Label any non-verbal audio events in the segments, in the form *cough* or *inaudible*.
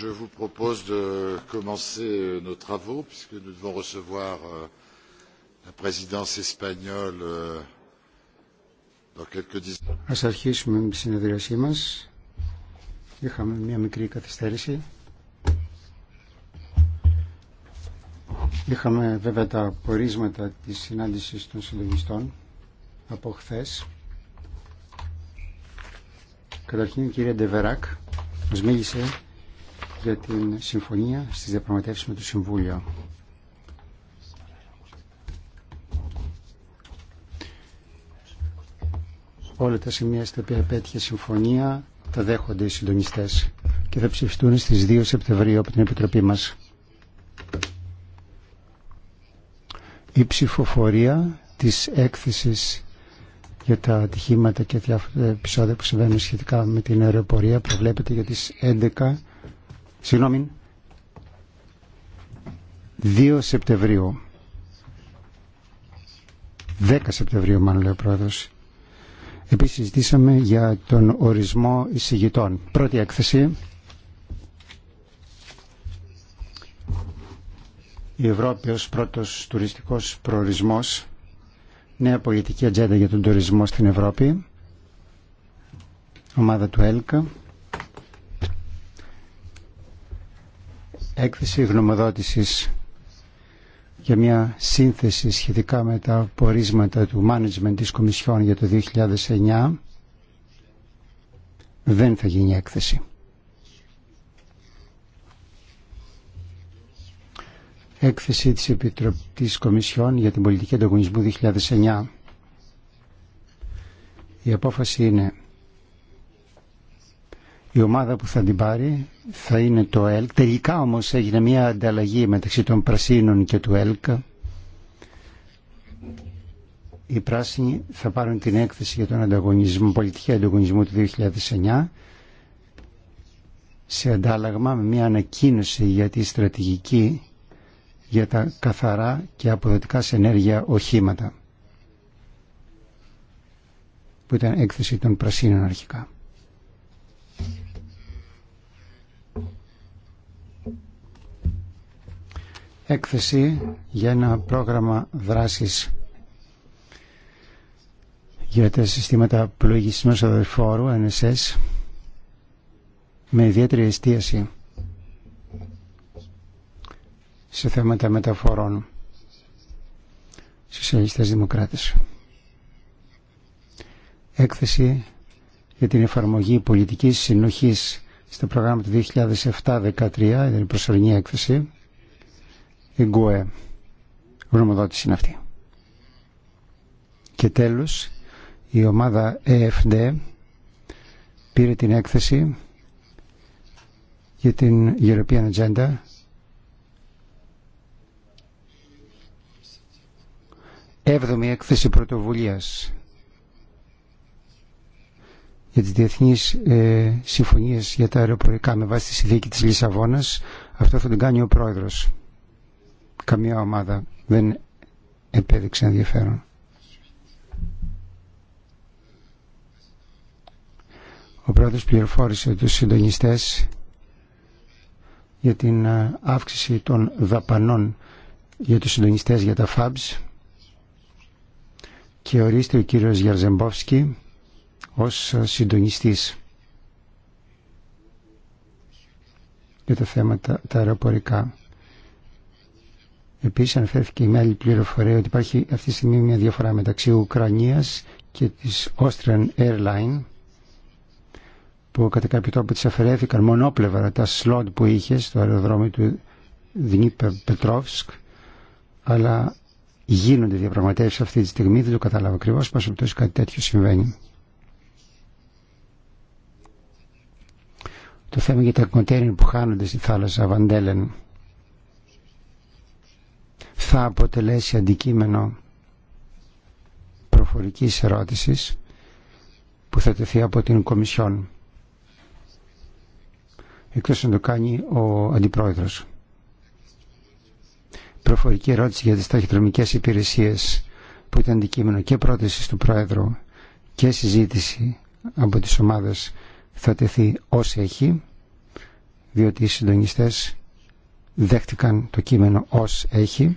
je vous propose de commencer euh, nos travaux puisque nous devons recevoir euh, la présidence espagnole euh, dans quelques dizaines. Ας αρχίσουμε με Είχαμε μια μικρή καθυστέρηση. Είχαμε βέβαια τα πορίσματα της συνάντησης των συλλογιστών από χθες. Καταρχήν η κυρία Ντεβεράκ μας μίλησε για την συμφωνία στις διαπραγματεύσεις με το Συμβούλιο. Όλα τα σημεία στα οποία πέτυχε συμφωνία τα δέχονται οι συντονιστές και θα ψηφιστούν στις 2 Σεπτεμβρίου από την Επιτροπή μας. Η ψηφοφορία της έκθεσης για τα ατυχήματα και διάφορα επεισόδια που συμβαίνουν σχετικά με την αεροπορία προβλέπεται για τις 11 Συγγνώμη. 2 Σεπτεμβρίου. 10 Σεπτεμβρίου μάλλον λέει ο πρόεδρο. Επίσης συζητήσαμε για τον ορισμό εισηγητών. Πρώτη έκθεση. Η Ευρώπη ως πρώτος τουριστικός προορισμός. Νέα πολιτική ατζέντα για τον τουρισμό στην Ευρώπη. Ομάδα του ΕΛΚΑ. έκθεση γνωμοδότησης για μια σύνθεση σχετικά με τα πορίσματα του management της Κομισιόν για το 2009 δεν θα γίνει έκθεση. Έκθεση της Επιτροπής Κομισιόν για την Πολιτική Ανταγωνισμού 2009. Η απόφαση είναι η ομάδα που θα την πάρει θα είναι το ΕΛΚ. Τελικά όμως έγινε μια ανταλλαγή μεταξύ των Πρασίνων και του ΕΛΚ. Οι Πράσινοι θα πάρουν την έκθεση για τον ανταγωνισμό, πολιτική ανταγωνισμό του 2009 σε αντάλλαγμα με μια ανακοίνωση για τη στρατηγική για τα καθαρά και αποδοτικά σε ενέργεια οχήματα που ήταν έκθεση των Πρασίνων αρχικά. έκθεση για ένα πρόγραμμα δράσης για τα συστήματα πλοηγισμένου αδερφόρου NSS με ιδιαίτερη εστίαση σε θέματα μεταφορών αλληλιστές δημοκράτες. Έκθεση για την εφαρμογή πολιτικής συνοχής πρόγραμμα του 2007 2007-2013, ήταν η προσωρινή έκθεση, η Γνωμοδότηση είναι αυτή. Και τέλος, η ομάδα EFD ε πήρε την έκθεση για την European Agenda Έβδομη έκθεση πρωτοβουλίας για τις διεθνείς ε, συμφωνίες για τα αεροπορικά με βάση τη συνθήκη της Λισαβόνας. Αυτό θα τον κάνει ο πρόεδρος καμία ομάδα δεν επέδειξε ενδιαφέρον. Ο πρόεδρος πληροφόρησε τους συντονιστές για την αύξηση των δαπανών για τους συντονιστές για τα FABs και ορίστε ο κύριος Γιαρζεμπόφσκι ως συντονιστής για τα θέματα τα αεροπορικά. Επίσης αναφέρθηκε η άλλη πληροφορία ότι υπάρχει αυτή τη στιγμή μια διαφορά μεταξύ Ουκρανίας και της Austrian Airlines που κατά κάποιο τρόπο τις αφαιρέθηκαν μονόπλευρα τα σλότ που είχε στο αεροδρόμιο του Δνίπε Πετρόφσκ αλλά γίνονται διαπραγματεύσεις αυτή τη στιγμή δεν το κατάλαβα ακριβώ πόσο τόσο κάτι τέτοιο συμβαίνει. Το θέμα για τα κοντέινερ που χάνονται στη θάλασσα Βαντέλεν θα αποτελέσει αντικείμενο προφορικής ερώτησης που θα τεθεί από την Κομισιόν εκτός να το κάνει ο Αντιπρόεδρος. Προφορική ερώτηση για τις ταχυδρομικές υπηρεσίες που ήταν αντικείμενο και πρόταση του Πρόεδρου και συζήτηση από τις ομάδες θα τεθεί ως έχει διότι οι συντονιστές δέχτηκαν το κείμενο ως έχει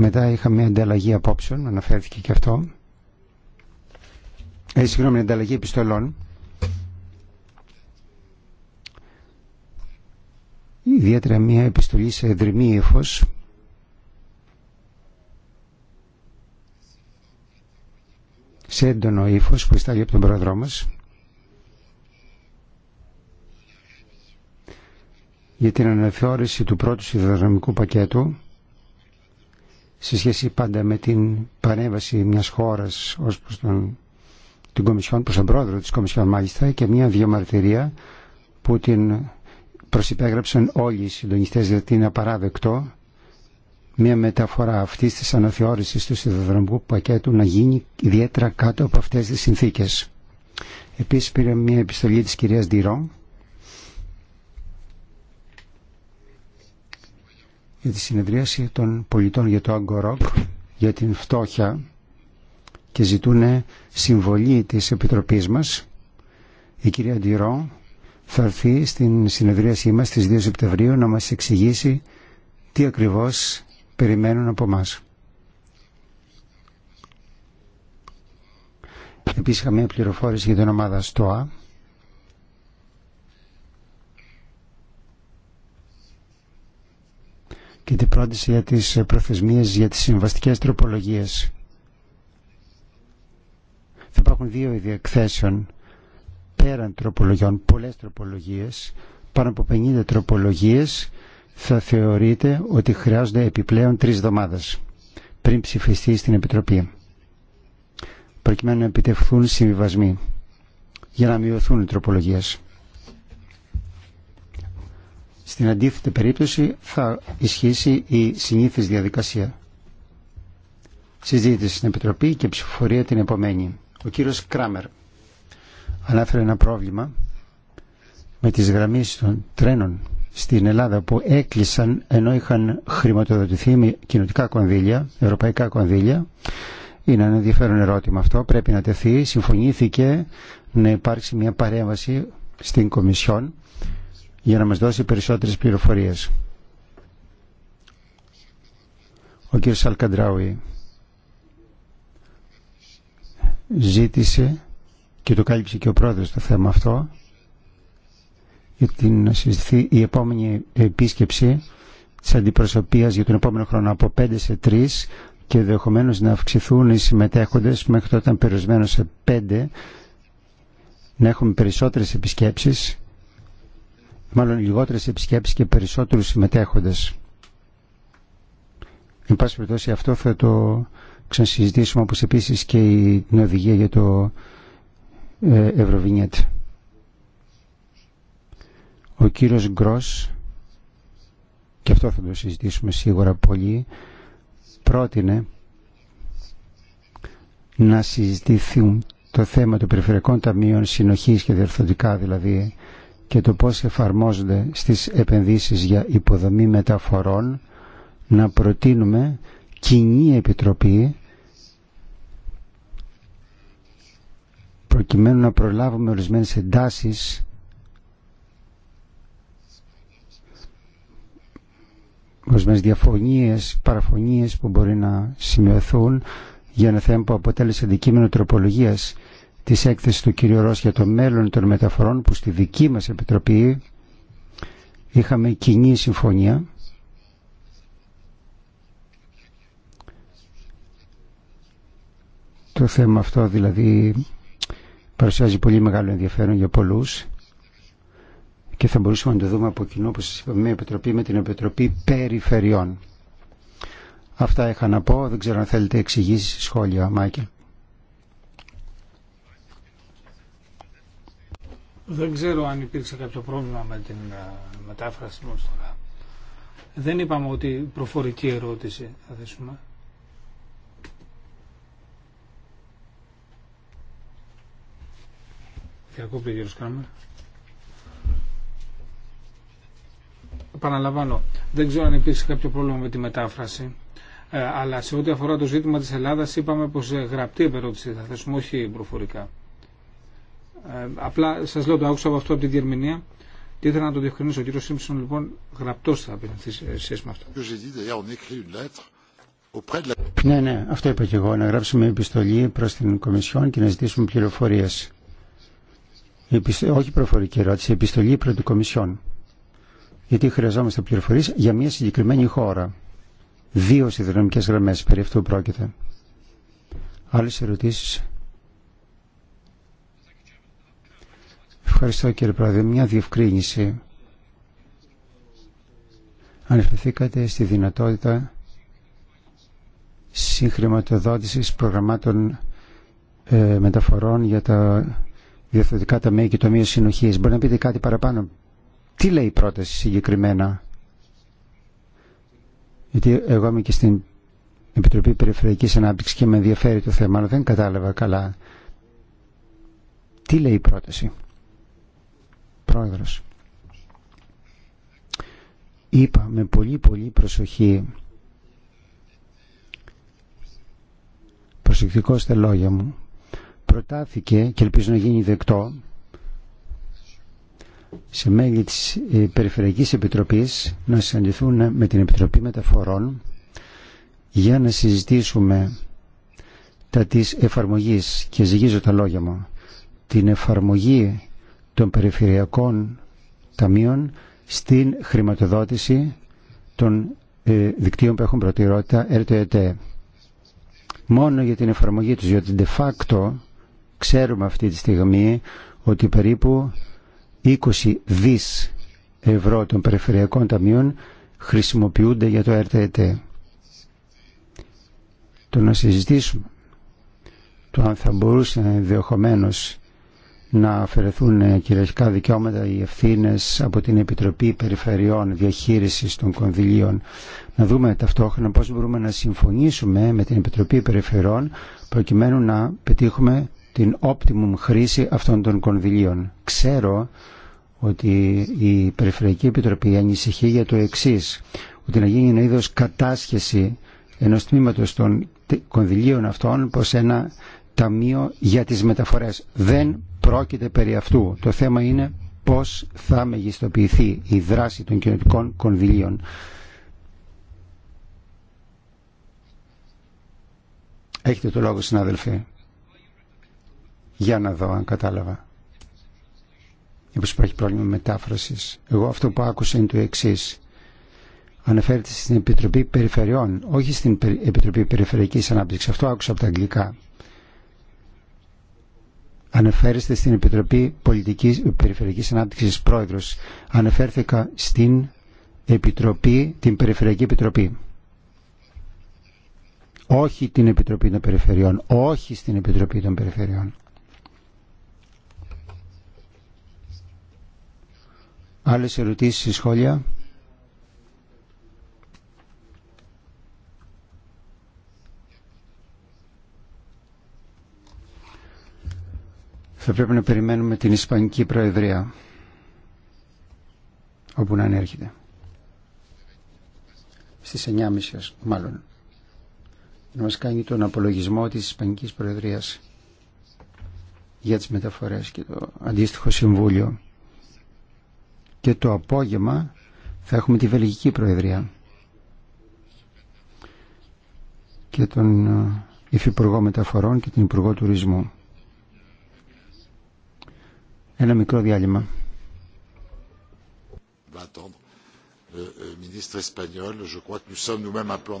μετά είχαμε ανταλλαγή απόψεων, αναφέρθηκε και αυτό. Ε, συγγνώμη, ανταλλαγή επιστολών. Ιδιαίτερα μια επιστολή σε δρυμή ύφο. σε έντονο ύφο που ειστάγει από τον πρόεδρό μα. για την αναθεώρηση του πρώτου σιδηροδρομικού πακέτου σε σχέση πάντα με την παρέμβαση μιας χώρας ως προς τον, την Κομισιόν, προς τον πρόεδρο της Κομισιόν μάλιστα και μια διαμαρτυρία που την προσυπέγραψαν όλοι οι συντονιστές γιατί είναι απαράδεκτο μια μεταφορά αυτής της αναθεώρησης του σιδηροδρομικού πακέτου να γίνει ιδιαίτερα κάτω από αυτές τις συνθήκες. Επίσης πήρε μια επιστολή της κυρίας Ντιρόν για τη συνεδρίαση των πολιτών για το Αγκορόκ, για την φτώχεια και ζητούν συμβολή της Επιτροπής μας. Η κυρία Ντυρό θα έρθει στην συνεδρίασή μας στις 2 Σεπτεμβρίου να μας εξηγήσει τι ακριβώς περιμένουν από μας. Επίσης είχαμε πληροφόρηση για την ομάδα ΣΤΟΑ και την πρόταση για τις προθεσμίες για τις συμβαστικές τροπολογίες. Θα υπάρχουν δύο είδη εκθέσεων πέραν τροπολογιών, πολλές τροπολογίες, πάνω από 50 τροπολογίες θα θεωρείται ότι χρειάζονται επιπλέον τρεις εβδομάδες πριν ψηφιστεί στην Επιτροπή προκειμένου να επιτευχθούν συμβιβασμοί για να μειωθούν οι τροπολογίες. Στην αντίθετη περίπτωση θα ισχύσει η συνήθις διαδικασία. Συζήτηση στην Επιτροπή και ψηφοφορία την επομένη. Ο κύριος Κράμερ ανάφερε ένα πρόβλημα με τις γραμμές των τρένων στην Ελλάδα που έκλεισαν ενώ είχαν χρηματοδοτηθεί με κοινωτικά κονδύλια, ευρωπαϊκά κονδύλια. Είναι ένα ενδιαφέρον ερώτημα αυτό. Πρέπει να τεθεί. Συμφωνήθηκε να υπάρξει μια παρέμβαση στην Κομισιόν για να μας δώσει περισσότερες πληροφορίες. Ο κ. Σαλκαντράουι ζήτησε και το κάλυψε και ο πρόεδρος το θέμα αυτό για να συζητηθεί η επόμενη επίσκεψη της αντιπροσωπείας για τον επόμενο χρόνο από 5 σε 3 και ενδεχομένω να αυξηθούν οι συμμετέχοντες μέχρι τότε ήταν περιορισμένο σε 5 να έχουμε περισσότερες επισκέψεις μάλλον λιγότερες επισκέψεις και περισσότερους συμμετέχοντες. Εν πάση περιπτώσει αυτό θα το ξανασυζητήσουμε όπως επίσης και η οδηγία για το ε, Ευρωβινιέτ. Ο κύριος Γκρός, και αυτό θα το συζητήσουμε σίγουρα πολύ, πρότεινε να συζητηθούν το θέμα των περιφερειακών ταμείων συνοχής και διορθωτικά δηλαδή και το πώς εφαρμόζονται στις επενδύσεις για υποδομή μεταφορών να προτείνουμε κοινή επιτροπή προκειμένου να προλάβουμε ορισμένες εντάσεις ορισμένες διαφωνίες, παραφωνίες που μπορεί να σημειωθούν για ένα θέμα που αποτέλεσε αντικείμενο τροπολογίας της έκθεσης του κ. Ρώσ για το μέλλον των μεταφορών που στη δική μας Επιτροπή είχαμε κοινή συμφωνία το θέμα αυτό δηλαδή παρουσιάζει πολύ μεγάλο ενδιαφέρον για πολλούς και θα μπορούσαμε να το δούμε από κοινό όπως σας είπαμε Επιτροπή με την Επιτροπή Περιφερειών. Αυτά είχα να πω, δεν ξέρω αν θέλετε εξηγήσεις σχόλια, Μάικελ. Δεν ξέρω αν υπήρξε κάποιο πρόβλημα με την ε, μετάφραση μόλις τώρα. Δεν είπαμε ότι προφορική ερώτηση θα θέσουμε. Διακόπτει ο κύριος σκάμε. Επαναλαμβάνω, δεν ξέρω αν υπήρξε κάποιο πρόβλημα με τη μετάφραση, ε, αλλά σε ό,τι αφορά το ζήτημα της Ελλάδας είπαμε πως ε, γραπτή επερώτηση θα θέσουμε, όχι προφορικά. Ε, απλά σα λέω το άκουσα από αυτό από τη διερμηνία και ήθελα να το διευκρινίσω. Ο κύριο Σίμψον λοιπόν γραπτό θα απευθυνθεί σε σχέση με αυτό. Ναι, ναι, αυτό είπα και εγώ. Να γράψουμε επιστολή προ την Κομισιόν και να ζητήσουμε πληροφορίε. Όχι προφορική ερώτηση, επιστολή προ την Κομισιόν. Γιατί χρειαζόμαστε πληροφορίε για μια συγκεκριμένη χώρα. Δύο συνδρομικέ γραμμέ περί αυτού πρόκειται. Άλλε ερωτήσει. Ευχαριστώ κύριε Πρόεδρε. Μια διευκρίνηση. Αναφερθήκατε στη δυνατότητα συγχρηματοδότησης προγραμμάτων ε, μεταφορών για τα διευθυντικά ταμεία και τομείες συνοχής. Μπορεί να πείτε κάτι παραπάνω. Τι λέει η πρόταση συγκεκριμένα. Γιατί εγώ είμαι και στην Επιτροπή Περιφερειακής Ανάπτυξης και με ενδιαφέρει το θέμα, αλλά δεν κατάλαβα καλά. Τι λέει η πρόταση. Πρόεδρος. Είπα με πολύ πολύ προσοχή προσεκτικό στα λόγια μου προτάθηκε και ελπίζω να γίνει δεκτό σε μέλη της ε, Περιφερειακής Επιτροπής να συναντηθούν με την Επιτροπή Μεταφορών για να συζητήσουμε τα της εφαρμογής και ζηγίζω τα λόγια μου την εφαρμογή των περιφερειακών ταμείων στην χρηματοδότηση των ε, δικτύων που έχουν προτεραιότητα RTET. Μόνο για την εφαρμογή τους, γιατί, de facto ξέρουμε αυτή τη στιγμή ότι περίπου 20 δις ευρώ των περιφερειακών ταμείων χρησιμοποιούνται για το RTET. Το να συζητήσουμε το αν θα μπορούσε ενδεχομένω να αφαιρεθούν ε, κυριαρχικά δικαιώματα οι ευθύνε από την Επιτροπή Περιφερειών Διαχείρισης των Κονδυλίων. Να δούμε ταυτόχρονα πώς μπορούμε να συμφωνήσουμε με την Επιτροπή Περιφερειών προκειμένου να πετύχουμε την optimum χρήση αυτών των κονδυλίων. Ξέρω ότι η Περιφερειακή Επιτροπή ανησυχεί για το εξή ότι να γίνει ένα είδος κατάσχεση ενός τμήματος των κονδυλίων αυτών προς ένα ταμείο για τις μεταφορές. Δεν Πρόκειται περί αυτού. Το θέμα είναι πώς θα μεγιστοποιηθεί η δράση των κοινωνικών κονδυλίων. Έχετε το λόγο, συνάδελφε. Για να δω αν κατάλαβα. Μήπως υπάρχει πρόβλημα μετάφρασης. Εγώ αυτό που άκουσα είναι το εξή. Αναφέρεται στην Επιτροπή Περιφερειών, όχι στην Επιτροπή Περιφερειακής Ανάπτυξης. Αυτό άκουσα από τα αγγλικά. Αναφέρεστε στην Επιτροπή Πολιτικής Περιφερειακής Ανάπτυξης Πρόεδρος. Αναφέρθηκα στην Επιτροπή, την Περιφερειακή Επιτροπή. Όχι την Επιτροπή των Περιφερειών. Όχι στην Επιτροπή των Περιφερειών. Άλλες ερωτήσεις ή σχόλια. θα πρέπει να περιμένουμε την Ισπανική Προεδρία όπου να ανέρχεται στις 9.30 μάλλον να μας κάνει τον απολογισμό της Ισπανικής Προεδρίας για τις μεταφορές και το αντίστοιχο συμβούλιο και το απόγευμα θα έχουμε τη Βελγική Προεδρία και τον ε, Υφυπουργό Μεταφορών και την Υπουργό Τουρισμού ένα μικρό διάλειμμα. Va attendre le ministre espagnol. Je crois que nous sommes nous-mêmes un peu en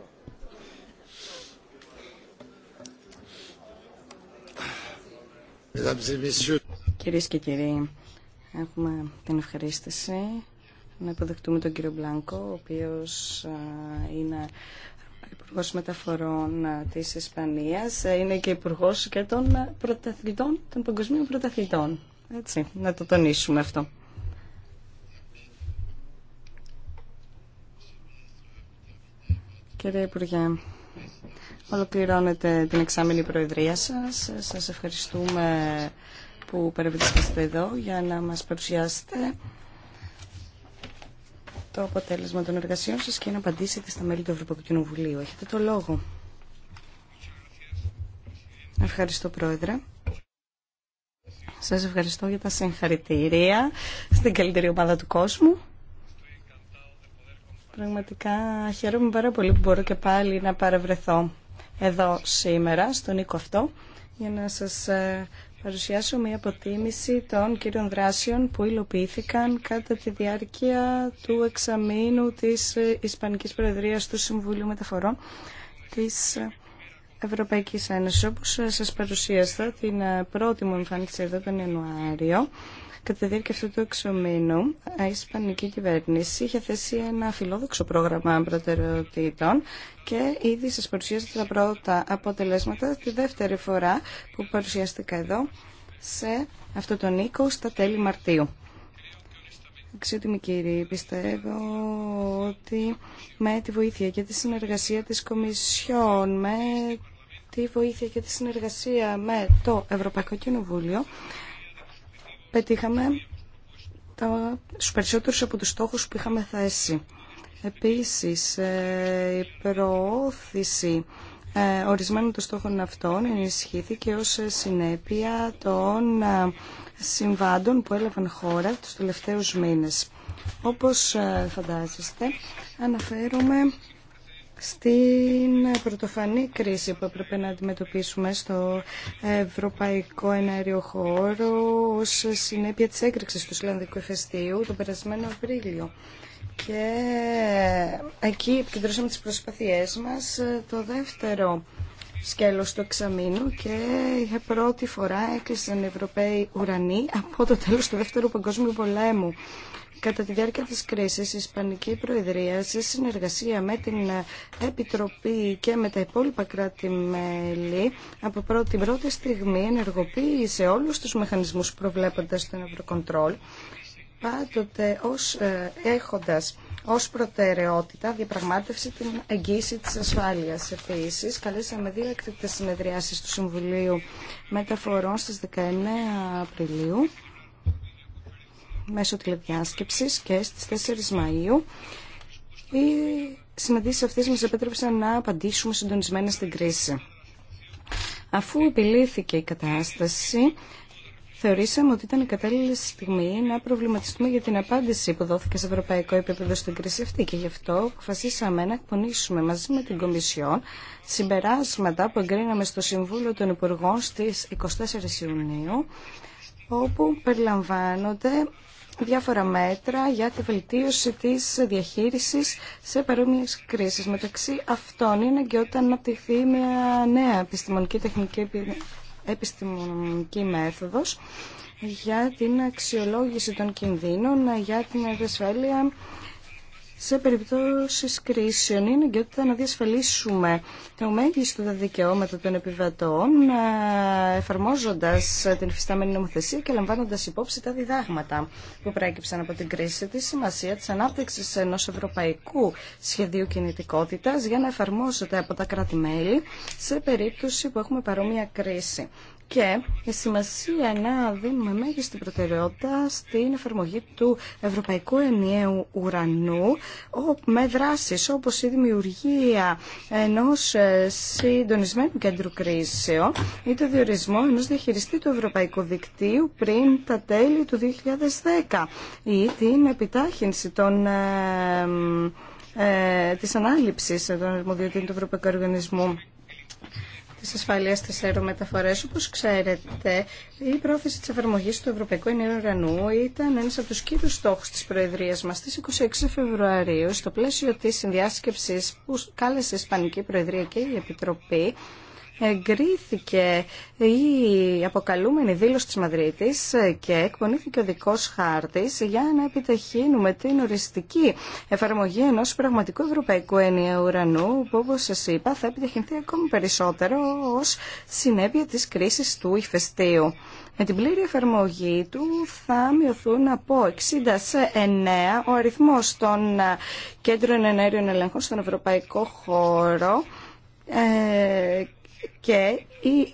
Κυρίες και κύριοι, έχουμε την ευχαρίστηση να υποδεχτούμε τον κύριο Μπλάνκο, ο οποίος είναι υπουργό Μεταφορών της Ισπανίας, ε, είναι και υπουργό και των πρωταθλητών, των παγκοσμίων πρωταθλητών. Έτσι, να το τονίσουμε αυτό. Κύριε Υπουργέ, Ολοκληρώνετε την εξάμενη προεδρία σας. Σας ευχαριστούμε που παρευρίσκεστε εδώ για να μας παρουσιάσετε το αποτέλεσμα των εργασιών σας και να απαντήσετε στα μέλη του Ευρωπαϊκού Κοινοβουλίου. Έχετε το λόγο. Ευχαριστώ, Πρόεδρε. Σας ευχαριστώ για τα συγχαρητήρια στην καλύτερη ομάδα του κόσμου. Πραγματικά χαίρομαι πάρα πολύ που μπορώ και πάλι να παρευρεθώ εδώ σήμερα, στον οίκο αυτό, για να σας ε, παρουσιάσω μια αποτίμηση των κύριων δράσεων που υλοποιήθηκαν κατά τη διάρκεια του εξαμήνου της ε, Ισπανικής Προεδρίας του Συμβουλίου Μεταφορών της Ευρωπαϊκής Ένωσης. Όπως σας παρουσίασα την ε, πρώτη μου εμφάνιση εδώ τον Ιανουάριο, Κατά τη διάρκεια αυτού του εξωμήνου, η Ισπανική κυβέρνηση είχε θέσει ένα φιλόδοξο πρόγραμμα προτεραιοτήτων και ήδη σας παρουσιάζεται τα πρώτα αποτελέσματα τη δεύτερη φορά που παρουσιάστηκα εδώ σε αυτό τον οίκο στα τέλη Μαρτίου. Αξιότιμοι κύριοι, πιστεύω ότι με τη βοήθεια και τη συνεργασία της Κομισιόν, με τη βοήθεια και τη συνεργασία με το Ευρωπαϊκό Κοινοβούλιο, πετύχαμε τα, στους περισσότερους από τους στόχους που είχαμε θέσει. Επίσης, ε, η προώθηση ε, ορισμένων των στόχων αυτών ενισχύθηκε ως συνέπεια των ε, συμβάντων που έλαβαν χώρα τους τελευταίους μήνες. Όπως φαντάζεστε, αναφέρομαι στην πρωτοφανή κρίση που έπρεπε να αντιμετωπίσουμε στο ευρωπαϊκό εναέριο χώρο ως συνέπεια της έκρηξης του Ισλανδικού Εφεστίου τον περασμένο Απρίλιο. Και εκεί επικεντρώσαμε τις προσπαθίες μας το δεύτερο σκέλος του εξαμήνου και για πρώτη φορά έκλεισαν οι Ευρωπαίοι ουρανοί από το τέλος του Δεύτερου Παγκόσμιου Πολέμου. Κατά τη διάρκεια της κρίσης, η Ισπανική Προεδρία, σε συνεργασία με την Επιτροπή και με τα υπόλοιπα κράτη-μέλη, από πρώτη πρώτη στιγμή ενεργοποίησε όλους τους μηχανισμούς προβλέποντας τον Ευρωκοντρόλ, πάντοτε ως, ε, έχοντας ως προτεραιότητα διαπραγμάτευση την εγγύηση της ασφάλειας. Επίσης, καλέσαμε δύο έκτακτες συνεδριάσεις του Συμβουλίου Μεταφορών στις 19 Απριλίου μέσω τηλεδιάσκεψης και στις 4 Μαΐου. Οι συναντήσεις αυτές μας επέτρεψαν να απαντήσουμε συντονισμένα στην κρίση. Αφού επιλήθηκε η κατάσταση, θεωρήσαμε ότι ήταν η κατάλληλη στιγμή να προβληματιστούμε για την απάντηση που δόθηκε σε ευρωπαϊκό επίπεδο στην κρίση αυτή και γι' αυτό αποφασίσαμε να εκπονήσουμε μαζί με την Κομισιόν συμπεράσματα που εγκρίναμε στο Συμβούλιο των Υπουργών στις 24 Ιουνίου όπου περιλαμβάνονται διάφορα μέτρα για τη βελτίωση της διαχείρισης σε παρόμοιες κρίσεις. Μεταξύ αυτών είναι και όταν αναπτυχθεί μια νέα επιστημονική τεχνική επιστημονική μέθοδος για την αξιολόγηση των κινδύνων, για την ασφάλεια σε περιπτώσει κρίσεων είναι και θα να διασφαλίσουμε το μέγιστο τα δικαιώματα των επιβατών ε, εφαρμόζοντας την υφιστάμενη νομοθεσία και λαμβάνοντας υπόψη τα διδάγματα που προέκυψαν από την κρίση τη σημασία τη ανάπτυξη ενός ευρωπαϊκού σχεδίου κινητικότητας για να εφαρμόζεται από τα κράτη-μέλη σε περίπτωση που έχουμε παρόμοια κρίση και η σημασία να δίνουμε μέγιστη προτεραιότητα στην εφαρμογή του Ευρωπαϊκού Ενιαίου Ουρανού με δράσεις όπως η δημιουργία ενός ε, συντονισμένου κέντρου κρίσεων ή το διορισμό ενός διαχειριστή του Ευρωπαϊκού Δικτύου πριν τα τέλη του 2010 ή την επιτάχυνση των ε, ε, της ανάληψης των αρμοδιοτήτων του Ευρωπαϊκού Οργανισμού τη ασφαλεία τη αερομεταφορά. Όπω ξέρετε, η πρόθεση τη εφαρμογή του Ευρωπαϊκού Ενίου Ουρανού ήταν ένα από του κύριου στόχου τη Προεδρία μα, στι 26 Φεβρουαρίου, στο πλαίσιο τη συνδιάσκεψης που κάλεσε η Ισπανική Προεδρία και η Επιτροπή, εγκρίθηκε η αποκαλούμενη δήλωση της Μαδρίτης και εκπονήθηκε ο δικός χάρτης για να επιτεχύνουμε την οριστική εφαρμογή ενός πραγματικού ευρωπαϊκού ενιαίου ουρανού που όπως σας είπα θα επιτεχυνθεί ακόμη περισσότερο ως συνέπεια της κρίσης του ηφαιστείου. Με την πλήρη εφαρμογή του θα μειωθούν από 69 ο αριθμός των κέντρων ενέργειων ελέγχων στον ευρωπαϊκό χώρο ε, και η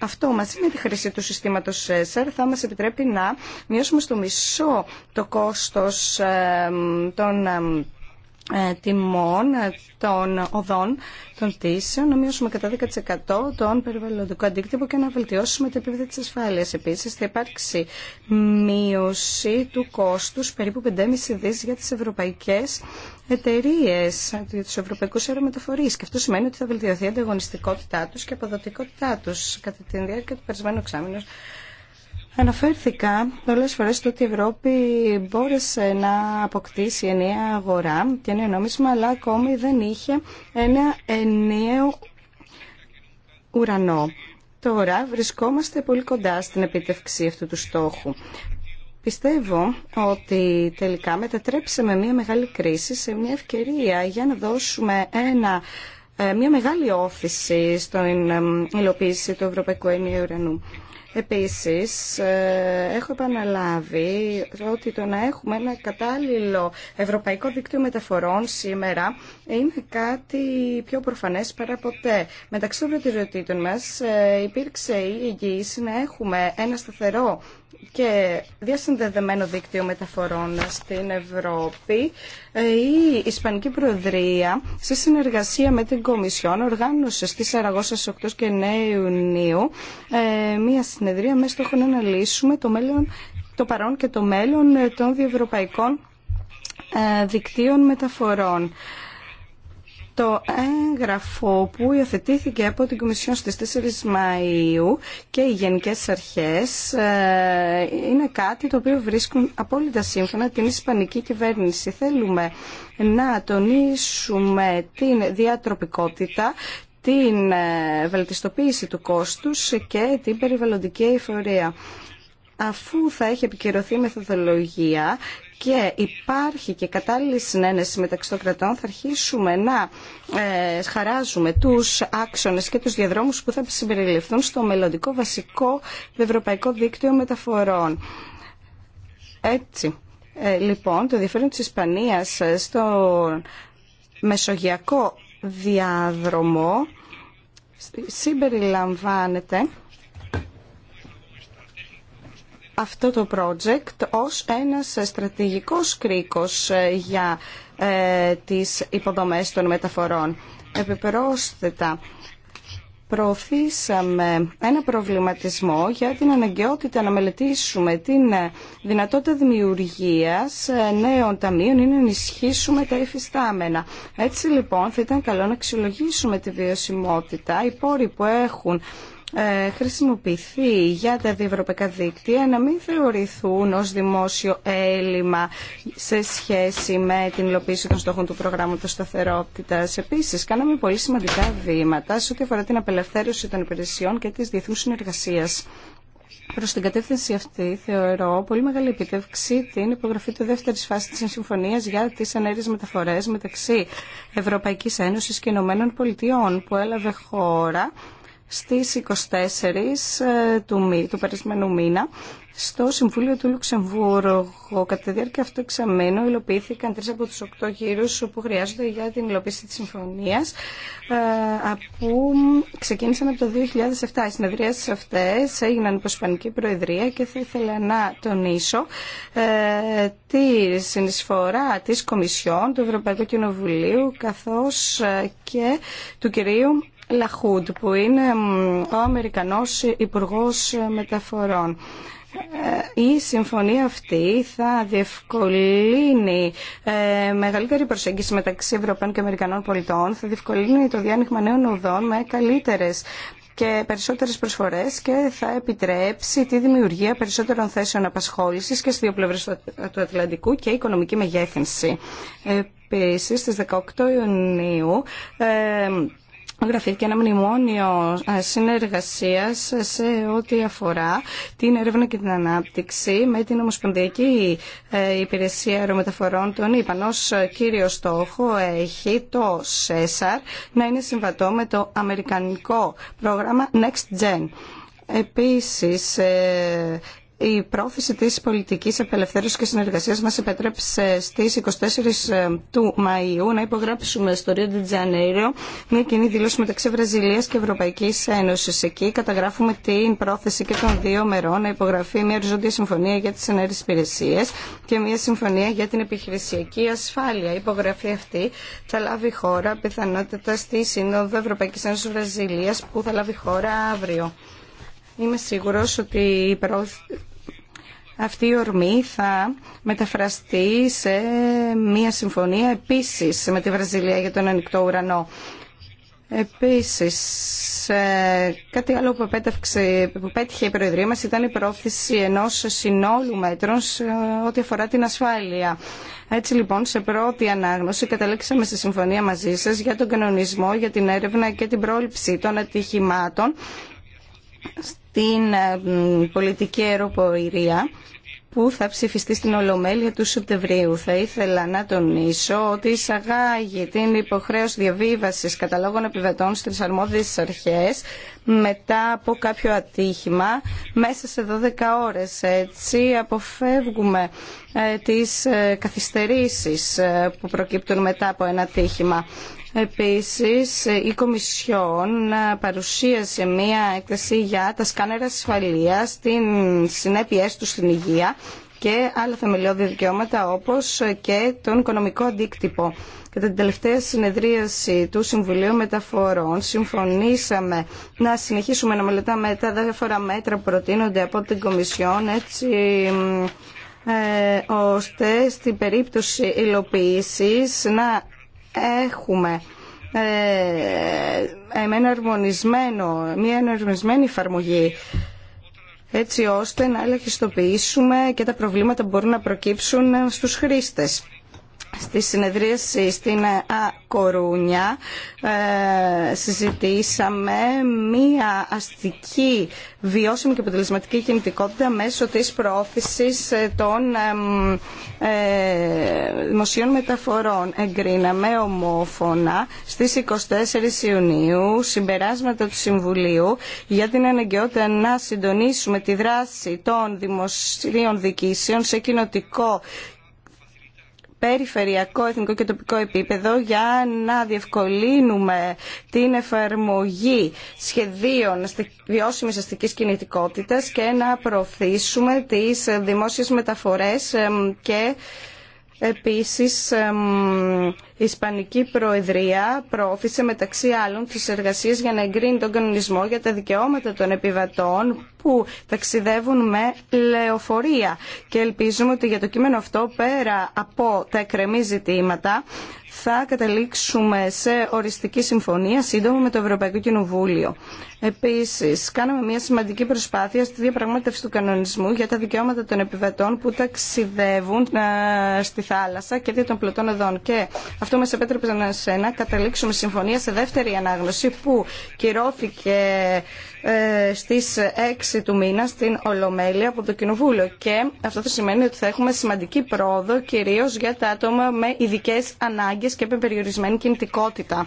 αυτό μαζί με τη χρήση του συστήματος ΣΕΣΑΡ θα μας επιτρέπει να μειώσουμε στο μισό το κόστος των ε, τιμών ε, των οδών των πτήσεων, να μειώσουμε κατά 10% τον περιβαλλοντικό αντίκτυπο και να βελτιώσουμε την επίπεδο της ασφάλειας. Επίσης, θα υπάρξει μείωση του κόστους περίπου 5,5 δις για τις ευρωπαϊκές εταιρείε, για του ευρωπαϊκού αερομεταφορεί. Και αυτό σημαίνει ότι θα βελτιωθεί η ανταγωνιστικότητά του και αποδοτικότητά του. Κατά τη διάρκεια του περισμένου εξάμεινου, Αναφέρθηκα πολλές φορές στο ότι η Ευρώπη μπόρεσε να αποκτήσει ενιαία αγορά και ενιαίο νόμισμα, αλλά ακόμη δεν είχε ένα ενιαίο ουρανό. Τώρα βρισκόμαστε πολύ κοντά στην επίτευξη αυτού του στόχου. Πιστεύω ότι τελικά μετατρέψαμε μια μεγάλη κρίση σε μια ευκαιρία για να δώσουμε ένα, ε, μια μεγάλη όθηση στην ε, υλοποίηση του Ευρωπαϊκού Ενιαίου Ουρανού. Επίσης, ε, έχω επαναλάβει ότι το να έχουμε ένα κατάλληλο ευρωπαϊκό δίκτυο μεταφορών σήμερα είναι κάτι πιο προφανές παρά ποτέ. Μεταξύ των προτεραιοτήτων μας ε, υπήρξε η εγγύηση να έχουμε ένα σταθερό και διασυνδεδεμένο δίκτυο μεταφορών στην Ευρώπη, ε, η Ισπανική Προεδρία, σε συνεργασία με την Κομισιόν, οργάνωσε στις 48 8 και 9 Ιουνίου ε, μία συνεδρία με στόχο να αναλύσουμε το, μέλλον, το παρόν και το μέλλον των διευρωπαϊκών ε, δικτύων μεταφορών το έγγραφο που υιοθετήθηκε από την Κομισιόν στις 4 Μαΐου και οι Γενικές Αρχές ε, είναι κάτι το οποίο βρίσκουν απόλυτα σύμφωνα την Ισπανική κυβέρνηση. Θέλουμε να τονίσουμε την διατροπικότητα την ε, βελτιστοποίηση του κόστους και την περιβαλλοντική εφορία αφού θα έχει επικυρωθεί η μεθοδολογία και υπάρχει και κατάλληλη συνένεση μεταξύ των κρατών, θα αρχίσουμε να ε, χαράζουμε τους άξονες και τους διαδρόμους που θα συμπεριληφθούν στο μελλοντικό βασικό ευρωπαϊκό δίκτυο μεταφορών. Έτσι, ε, λοιπόν, το ενδιαφέρον της Ισπανίας ε, στο μεσογειακό διάδρομο συμπεριλαμβάνεται αυτό το project ως ένας στρατηγικός κρίκος ε, για ε, τις υποδομές των μεταφορών. Επιπρόσθετα, προωθήσαμε ένα προβληματισμό για την αναγκαιότητα να μελετήσουμε την ε, δυνατότητα δημιουργίας νέων ταμείων ή να ενισχύσουμε τα υφιστάμενα. Έτσι λοιπόν θα ήταν καλό να αξιολογήσουμε τη βιωσιμότητα, οι πόροι που έχουν ε, χρησιμοποιηθεί για τα διευρωπαϊκά δίκτυα να μην θεωρηθούν ως δημόσιο έλλειμμα σε σχέση με την υλοποίηση των στόχων του προγράμματος σταθερότητας. Επίσης, κάναμε πολύ σημαντικά βήματα σε ό,τι αφορά την απελευθέρωση των υπηρεσιών και της διεθνούς συνεργασίας. Προ την κατεύθυνση αυτή, θεωρώ πολύ μεγάλη επιτεύξη την υπογραφή του δεύτερη φάση τη συμφωνία για τι ενέργειε μεταφορέ μεταξύ Ευρωπαϊκή Ένωση και Ηνωμένων Πολιτειών, που έλαβε χώρα στις 24 ε, του, μη, του περισμένου μήνα στο Συμβούλιο του Λουξεμβούργου. Κατά τη διάρκεια αυτού του εξαμήνου υλοποιήθηκαν τρεις από τους οκτώ γύρους που χρειάζονται για την υλοποίηση της συμφωνίας ε, που ξεκίνησαν από το 2007. Οι συνεδρίες αυτές έγιναν υπό Ισπανική Προεδρία και θα ήθελα να τονίσω ε, τη συνεισφορά της Κομισιόν, του Ευρωπαϊκού Κοινοβουλίου καθώς και του κυρίου Λαχούντ που είναι ο Αμερικανός Υπουργός Μεταφορών. Ε, η συμφωνία αυτή θα διευκολύνει ε, μεγαλύτερη προσέγγιση μεταξύ Ευρωπαίων και Αμερικανών πολιτών, θα διευκολύνει το διάνοιγμα νέων οδών με καλύτερες και περισσότερες προσφορές και θα επιτρέψει τη δημιουργία περισσότερων θέσεων απασχόλησης και στις δύο πλευρές του Ατλαντικού και οικονομική μεγέθυνση. Επίσης, στις 18 Ιουνίου ε, και ένα μνημόνιο ε, συνεργασίας σε ό,τι αφορά την έρευνα και την ανάπτυξη με την Ομοσπονδιακή ε, Υπηρεσία Αερομεταφορών των ΗΠΑ. Ως ε, κύριο στόχο έχει το ΣΕΣΑΡ να είναι συμβατό με το Αμερικανικό πρόγραμμα Next Gen. Επίσης, η πρόθεση της πολιτικής απελευθέρωσης και συνεργασίας μας επέτρεψε στις 24 ε, του Μαΐου να υπογράψουμε στο Rio de Janeiro μια κοινή δήλωση μεταξύ Βραζιλίας και Ευρωπαϊκής Ένωσης. Εκεί καταγράφουμε την πρόθεση και των δύο μερών να υπογραφεί μια οριζόντια συμφωνία για τις ενέργειες υπηρεσίες και μια συμφωνία για την επιχειρησιακή ασφάλεια. Η υπογραφή αυτή θα λάβει χώρα πιθανότητα στη Σύνοδο Ευρωπαϊκής Ένωσης Βραζιλίας που θα λάβει χώρα αύριο. Είμαι σίγουρος ότι αυτή η ορμή θα μεταφραστεί σε μια συμφωνία επίσης με τη Βραζιλία για τον ανοιχτό ουρανό. Επίσης, ε, κάτι άλλο που, πέτυχε η Προεδρία μας ήταν η πρόθεση ενός συνόλου μέτρων σε ό,τι αφορά την ασφάλεια. Έτσι λοιπόν, σε πρώτη ανάγνωση καταλήξαμε στη συμφωνία μαζί σας για τον κανονισμό, για την έρευνα και την πρόληψη των ατυχημάτων στην ε, πολιτική αεροπορία που θα ψηφιστεί στην Ολομέλεια του Σεπτεμβρίου. Θα ήθελα να τονίσω ότι εισαγάγει την υποχρέωση διαβίβασης καταλόγων επιβατών στις αρμόδιες αρχές μετά από κάποιο ατύχημα μέσα σε 12 ώρες. Έτσι αποφεύγουμε ε, τις ε, καθυστερήσεις που προκύπτουν μετά από ένα ατύχημα. Επίσης, η Κομισιόν παρουσίασε μία έκθεση για τα σκάνερα ασφαλείας, την συνέπειές του στην υγεία και άλλα θεμελιώδη δικαιώματα όπως και τον οικονομικό αντίκτυπο. Κατά την τελευταία συνεδρίαση του Συμβουλίου Μεταφορών συμφωνήσαμε να συνεχίσουμε να μελετάμε τα διάφορα μέτρα που προτείνονται από την Κομισιόν έτσι ε, ώστε στην περίπτωση υλοποίησης να έχουμε ε, ένα αρμονισμένο, μια εναρμονισμένη εφαρμογή έτσι ώστε να ελαχιστοποιήσουμε και τα προβλήματα που μπορούν να προκύψουν στους χρήστες στη συνεδρίαση στην Ακορούνια ε, συζητήσαμε μία αστική βιώσιμη και αποτελεσματική κινητικότητα μέσω της προώθησης ε, των ε, δημοσίων μεταφορών. Εγκρίναμε ομόφωνα στις 24 Ιουνίου συμπεράσματα του Συμβουλίου για την αναγκαιότητα να συντονίσουμε τη δράση των δημοσίων διοικήσεων σε κοινοτικό περιφερειακό, εθνικό και τοπικό επίπεδο για να διευκολύνουμε την εφαρμογή σχεδίων βιώσιμης αστικής κινητικότητα και να προωθήσουμε τις δημόσιες μεταφορές και Επίσης, η Ισπανική Προεδρία προώθησε μεταξύ άλλων τις εργασίες για να εγκρίνει τον κανονισμό για τα δικαιώματα των επιβατών που ταξιδεύουν με λεωφορεία. Και ελπίζουμε ότι για το κείμενο αυτό, πέρα από τα εκρεμή ζητήματα, θα καταλήξουμε σε οριστική συμφωνία σύντομα με το Ευρωπαϊκό Κοινοβούλιο. Επίσης, κάναμε μια σημαντική προσπάθεια στη διαπραγμάτευση του κανονισμού για τα δικαιώματα των επιβατών που ταξιδεύουν ε, στη θάλασσα και δια των πλωτών εδών. Και αυτό μας επέτρεπε να καταλήξουμε συμφωνία σε δεύτερη ανάγνωση που κυρώθηκε ε, στις 6 του μήνα στην Ολομέλεια από το Κοινοβούλιο και αυτό θα σημαίνει ότι θα έχουμε σημαντική πρόοδο κυρίως για τα άτομα με ειδικέ ανάγκες και με περιορισμένη κινητικότητα.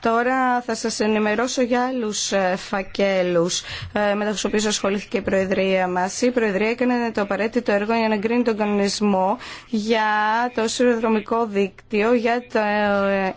Τώρα θα σας ενημερώσω για άλλου ε, φακέλους ε, με τους οποίους ασχολήθηκε η Προεδρία μας. Η Προεδρία έκανε το απαραίτητο έργο για να εγκρίνει τον κανονισμό για το σειροδρομικό δίκτυο, για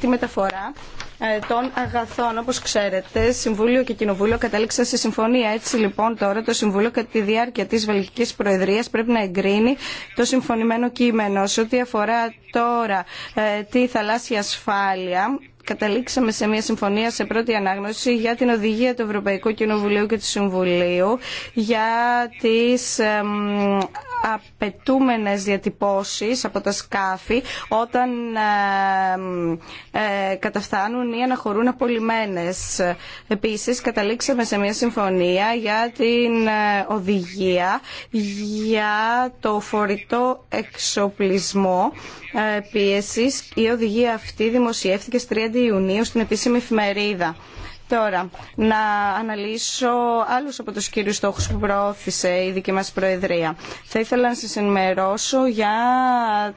τη μεταφορά ε, των αγαθών. όπω ξέρετε, Συμβούλιο και Κοινοβούλιο κατέληξαν σε συμφωνία. Έτσι λοιπόν τώρα το Συμβούλιο κατά τη διάρκεια τη Βελγική Προεδρία πρέπει να εγκρίνει το συμφωνημένο κείμενο. Σε ό,τι αφορά τώρα ε, τη θαλάσσια ασφάλεια, καταλήξαμε σε μια συμφωνία σε πρώτη ανάγνωση για την οδηγία του Ευρωπαϊκού Κοινοβουλίου και του Συμβουλίου για τις απαιτούμενες διατυπώσεις από τα σκάφη όταν ε, ε, καταφθάνουν ή αναχωρούν απολυμμένες. Επίσης, καταλήξαμε σε μια συμφωνία για την ε, οδηγία για το φορητό εξοπλισμό πίεσης. Η οδηγία αυτή δημοσιεύτηκε στις 30 Ιουνίου στην επίσημη εφημερίδα. Τώρα, να αναλύσω άλλου από του κύριου στόχου που προώθησε η δική μα Προεδρία. Θα ήθελα να σα ενημερώσω για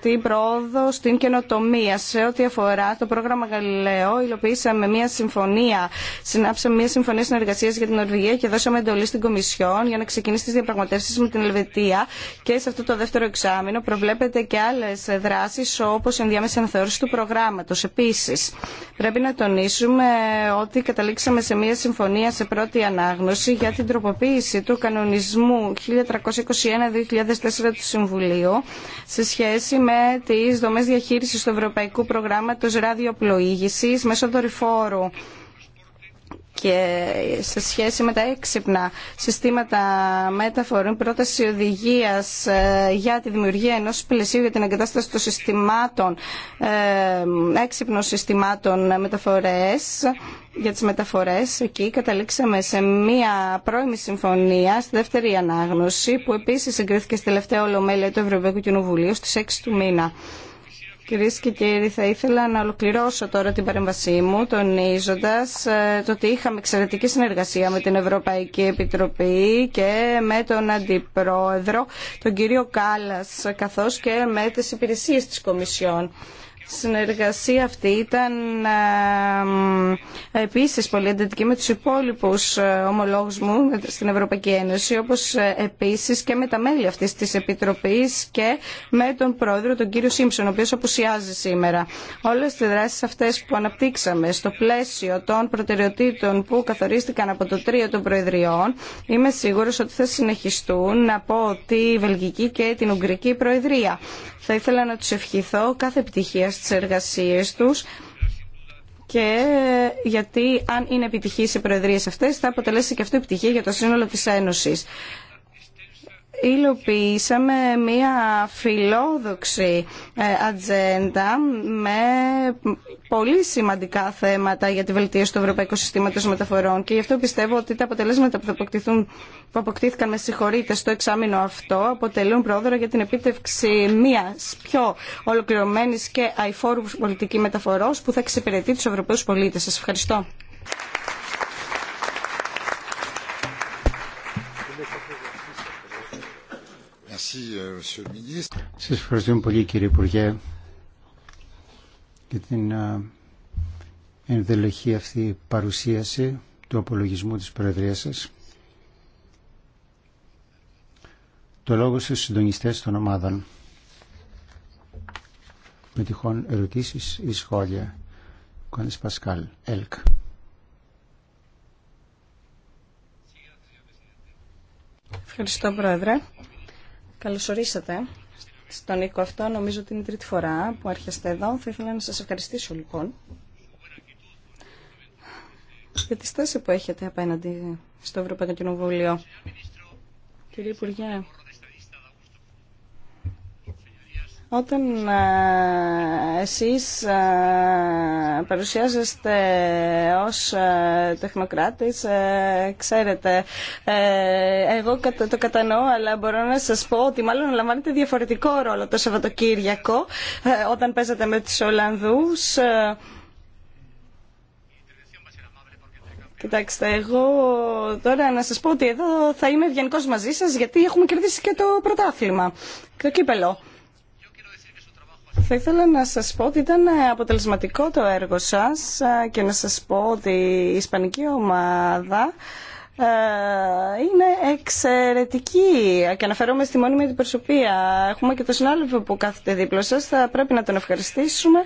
την πρόοδο στην καινοτομία. Σε ό,τι αφορά το πρόγραμμα Γαλιλαίο, υλοποιήσαμε μια συμφωνία, συνάψαμε μια συμφωνία συνεργασία για την Νορβηγία και δώσαμε εντολή στην Κομισιόν για να ξεκινήσει τι διαπραγματεύσει με την Ελβετία. Και σε αυτό το δεύτερο εξάμεινο προβλέπεται και άλλε δράσει, όπω ενδιάμεση αναθεώρηση του προγράμματο. Επίση, πρέπει να τονίσουμε ότι καταλήξαμε καταλήξαμε σε μια συμφωνία σε πρώτη ανάγνωση για την τροποποίηση του κανονισμού 1321-2004 του Συμβουλίου σε σχέση με τις δομές διαχείρισης του Ευρωπαϊκού Προγράμματος Ραδιοπλοήγησης μέσω δορυφόρου και σε σχέση με τα έξυπνα συστήματα μεταφορών, πρόταση οδηγία ε, για τη δημιουργία ενός πλαισίου για την εγκατάσταση των συστημάτων, ε, έξυπνων συστημάτων μεταφορέ για τις μεταφορές. Εκεί καταλήξαμε σε μία πρώιμη συμφωνία, στη δεύτερη ανάγνωση, που επίσης εγκρίθηκε στη τελευταία ολομέλεια του Ευρωπαϊκού Κοινοβουλίου στις 6 του μήνα. Κυρίες και κύριοι, θα ήθελα να ολοκληρώσω τώρα την παρέμβασή μου τονίζοντας ε, το ότι είχαμε εξαιρετική συνεργασία με την Ευρωπαϊκή Επιτροπή και με τον Αντιπρόεδρο, τον κύριο Κάλλας, καθώς και με τις υπηρεσίες της Κομισιόν συνεργασία αυτή ήταν ε, επίσης πολύ εντατική με τους υπόλοιπους ε, ομολόγους μου στην Ευρωπαϊκή Ένωση, όπως ε, επίσης και με τα μέλη αυτής της Επιτροπής και με τον Πρόεδρο, τον κύριο Σίμψον, ο οποίος απουσιάζει σήμερα. Όλες τις δράσεις αυτές που αναπτύξαμε στο πλαίσιο των προτεραιοτήτων που καθορίστηκαν από το τρίο των Προεδριών, είμαι σίγουρος ότι θα συνεχιστούν από τη Βελγική και την Ουγγρική Προεδρία. Θα ήθελα να τους ευχηθώ κάθε επιτυχία τις εργασίες τους και γιατί αν είναι επιτυχής οι προεδρίες αυτές θα αποτελέσει και αυτό επιτυχία για το σύνολο της Ένωσης υλοποιήσαμε μια φιλόδοξη ε, ατζέντα με πολύ σημαντικά θέματα για τη βελτίωση του Ευρωπαϊκού Συστήματος Μεταφορών και γι' αυτό πιστεύω ότι τα αποτελέσματα που, αποκτήθηκαν με συγχωρείτε στο εξάμεινο αυτό αποτελούν πρόοδο για την επίτευξη μιας πιο ολοκληρωμένης και αϊφόρου πολιτική μεταφορός που θα εξυπηρετεί τους Ευρωπαίους πολίτες. Σας ευχαριστώ. Euh, σας ευχαριστούμε πολύ κύριε Υπουργέ για την ενδελεχή αυτή παρουσίαση του απολογισμού της Προεδρίας σας. Το λόγο στους συντονιστές των ομάδων με τυχόν ερωτήσεις ή σχόλια. Κόντες Πασκάλ, ΕΛΚ. Ευχαριστώ Πρόεδρε. Καλωσορίσατε στον οίκο αυτό. Νομίζω ότι είναι η τρίτη φορά που έρχεστε εδώ. Θα ήθελα να σας ευχαριστήσω λοιπόν για τη στάση που έχετε απέναντι στο Ευρωπαϊκό Κοινοβούλιο. Κύριε Υπουργέ, Όταν ε, εσείς ε, παρουσιάζεστε ως ε, τεχνοκράτης, ξέρετε, εγώ το κατανοώ, αλλά μπορώ να σας πω ότι μάλλον λαμβάνετε διαφορετικό ρόλο το Σαββατοκύριακο όταν παίζατε με τους Ολλανδούς. Κοιτάξτε, εγώ τώρα να σας πω ότι εδώ θα είμαι ευγενικός μαζί σας γιατί έχουμε κερδίσει και το πρωτάθλημα, το κύπελο. Θα ήθελα να σας πω ότι ήταν αποτελεσματικό το έργο σας ε, και να σας πω ότι η Ισπανική ομάδα ε, είναι εξαιρετική και αναφέρομαι στη μόνιμη αντιπροσωπεία. Έχουμε και τον συνάδελφο που κάθεται δίπλα σας, θα πρέπει να τον ευχαριστήσουμε.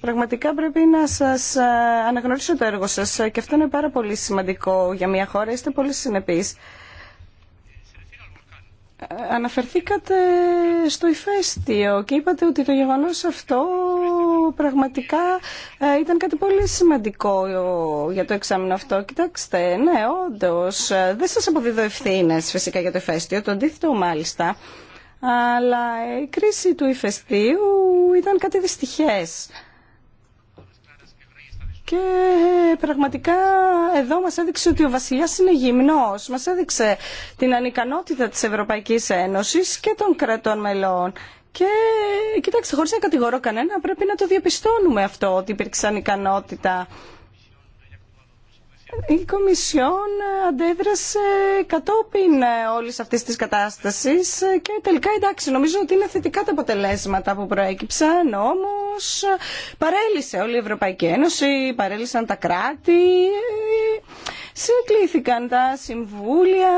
Πραγματικά πρέπει να σας ε, αναγνωρίσω το έργο σας και αυτό είναι πάρα πολύ σημαντικό για μια χώρα. Είστε πολύ συνεπείς. Αναφερθήκατε στο ηφαίστειο και είπατε ότι το γεγονός αυτό πραγματικά ε, ήταν κάτι πολύ σημαντικό για το εξάμεινο αυτό. Κοιτάξτε, ναι, όντως, ε, δεν σας αποδίδω ευθύνε φυσικά για το ηφαίστειο, το αντίθετο μάλιστα, αλλά η κρίση του ηφαιστείου ήταν κάτι δυστυχές. Και ε, πραγματικά εδώ μας έδειξε ότι ο βασιλιάς είναι γυμνός. Μας έδειξε την ανικανότητα της Ευρωπαϊκής Ένωσης και των κρατών μελών. Και ε, κοιτάξτε, χωρίς να κατηγορώ κανένα, πρέπει να το διαπιστώνουμε αυτό, ότι υπήρξε ανικανότητα η Κομισιόν αντέδρασε κατόπιν όλης αυτής της κατάστασης και τελικά εντάξει νομίζω ότι είναι θετικά τα αποτελέσματα που προέκυψαν όμως παρέλυσε όλη η Ευρωπαϊκή Ένωση, παρέλυσαν τα κράτη, συγκλήθηκαν τα συμβούλια,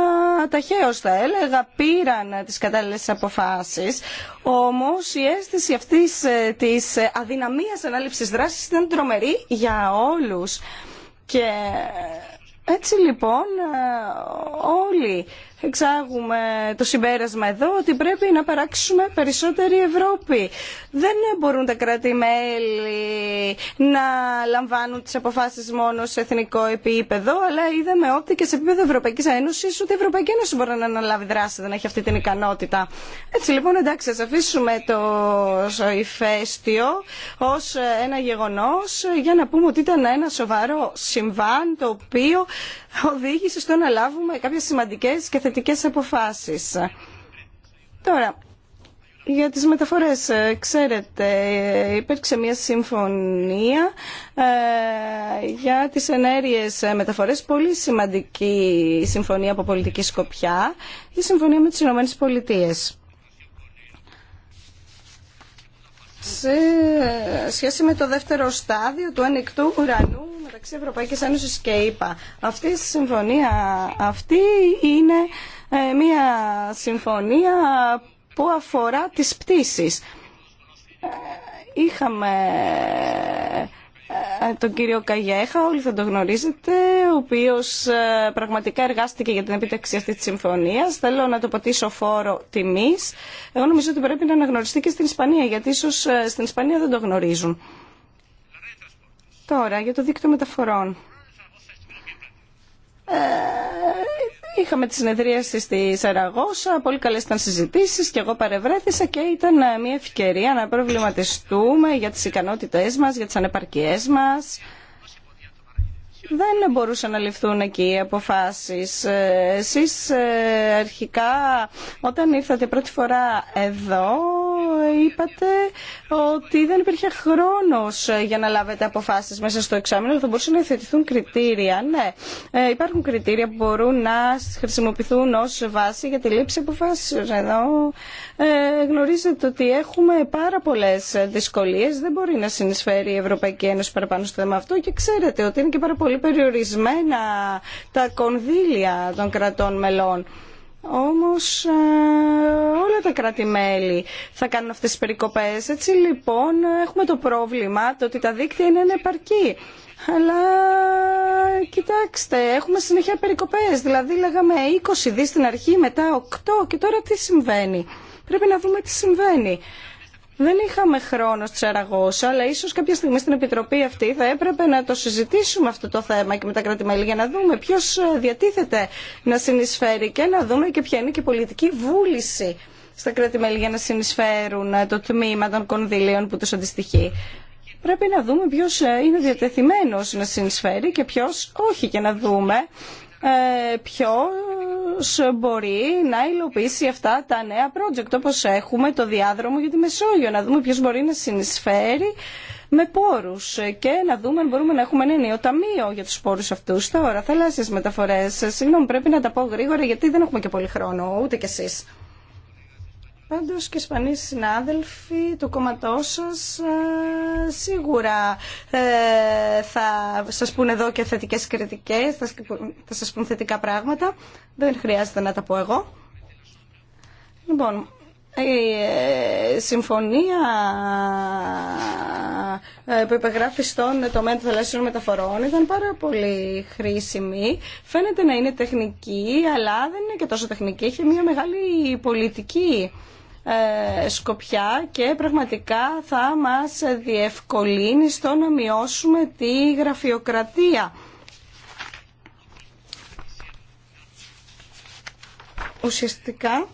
ταχαίως θα έλεγα, πήραν τις κατάλληλες αποφάσεις όμως η αίσθηση αυτής της αδυναμίας ανάληψης δράσης ήταν τρομερή για όλους. Και έτσι λοιπόν ε, όλοι εξάγουμε το συμπέρασμα εδώ ότι πρέπει να παράξουμε περισσότερη Ευρώπη. Δεν μπορούν τα κράτη-μέλη να λαμβάνουν τις αποφάσεις μόνο σε εθνικό επίπεδο, αλλά είδαμε ότι και σε επίπεδο Ευρωπαϊκής Ένωσης ότι η Ευρωπαϊκή Ένωση μπορεί να αναλάβει δράση, δεν έχει αυτή την ικανότητα. Έτσι λοιπόν, εντάξει, ας αφήσουμε το ηφαίστειο ως ένα γεγονός για να πούμε ότι ήταν ένα σοβαρό συμβάν το οποίο οδήγησε στο να λάβουμε κάποιες σημαντικές και σχετικές αποφάσεις. Τώρα, για τις μεταφορές, ε, ξέρετε, υπήρξε μια συμφωνία ε, για τις ενέργειες μεταφορές, πολύ σημαντική συμφωνία από πολιτική σκοπιά, η συμφωνία με τις Ηνωμένες σε σχέση με το δεύτερο στάδιο του ανοιχτού ουρανού μεταξύ Ευρωπαϊκής Ένωσης και ΕΠΑ. Αυτή η συμφωνία αυτή είναι ε, μια συμφωνία που αφορά τις πτήσεις. Ε, είχαμε ε, τον κύριο Καγιέχα, όλοι θα τον γνωρίζετε, ο οποίος ε, πραγματικά εργάστηκε για την επίτευξη αυτής της συμφωνίας. Θέλω να το ποτίσω φόρο τιμής. Εγώ νομίζω ότι πρέπει να αναγνωριστεί και στην Ισπανία, γιατί ίσως ε, στην Ισπανία δεν το γνωρίζουν. Τώρα, για το δίκτυο μεταφορών. Είχαμε τη συνεδρίαση στη Σαραγώσα, πολύ καλέ ήταν συζητήσεις και εγώ παρευρέθησα και ήταν ε, μια ευκαιρία να προβληματιστούμε για τις ικανότητές μας, για τι ανεπαρκίε μας, δεν μπορούσαν να ληφθούν εκεί οι αποφάσεις. Ε, εσείς ε, αρχικά όταν ήρθατε πρώτη φορά εδώ είπατε ότι δεν υπήρχε χρόνος ε, για να λάβετε αποφάσεις μέσα στο εξάμεινο, αλλά θα μπορούσαν να υιοθετηθούν κριτήρια. Ναι, υπάρχουν κριτήρια που μπορούν να χρησιμοποιηθούν ως βάση για τη λήψη αποφάσεων. Εδώ γνωρίζετε ότι έχουμε πάρα πολλές δυσκολίες, δεν μπορεί να συνεισφέρει η Ευρωπαϊκή Ένωση παραπάνω στο θέμα αυτό και ξέρετε ότι είναι και πάρα πολύ πολύ περιορισμένα τα κονδύλια των κρατών μελών. Όμως ε, όλα τα κράτη-μέλη θα κάνουν αυτές τις περικοπές. Έτσι λοιπόν έχουμε το πρόβλημα το ότι τα δίκτυα είναι ανεπαρκή. Αλλά κοιτάξτε, έχουμε συνεχεία περικοπές. Δηλαδή λέγαμε 20 δις στην αρχή, μετά 8 και τώρα τι συμβαίνει. Πρέπει να δούμε τι συμβαίνει. Δεν είχαμε χρόνο στη Σαραγώσα, αλλά ίσω κάποια στιγμή στην Επιτροπή αυτή θα έπρεπε να το συζητήσουμε αυτό το θέμα και με τα κρατη για να δούμε ποιο ε, διατίθεται να συνεισφέρει και να δούμε και ποια είναι και η πολιτική βούληση στα κράτη-μέλη για να συνεισφέρουν ε, το τμήμα των κονδυλίων που του αντιστοιχεί. Πρέπει να δούμε ποιο ε, είναι διατεθειμένο να συνεισφέρει και ποιο όχι και να δούμε ε, Ποιο μπορεί να υλοποιήσει αυτά τα νέα project όπως έχουμε το διάδρομο για τη Μεσόγειο να δούμε ποιος μπορεί να συνεισφέρει με πόρους και να δούμε αν μπορούμε να έχουμε ένα νέο ταμείο για τους πόρους αυτούς. Τώρα, θαλάσσιες μεταφορές. Συγγνώμη, πρέπει να τα πω γρήγορα γιατί δεν έχουμε και πολύ χρόνο, ούτε κι εσείς. Πάντω και σπανίς συνάδελφοι του κόμματό σας ε, σίγουρα ε, θα σας πούνε εδώ και θετικές κριτικέ, θα σας πούν θετικά πράγματα. Δεν χρειάζεται να τα πω εγώ. Λοιπόν, η ε, συμφωνία που υπεγράφει στον τομέα των θαλάσσιων μεταφορών ήταν πάρα πολύ χρήσιμη. Φαίνεται να είναι τεχνική, αλλά δεν είναι και τόσο τεχνική. Έχει μια μεγάλη πολιτική ε, σκοπιά και πραγματικά θα μας διευκολύνει στο να μειώσουμε τη γραφειοκρατία. Ουσιαστικά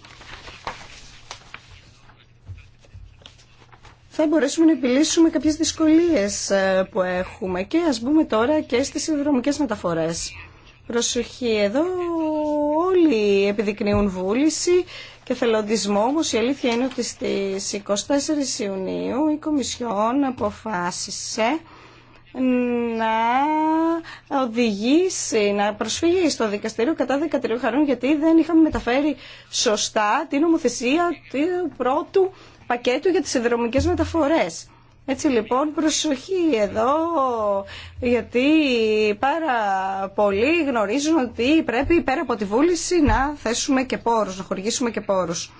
θα μπορέσουμε να επιλύσουμε κάποιες δυσκολίες ε, που έχουμε και ας μπούμε τώρα και στις συνδρομικές μεταφορές. Προσοχή εδώ όλοι επιδεικνύουν βούληση και θελοντισμό. Όμω η αλήθεια είναι ότι στι 24 Ιουνίου η Κομισιόν αποφάσισε να οδηγήσει, να προσφύγει στο δικαστήριο κατά 13 χαρών γιατί δεν είχαμε μεταφέρει σωστά την νομοθεσία του πρώτου πακέτου για τις συνδρομικές μεταφορές. Έτσι λοιπόν προσοχή εδώ γιατί πάρα πολλοί γνωρίζουν ότι πρέπει πέρα από τη βούληση να θέσουμε και πόρους, να χορηγήσουμε και πόρους.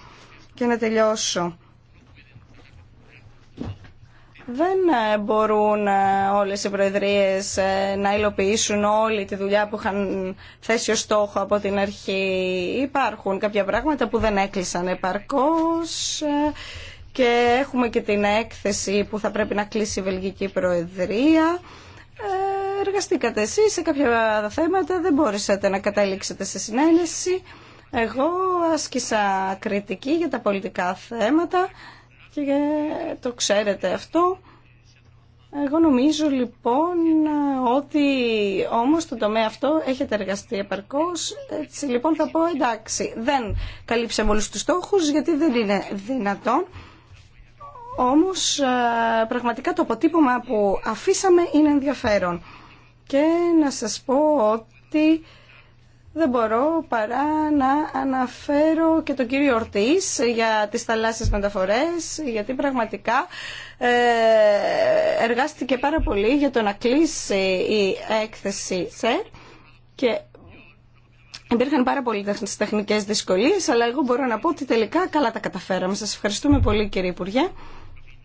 Και να τελειώσω. Δεν μπορούν ε, όλες οι προεδρίες ε, να υλοποιήσουν όλη τη δουλειά που είχαν θέσει ως στόχο από την αρχή. Υπάρχουν κάποια πράγματα που δεν έκλεισαν επαρκώς ε, και έχουμε και την έκθεση που θα πρέπει να κλείσει η Βελγική Προεδρία. Ε, εργαστήκατε εσείς σε κάποια θέματα, δεν μπόρεσατε να καταλήξετε σε συνένεση. Εγώ άσκησα κριτική για τα πολιτικά θέματα και το ξέρετε αυτό. Εγώ νομίζω λοιπόν ότι όμως το τομέα αυτό έχετε εργαστεί επαρκώς, έτσι λοιπόν θα πω εντάξει δεν καλύψαμε όλους τους στόχους γιατί δεν είναι δυνατόν όμως ε, πραγματικά το αποτύπωμα που αφήσαμε είναι ενδιαφέρον. Και να σας πω ότι δεν μπορώ παρά να αναφέρω και τον κύριο Ορτής για τις θαλάσσιες μεταφορές, γιατί πραγματικά ε, εργάστηκε πάρα πολύ για το να κλείσει η έκθεση ΣΕΡ και υπήρχαν πάρα πολλές τεχνικές δυσκολίες, αλλά εγώ μπορώ να πω ότι τελικά καλά τα καταφέραμε. Σας ευχαριστούμε πολύ κύριε Υπουργέ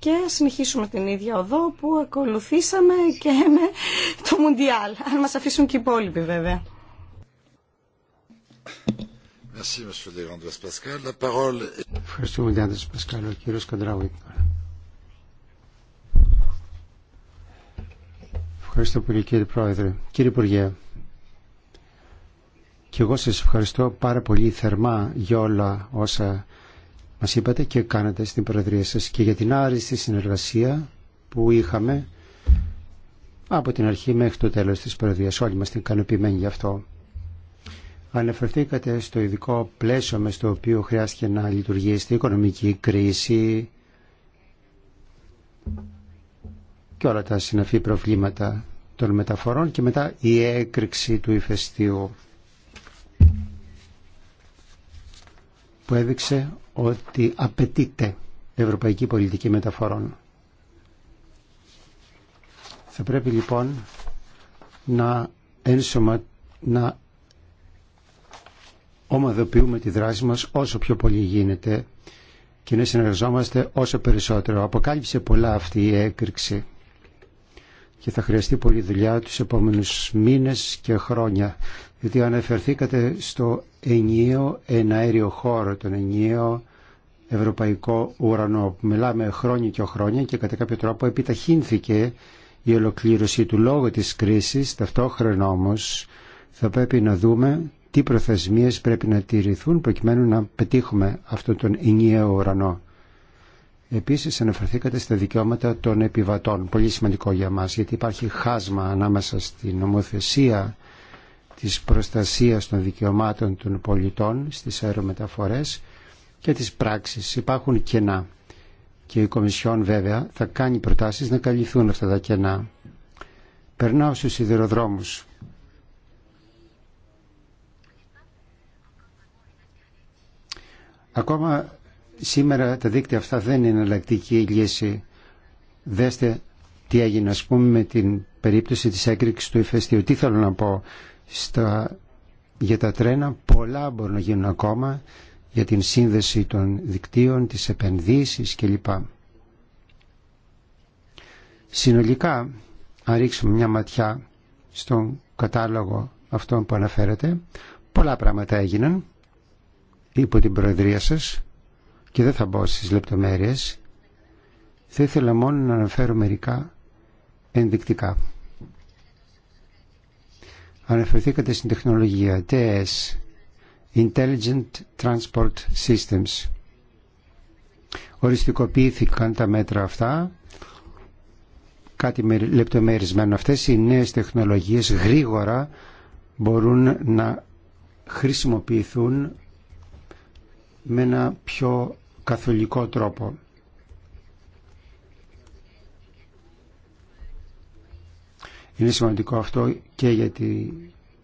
και συνεχίσουμε την ίδια οδό που ακολουθήσαμε και με το Μουντιάλ. Αν μας αφήσουν και οι υπόλοιποι βέβαια. Ευχαριστούμε, Πασκάλ. Ο Κύριος Ευχαριστώ πολύ, κύριε Πρόεδρε. Κύριε Υπουργέ, και εγώ σας ευχαριστώ πάρα πολύ θερμά για όλα όσα μα είπατε και κάνατε στην Προεδρία σα και για την άριστη συνεργασία που είχαμε από την αρχή μέχρι το τέλο της προεδρία. Όλοι είμαστε ικανοποιημένοι γι' αυτό. Αναφερθήκατε στο ειδικό πλαίσιο με στο οποίο χρειάστηκε να λειτουργήσει η οικονομική κρίση και όλα τα συναφή προβλήματα των μεταφορών και μετά η έκρηξη του ηφαιστείου που έδειξε ότι απαιτείται ευρωπαϊκή πολιτική μεταφορών. Θα πρέπει λοιπόν να ένσωμα, να ομαδοποιούμε τη δράση μας όσο πιο πολύ γίνεται και να συνεργαζόμαστε όσο περισσότερο. Αποκάλυψε πολλά αυτή η έκρηξη και θα χρειαστεί πολλή δουλειά τους επόμενους μήνες και χρόνια. Διότι αναφερθήκατε στο ενιαίο εναέριο χώρο, τον ενιαίο ευρωπαϊκό ουρανό που μιλάμε χρόνια και χρόνια και κατά κάποιο τρόπο επιταχύνθηκε η ολοκλήρωση του λόγου της κρίσης, ταυτόχρονα όμως θα πρέπει να δούμε τι προθεσμίες πρέπει να τηρηθούν προκειμένου να πετύχουμε αυτόν τον ενιαίο ουρανό. Επίσης αναφερθήκατε στα δικαιώματα των επιβατών, πολύ σημαντικό για μας, γιατί υπάρχει χάσμα ανάμεσα στην νομοθεσία της προστασίας των δικαιωμάτων των πολιτών στις αερομεταφορές και της πράξης. Υπάρχουν κενά και η Κομισιόν βέβαια θα κάνει προτάσεις να καλυφθούν αυτά τα κενά. Περνάω στους σιδηροδρόμους. Ακόμα σήμερα τα δίκτυα αυτά δεν είναι εναλλακτική λύση. Δέστε τι έγινε ας πούμε με την περίπτωση της έκρηξης του ηφαιστείου. Τι θέλω να πω στα, για τα τρένα πολλά μπορούν να γίνουν ακόμα για την σύνδεση των δικτύων, τις επενδύσεις κλπ. Συνολικά, αν ρίξουμε μια ματιά στον κατάλογο αυτόν που αναφέρεται, πολλά πράγματα έγιναν υπό την Προεδρία σας και δεν θα μπω στις λεπτομέρειες. Θα ήθελα μόνο να αναφέρω μερικά ενδεικτικά αναφερθήκατε στην τεχνολογία TS Intelligent Transport Systems οριστικοποιήθηκαν τα μέτρα αυτά κάτι λεπτομέρισμένο αυτές οι νέες τεχνολογίες γρήγορα μπορούν να χρησιμοποιηθούν με ένα πιο καθολικό τρόπο Είναι σημαντικό αυτό και για την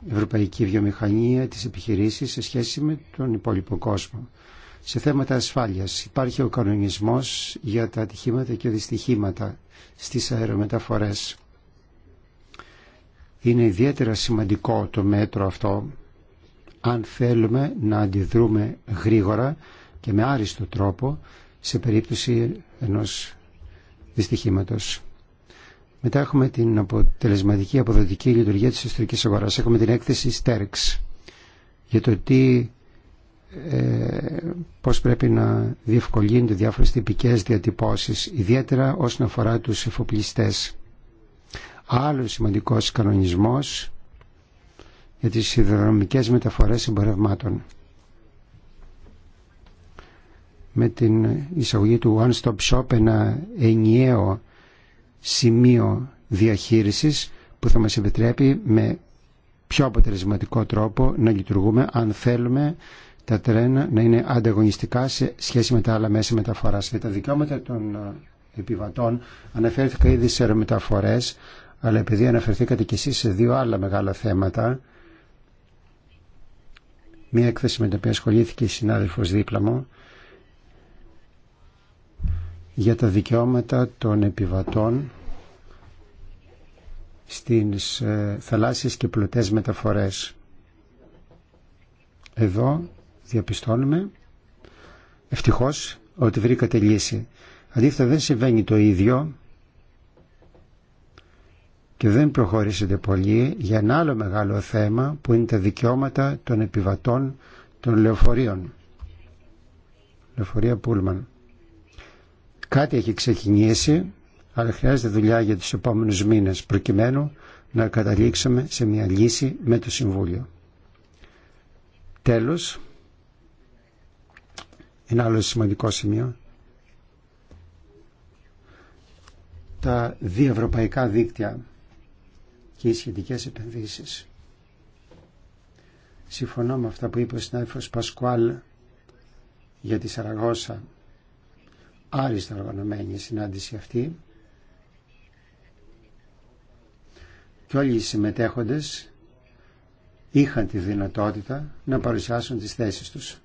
ευρωπαϊκή βιομηχανία, τις επιχειρήσεις σε σχέση με τον υπόλοιπο κόσμο. Σε θέματα ασφάλειας υπάρχει ο κανονισμός για τα ατυχήματα και δυστυχήματα στις αερομεταφορές. Είναι ιδιαίτερα σημαντικό το μέτρο αυτό αν θέλουμε να αντιδρούμε γρήγορα και με άριστο τρόπο σε περίπτωση ενός δυστυχήματος. Μετά έχουμε την αποτελεσματική αποδοτική λειτουργία της ιστορικής αγοράς. Έχουμε την έκθεση STERX για το τι, ε, πώς πρέπει να διευκολύνονται διάφορες τυπικές διατυπώσεις, ιδιαίτερα όσον αφορά τους εφοπλιστές. Άλλο σημαντικός κανονισμός για τις σιδηροδρομικές μεταφορές εμπορευμάτων. Με την εισαγωγή του One Stop Shop, ένα ενιαίο σημείο διαχείρισης που θα μας επιτρέπει με πιο αποτελεσματικό τρόπο να λειτουργούμε αν θέλουμε τα τρένα να είναι ανταγωνιστικά σε σχέση με τα άλλα μέσα μεταφοράς. Για τα δικαιώματα των ε, επιβατών αναφέρθηκα ήδη σε αερομεταφορές αλλά επειδή αναφερθήκατε και εσείς σε δύο άλλα μεγάλα θέματα μία έκθεση με την οποία ασχολήθηκε η συνάδελφος δίπλα μου για τα δικαιώματα των επιβατών στις ε, θαλάσσιες και πλωτές μεταφορές. Εδώ διαπιστώνουμε ευτυχώς ότι βρήκατε λύση. Αντίθετα δεν συμβαίνει το ίδιο και δεν προχωρήσετε πολύ για ένα άλλο μεγάλο θέμα που είναι τα δικαιώματα των επιβατών των λεωφορείων. Λεωφορεία Πούλμαν. Κάτι έχει ξεκινήσει, αλλά χρειάζεται δουλειά για τους επόμενους μήνες, προκειμένου να καταλήξουμε σε μια λύση με το Συμβούλιο. Τέλος, ένα άλλο σημαντικό σημείο, τα διευρωπαϊκά δίκτυα και οι σχετικές επενδύσεις. Συμφωνώ με αυτά που είπε ο συνάδελφος Πασκουάλ για τη Σαραγώσα άριστα οργανωμένη συνάντηση αυτή και όλοι οι συμμετέχοντες είχαν τη δυνατότητα να παρουσιάσουν τις θέσεις τους.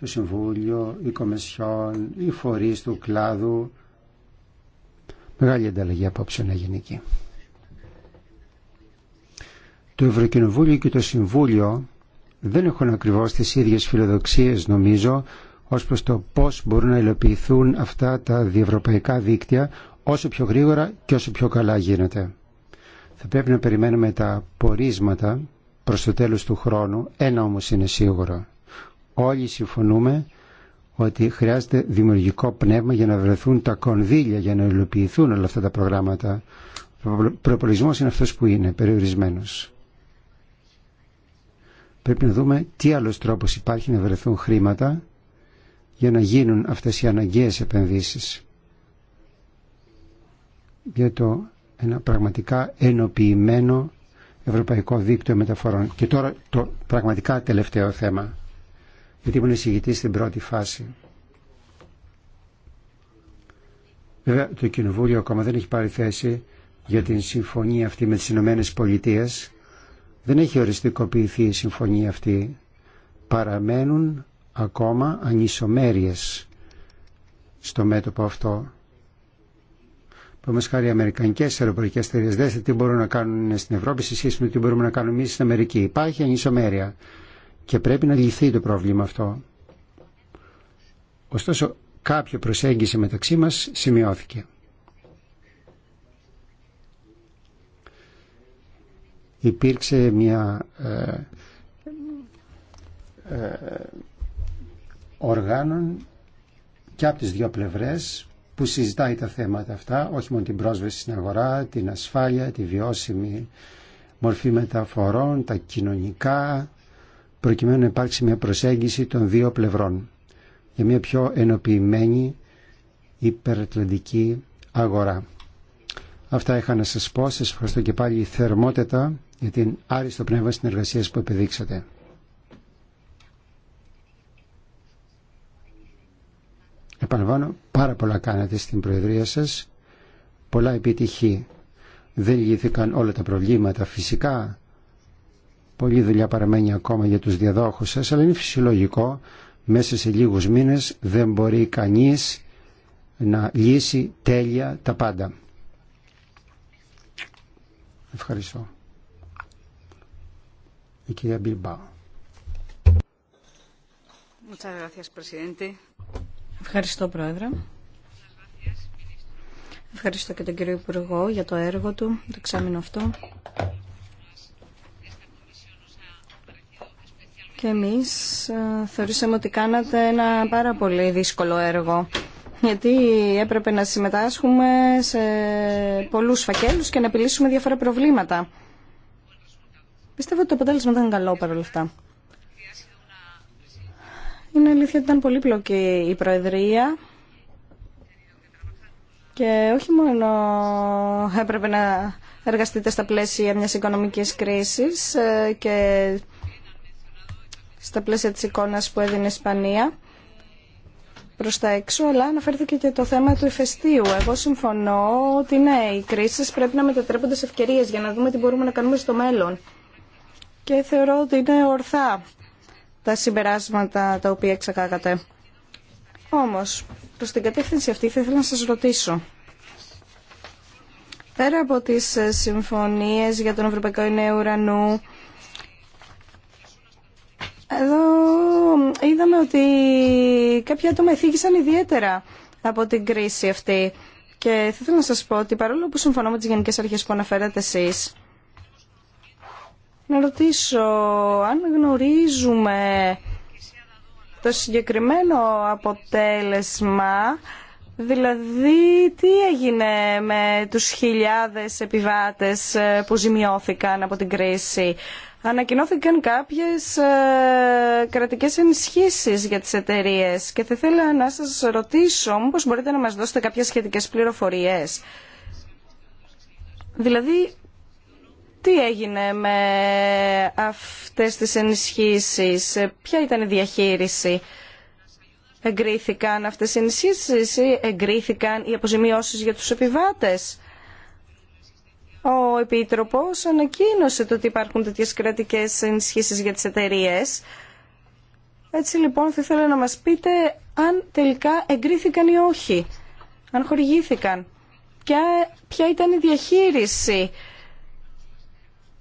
Το Συμβούλιο, οι Κομισιόν, οι φορείς του κλάδου, μεγάλη ανταλλαγή απόψεων έγινε εκεί. Το Ευρωκοινοβούλιο και το Συμβούλιο δεν έχουν ακριβώς τις ίδιες φιλοδοξίες νομίζω ως προς το πώς μπορούν να υλοποιηθούν αυτά τα διευρωπαϊκά δίκτυα όσο πιο γρήγορα και όσο πιο καλά γίνεται. Θα πρέπει να περιμένουμε τα πορίσματα προς το τέλος του χρόνου. Ένα όμως είναι σίγουρο. Όλοι συμφωνούμε ότι χρειάζεται δημιουργικό πνεύμα για να βρεθούν τα κονδύλια για να υλοποιηθούν όλα αυτά τα προγράμματα. Ο είναι αυτός που είναι, περιορισμένος. Πρέπει να δούμε τι άλλος τρόπος υπάρχει να βρεθούν χρήματα για να γίνουν αυτές οι αναγκαίες επενδύσεις για το ένα πραγματικά ενοποιημένο ευρωπαϊκό δίκτυο μεταφορών. Και τώρα το πραγματικά τελευταίο θέμα, γιατί ήμουν εισηγητή στην πρώτη φάση. Βέβαια το Κοινοβούλιο ακόμα δεν έχει πάρει θέση για την συμφωνία αυτή με τις Ηνωμένε Πολιτείε. Δεν έχει οριστικοποιηθεί η συμφωνία αυτή. Παραμένουν ακόμα ανισομέρειες στο μέτωπο αυτό. μα χάρη, οι Αμερικανικέ αεροπορικέ εταιρείε δεν τι μπορούν να κάνουν στην Ευρώπη σε σχέση με τι μπορούμε να κάνουμε εμεί στην Αμερική. Υπάρχει ανισομέρεια και πρέπει να λυθεί το πρόβλημα αυτό. Ωστόσο, κάποια προσέγγιση μεταξύ μα σημειώθηκε. Υπήρξε μια ε, ε οργάνων και από τις δύο πλευρές που συζητάει τα θέματα αυτά, όχι μόνο την πρόσβαση στην αγορά, την ασφάλεια, τη βιώσιμη μορφή μεταφορών, τα κοινωνικά, προκειμένου να υπάρξει μια προσέγγιση των δύο πλευρών για μια πιο ενοποιημένη υπερατλαντική αγορά. Αυτά είχα να σας πω. Σας ευχαριστώ και πάλι θερμότητα για την άριστο πνεύμα συνεργασίας που επιδείξατε. Επαναλαμβάνω, πάρα πολλά κάνατε στην Προεδρία σας, πολλά επιτυχή. Δεν λύθηκαν όλα τα προβλήματα φυσικά. Πολλή δουλειά παραμένει ακόμα για τους διαδόχους σας, αλλά είναι φυσιολογικό. Μέσα σε λίγους μήνες δεν μπορεί κανείς να λύσει τέλεια τα πάντα. Ευχαριστώ. Η κυρία Μπιλμπάου. Muchas gracias, presidente. Ευχαριστώ, Πρόεδρε. Ευχαριστώ και τον κύριο Υπουργό για το έργο του, το εξάμεινο αυτό. Και εμείς ε, θεωρήσαμε ότι κάνατε ένα πάρα πολύ δύσκολο έργο γιατί έπρεπε να συμμετάσχουμε σε πολλούς φακέλους και να επιλύσουμε διάφορα προβλήματα. Πιστεύω ότι το αποτέλεσμα ήταν καλό παρόλα αυτά. Είναι αλήθεια ότι ήταν πολύπλοκη η Προεδρία και όχι μόνο έπρεπε να εργαστείτε στα πλαίσια μιας οικονομικής κρίσης ε, και στα πλαίσια της εικόνας που έδινε η Ισπανία προς τα έξω, αλλά αναφέρθηκε και το θέμα του ηφαιστείου. Εγώ συμφωνώ ότι ναι, οι κρίσεις πρέπει να μετατρέπονται σε ευκαιρίες για να δούμε τι μπορούμε να κάνουμε στο μέλλον. Και θεωρώ ότι είναι ορθά τα συμπεράσματα τα οποία εξακάγατε. Όμως, προς την κατεύθυνση αυτή θα ήθελα να σας ρωτήσω. Πέρα από τις ε, συμφωνίες για τον Ευρωπαϊκό Ινέο Ουρανού, εδώ είδαμε ότι κάποια άτομα εθίγησαν ιδιαίτερα από την κρίση αυτή. Και θα ήθελα να σας πω ότι παρόλο που συμφωνώ με τις γενικές αρχές που αναφέρατε εσείς, να ρωτήσω αν γνωρίζουμε το συγκεκριμένο αποτέλεσμα Δηλαδή, τι έγινε με τους χιλιάδες επιβάτες ε, που ζημιώθηκαν από την κρίση. Ανακοινώθηκαν κάποιες ε, κρατικές ενισχύσεις για τις εταιρείες και θα ήθελα να σας ρωτήσω μήπως μπορείτε να μας δώσετε κάποιες σχετικές πληροφορίες. Δηλαδή, τι έγινε με αυτές τις ενισχύσεις, ποια ήταν η διαχείριση, εγκρίθηκαν αυτές οι ενισχύσεις ή εγκρίθηκαν οι αποζημιώσεις για τους επιβάτες. Ο Επίτροπος ανακοίνωσε το ότι υπάρχουν τέτοιες κρατικές ενισχύσεις για τις εταιρείες. Έτσι λοιπόν θα ήθελα να μας πείτε αν τελικά εγκρίθηκαν ή όχι, αν χορηγήθηκαν. Ποια, ποια ήταν η διαχείριση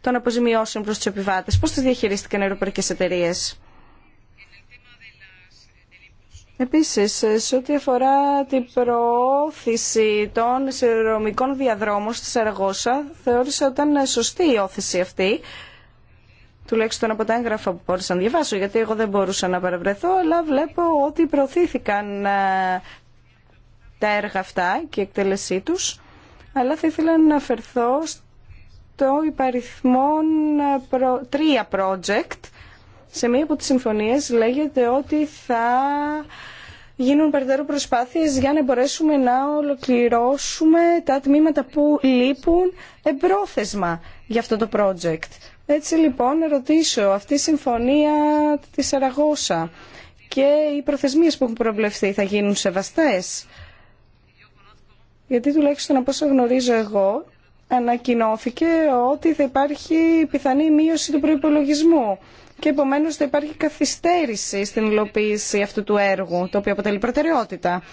των αποζημιώσεων προς τους επιβάτες. Πώς τις διαχειρίστηκαν οι ευρωπαϊκές εταιρείες. Επίσης, σε ό,τι αφορά την προώθηση των σειρομικών διαδρόμων στη Σαραγώσα, θεώρησα ήταν σωστή η όθηση αυτή, τουλάχιστον από τα έγγραφα που μπόρεσα να διαβάσω, γιατί εγώ δεν μπορούσα να παρευρεθώ, αλλά βλέπω ότι προωθήθηκαν ε, τα έργα αυτά και η εκτέλεσή τους. Αλλά θα ήθελα να αναφερθώ το υπαριθμόν ε, τρία project. Σε μία από τις συμφωνίες λέγεται ότι θα γίνουν περαιτέρω προσπάθειες για να μπορέσουμε να ολοκληρώσουμε τα τμήματα που λείπουν εμπρόθεσμα για αυτό το project. Έτσι λοιπόν ρωτήσω αυτή η συμφωνία της Αραγώσα και οι προθεσμίες που έχουν προβλεφθεί θα γίνουν σεβαστές. Γιατί τουλάχιστον από όσα γνωρίζω εγώ ανακοινώθηκε ότι θα υπάρχει πιθανή μείωση του προϋπολογισμού και επομένως θα υπάρχει καθυστέρηση στην υλοποίηση αυτού του έργου, το οποίο αποτελεί προτεραιότητα.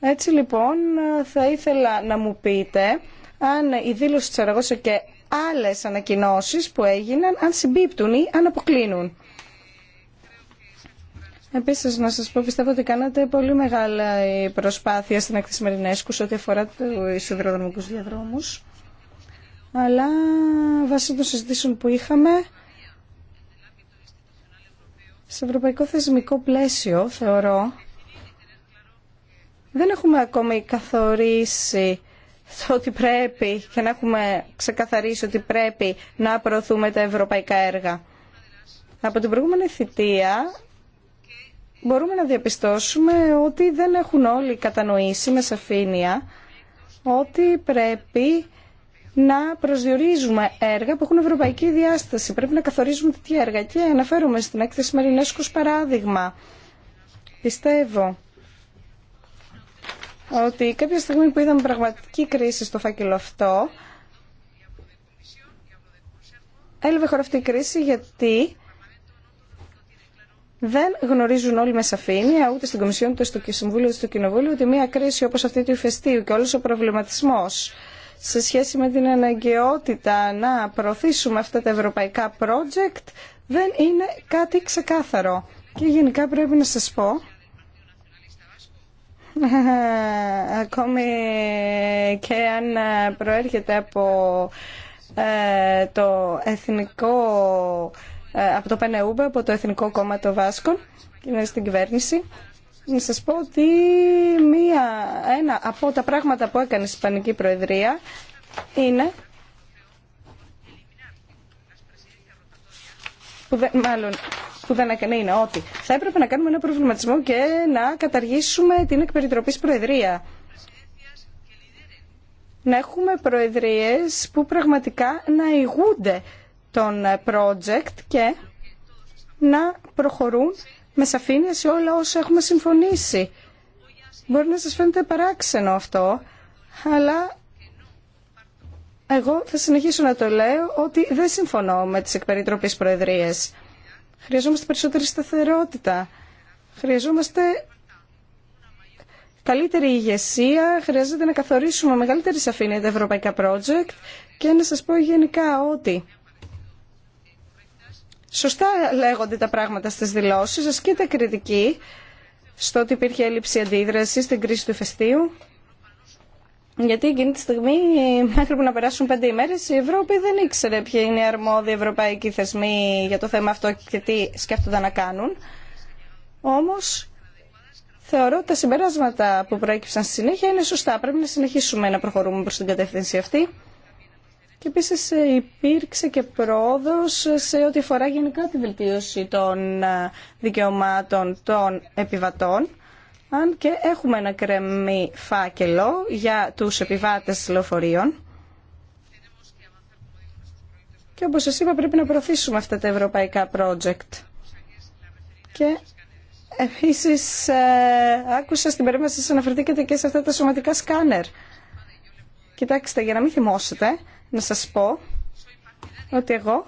Έτσι λοιπόν θα ήθελα να μου πείτε αν η δήλωση της Αραγώσα και άλλες ανακοινώσεις που έγιναν, αν συμπίπτουν ή αν αποκλίνουν. Επίσης να σας πω, πιστεύω ότι κάνατε πολύ μεγάλα προσπάθεια στην ακτή σε ό,τι αφορά του υδροδρομικούς διαδρόμους. Αλλά βάσει των συζητήσεων που είχαμε, σε ευρωπαϊκό θεσμικό πλαίσιο, θεωρώ, δεν έχουμε ακόμη καθορίσει το ότι πρέπει και να έχουμε ξεκαθαρίσει ότι πρέπει να προωθούμε τα ευρωπαϊκά έργα. Από την προηγούμενη θητεία μπορούμε να διαπιστώσουμε ότι δεν έχουν όλοι κατανοήσει με σαφήνεια ότι πρέπει να προσδιορίζουμε έργα που έχουν ευρωπαϊκή διάσταση. Πρέπει να καθορίζουμε τέτοια έργα και αναφέρομαι στην έκθεση Μαρινέσκος παράδειγμα. Πιστεύω ότι κάποια στιγμή που είδαμε πραγματική κρίση στο φάκελο αυτό, έλαβε χώρα αυτή η κρίση γιατί δεν γνωρίζουν όλοι με σαφήνεια, ούτε στην Κομισιόν, ούτε στο Συμβούλιο, ούτε στο Κοινοβούλιο, ότι μια κρίση όπως αυτή του ηφαιστείου και όλος ο προβληματισμός σε σχέση με την αναγκαιότητα να προωθήσουμε αυτά τα ευρωπαϊκά project δεν είναι κάτι ξεκάθαρο. Και γενικά πρέπει να σας πω *laughs* ακόμη και αν προέρχεται από ε, το εθνικό ε, από το ΠΕΝΕΟΥΜΠΑ, από το Εθνικό Κόμμα των Βάσκων και είναι στην κυβέρνηση. Να σας πω ότι μία, ένα από τα πράγματα που έκανε η Ισπανική Προεδρία είναι που δεν, μάλλον που δεν έκανε είναι ότι θα έπρεπε να κάνουμε ένα προβληματισμό και να καταργήσουμε την εκπεριτροπή Προεδρία. Να έχουμε προεδρίες που πραγματικά να ηγούνται των ε, project και να προχωρούν με σαφήνεια σε όλα όσα έχουμε συμφωνήσει. Μπορεί να σας φαίνεται παράξενο αυτό, αλλά εγώ θα συνεχίσω να το λέω ότι δεν συμφωνώ με τις εκπεριτροπείς προεδρίες. Χρειαζόμαστε περισσότερη σταθερότητα. Χρειαζόμαστε καλύτερη ηγεσία. Χρειάζεται να καθορίσουμε μεγαλύτερη σαφήνεια τα ευρωπαϊκά project και να σας πω γενικά ότι Σωστά λέγονται τα πράγματα στις δηλώσεις, ασκείται κριτική στο ότι υπήρχε έλλειψη αντίδραση στην κρίση του ηφαιστείου. Γιατί εκείνη τη στιγμή, μέχρι που να περάσουν πέντε ημέρε, η Ευρώπη δεν ήξερε ποιοι είναι οι αρμόδιοι ευρωπαϊκοί θεσμοί για το θέμα αυτό και τι σκέφτονταν να κάνουν. Όμω, θεωρώ ότι τα συμπεράσματα που προέκυψαν στη συνέχεια είναι σωστά. Πρέπει να συνεχίσουμε να προχωρούμε προ την κατεύθυνση αυτή. Και επίση ε, υπήρξε και πρόοδο σε ό,τι αφορά γενικά τη βελτίωση των ε, δικαιωμάτων των επιβατών. Αν και έχουμε ένα κρεμμύ φάκελο για τους επιβάτες λεωφορείων. Και όπως σας είπα πρέπει να προωθήσουμε αυτά τα ευρωπαϊκά project. Και επίσης ε, άκουσα στην περίμεση σας αναφερθήκατε και σε αυτά τα σωματικά σκάνερ. Κοιτάξτε, για να μην θυμώσετε, να σας πω ότι εγώ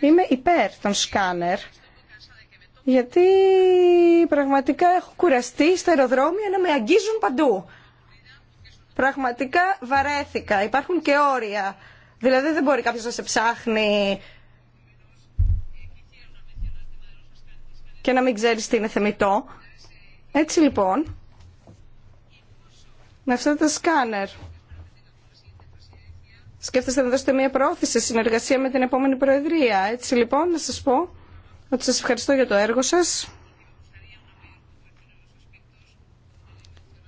είμαι υπέρ των σκάνερ γιατί πραγματικά έχω κουραστεί στα αεροδρόμια να με αγγίζουν παντού. Πραγματικά βαρέθηκα. Υπάρχουν και όρια. Δηλαδή δεν μπορεί κάποιος να σε ψάχνει και να μην ξέρεις τι είναι θεμητό. Έτσι λοιπόν, με αυτά τα σκάνερ Σκέφτεστε να δώσετε μια προώθηση συνεργασία με την επόμενη Προεδρία. Έτσι λοιπόν να σας πω ότι σας ευχαριστώ για το έργο σας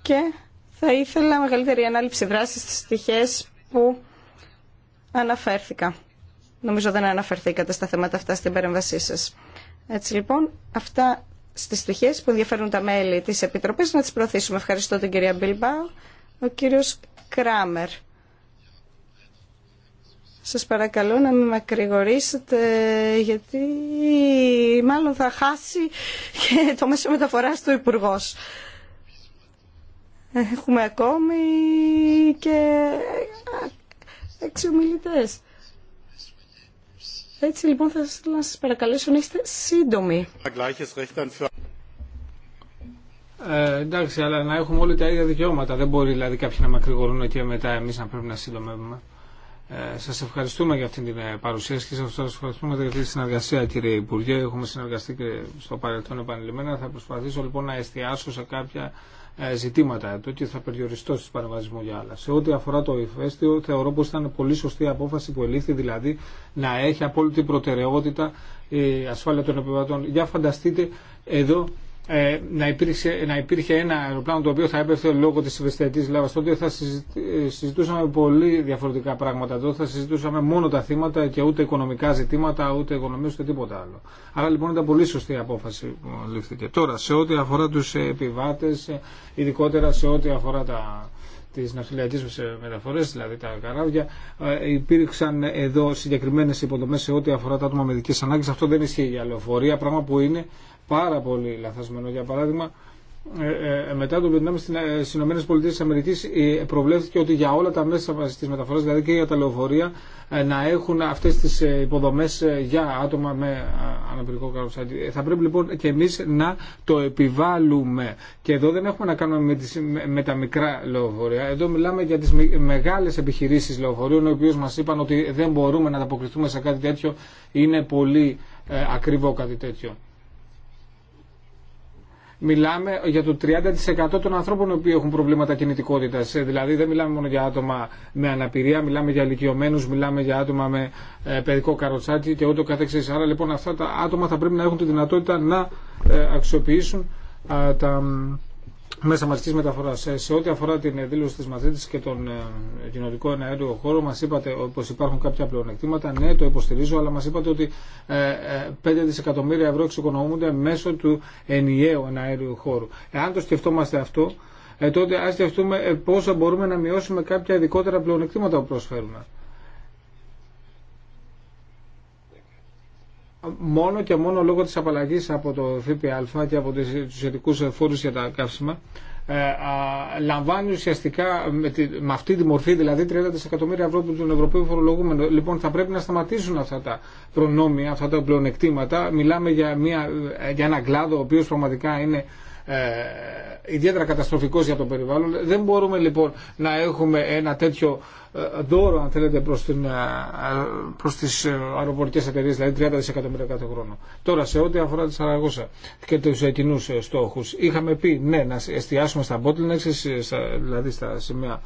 και θα ήθελα μεγαλύτερη ανάληψη δράσης στις στοιχές που αναφέρθηκα. Νομίζω δεν αναφερθήκατε στα θέματα αυτά στην παρέμβασή σας. Έτσι λοιπόν, αυτά στις στοιχές που ενδιαφέρουν τα μέλη της Επιτροπής να τις προωθήσουμε. Ευχαριστώ την κυρία Μπίλμπαου, ο κύριος Κράμερ. Σας παρακαλώ να με μακρηγορήσετε γιατί μάλλον θα χάσει και το μέσο μεταφοράς του υπουργό. Έχουμε ακόμη και έξι Έτσι λοιπόν θα ήθελα να σας παρακαλέσω να είστε σύντομοι. Ε, εντάξει, αλλά να έχουμε όλοι τα ίδια δικαιώματα. Δεν μπορεί δηλαδή κάποιοι να μακρηγορούν και μετά εμείς να πρέπει να συντομεύουμε. Ε, σας ευχαριστούμε για αυτήν την ε, παρουσίαση και σας ευχαριστούμε για αυτή τη συνεργασία κύριε Υπουργέ. Έχουμε συνεργαστεί και στο παρελθόν επανειλημμένα. Θα προσπαθήσω λοιπόν να εστιάσω σε κάποια ε, ζητήματα εδώ και θα περιοριστώ στις παρεμβασμού για άλλα. Σε ό,τι αφορά το ηφαίστειο θεωρώ πως ήταν πολύ σωστή απόφαση που ελήφθη δηλαδή να έχει απόλυτη προτεραιότητα η ασφάλεια των επιβατών. Για φανταστείτε εδώ ε, να, υπήρξε, να υπήρχε ένα αεροπλάνο το οποίο θα έπεφτε λόγω της ευαισθητικής λάβας τότε θα ε, συζητούσαμε πολύ διαφορετικά πράγματα τότε θα συζητούσαμε μόνο τα θύματα και ούτε οικονομικά ζητήματα ούτε οικονομίες ούτε τίποτα άλλο άρα λοιπόν ήταν πολύ σωστή η απόφαση που λήφθηκε τώρα σε ό,τι αφορά τους επιβάτες ε, ειδικότερα σε ό,τι αφορά τα τις ναυτιλιακές μεταφορές, δηλαδή τα καράβια, υπήρξαν εδώ συγκεκριμένες υποδομέ σε ό,τι αφορά τα άτομα με ειδικέ Αυτό δεν ισχύει για λεωφορεία, πράγμα που είναι πάρα πολύ λαθασμένο. Για παράδειγμα, ε, ε, μετά το Βιετνάμ ε, στι ΗΠΑ προβλέφθηκε ότι για όλα τα μέσα τη μεταφορά, δηλαδή και για τα λεωφορεία, να έχουν αυτέ τι υποδομέ για άτομα με αναπηρικό Ε, Θα πρέπει λοιπόν και εμεί να το επιβάλλουμε. Και εδώ δεν έχουμε να κάνουμε με, τα μικρά λεωφορεία. Εδώ μιλάμε για τι μεγάλε επιχειρήσει λεωφορείων, οι οποίε μα είπαν ότι δεν μπορούμε να ανταποκριθούμε σε κάτι τέτοιο. Είναι πολύ ε, ακριβό κάτι τέτοιο μιλάμε για το 30% των ανθρώπων οι οποίοι έχουν προβλήματα κινητικότητας. Ε, δηλαδή δεν μιλάμε μόνο για άτομα με αναπηρία, μιλάμε για ηλικιωμένου, μιλάμε για άτομα με ε, παιδικό καροτσάκι και ούτω καθεξής. Άρα λοιπόν αυτά τα άτομα θα πρέπει να έχουν τη δυνατότητα να ε, αξιοποιήσουν τα μέσα μαζική μεταφορά. Ε, σε ό,τι αφορά την δήλωση τη Μαδρίτη και τον ε, κοινωνικό εναέριο χώρο, μα είπατε πω υπάρχουν κάποια πλεονεκτήματα. Ναι, το υποστηρίζω, αλλά μα είπατε ότι 5 ε, δισεκατομμύρια ευρώ εξοικονομούνται μέσω του ενιαίου εναέριου χώρου. Εάν το σκεφτόμαστε αυτό, τότε α σκεφτούμε πόσα μπορούμε να μειώσουμε κάποια ειδικότερα πλεονεκτήματα που προσφέρουμε. μόνο και μόνο λόγω της απαλλαγής από το ΦΠΑ και από τους ειδικούς φόρους για τα καύσιμα ε, λαμβάνει ουσιαστικά με, τη, με αυτή τη μορφή δηλαδή 30 δισεκατομμύρια ευρώ από τον Ευρωπαίο φορολογούμενο. Λοιπόν, θα πρέπει να σταματήσουν αυτά τα προνόμια, αυτά τα πλεονεκτήματα. Μιλάμε για, μια, για ένα κλάδο ο οποίος πραγματικά είναι ε, ιδιαίτερα καταστροφικός για το περιβάλλον. Δεν μπορούμε λοιπόν να έχουμε ένα τέτοιο ε, δώρο, αν θέλετε, προς, την, ε, προς τις αεροπορικές εταιρείες, δηλαδή 30 δισεκατομμύρια κάθε χρόνο. Τώρα, σε ό,τι αφορά τη Σαραγώσα και τους κοινού στόχους, είχαμε πει ναι, να εστιάσουμε στα bottlenecks, δηλαδή στα σημεία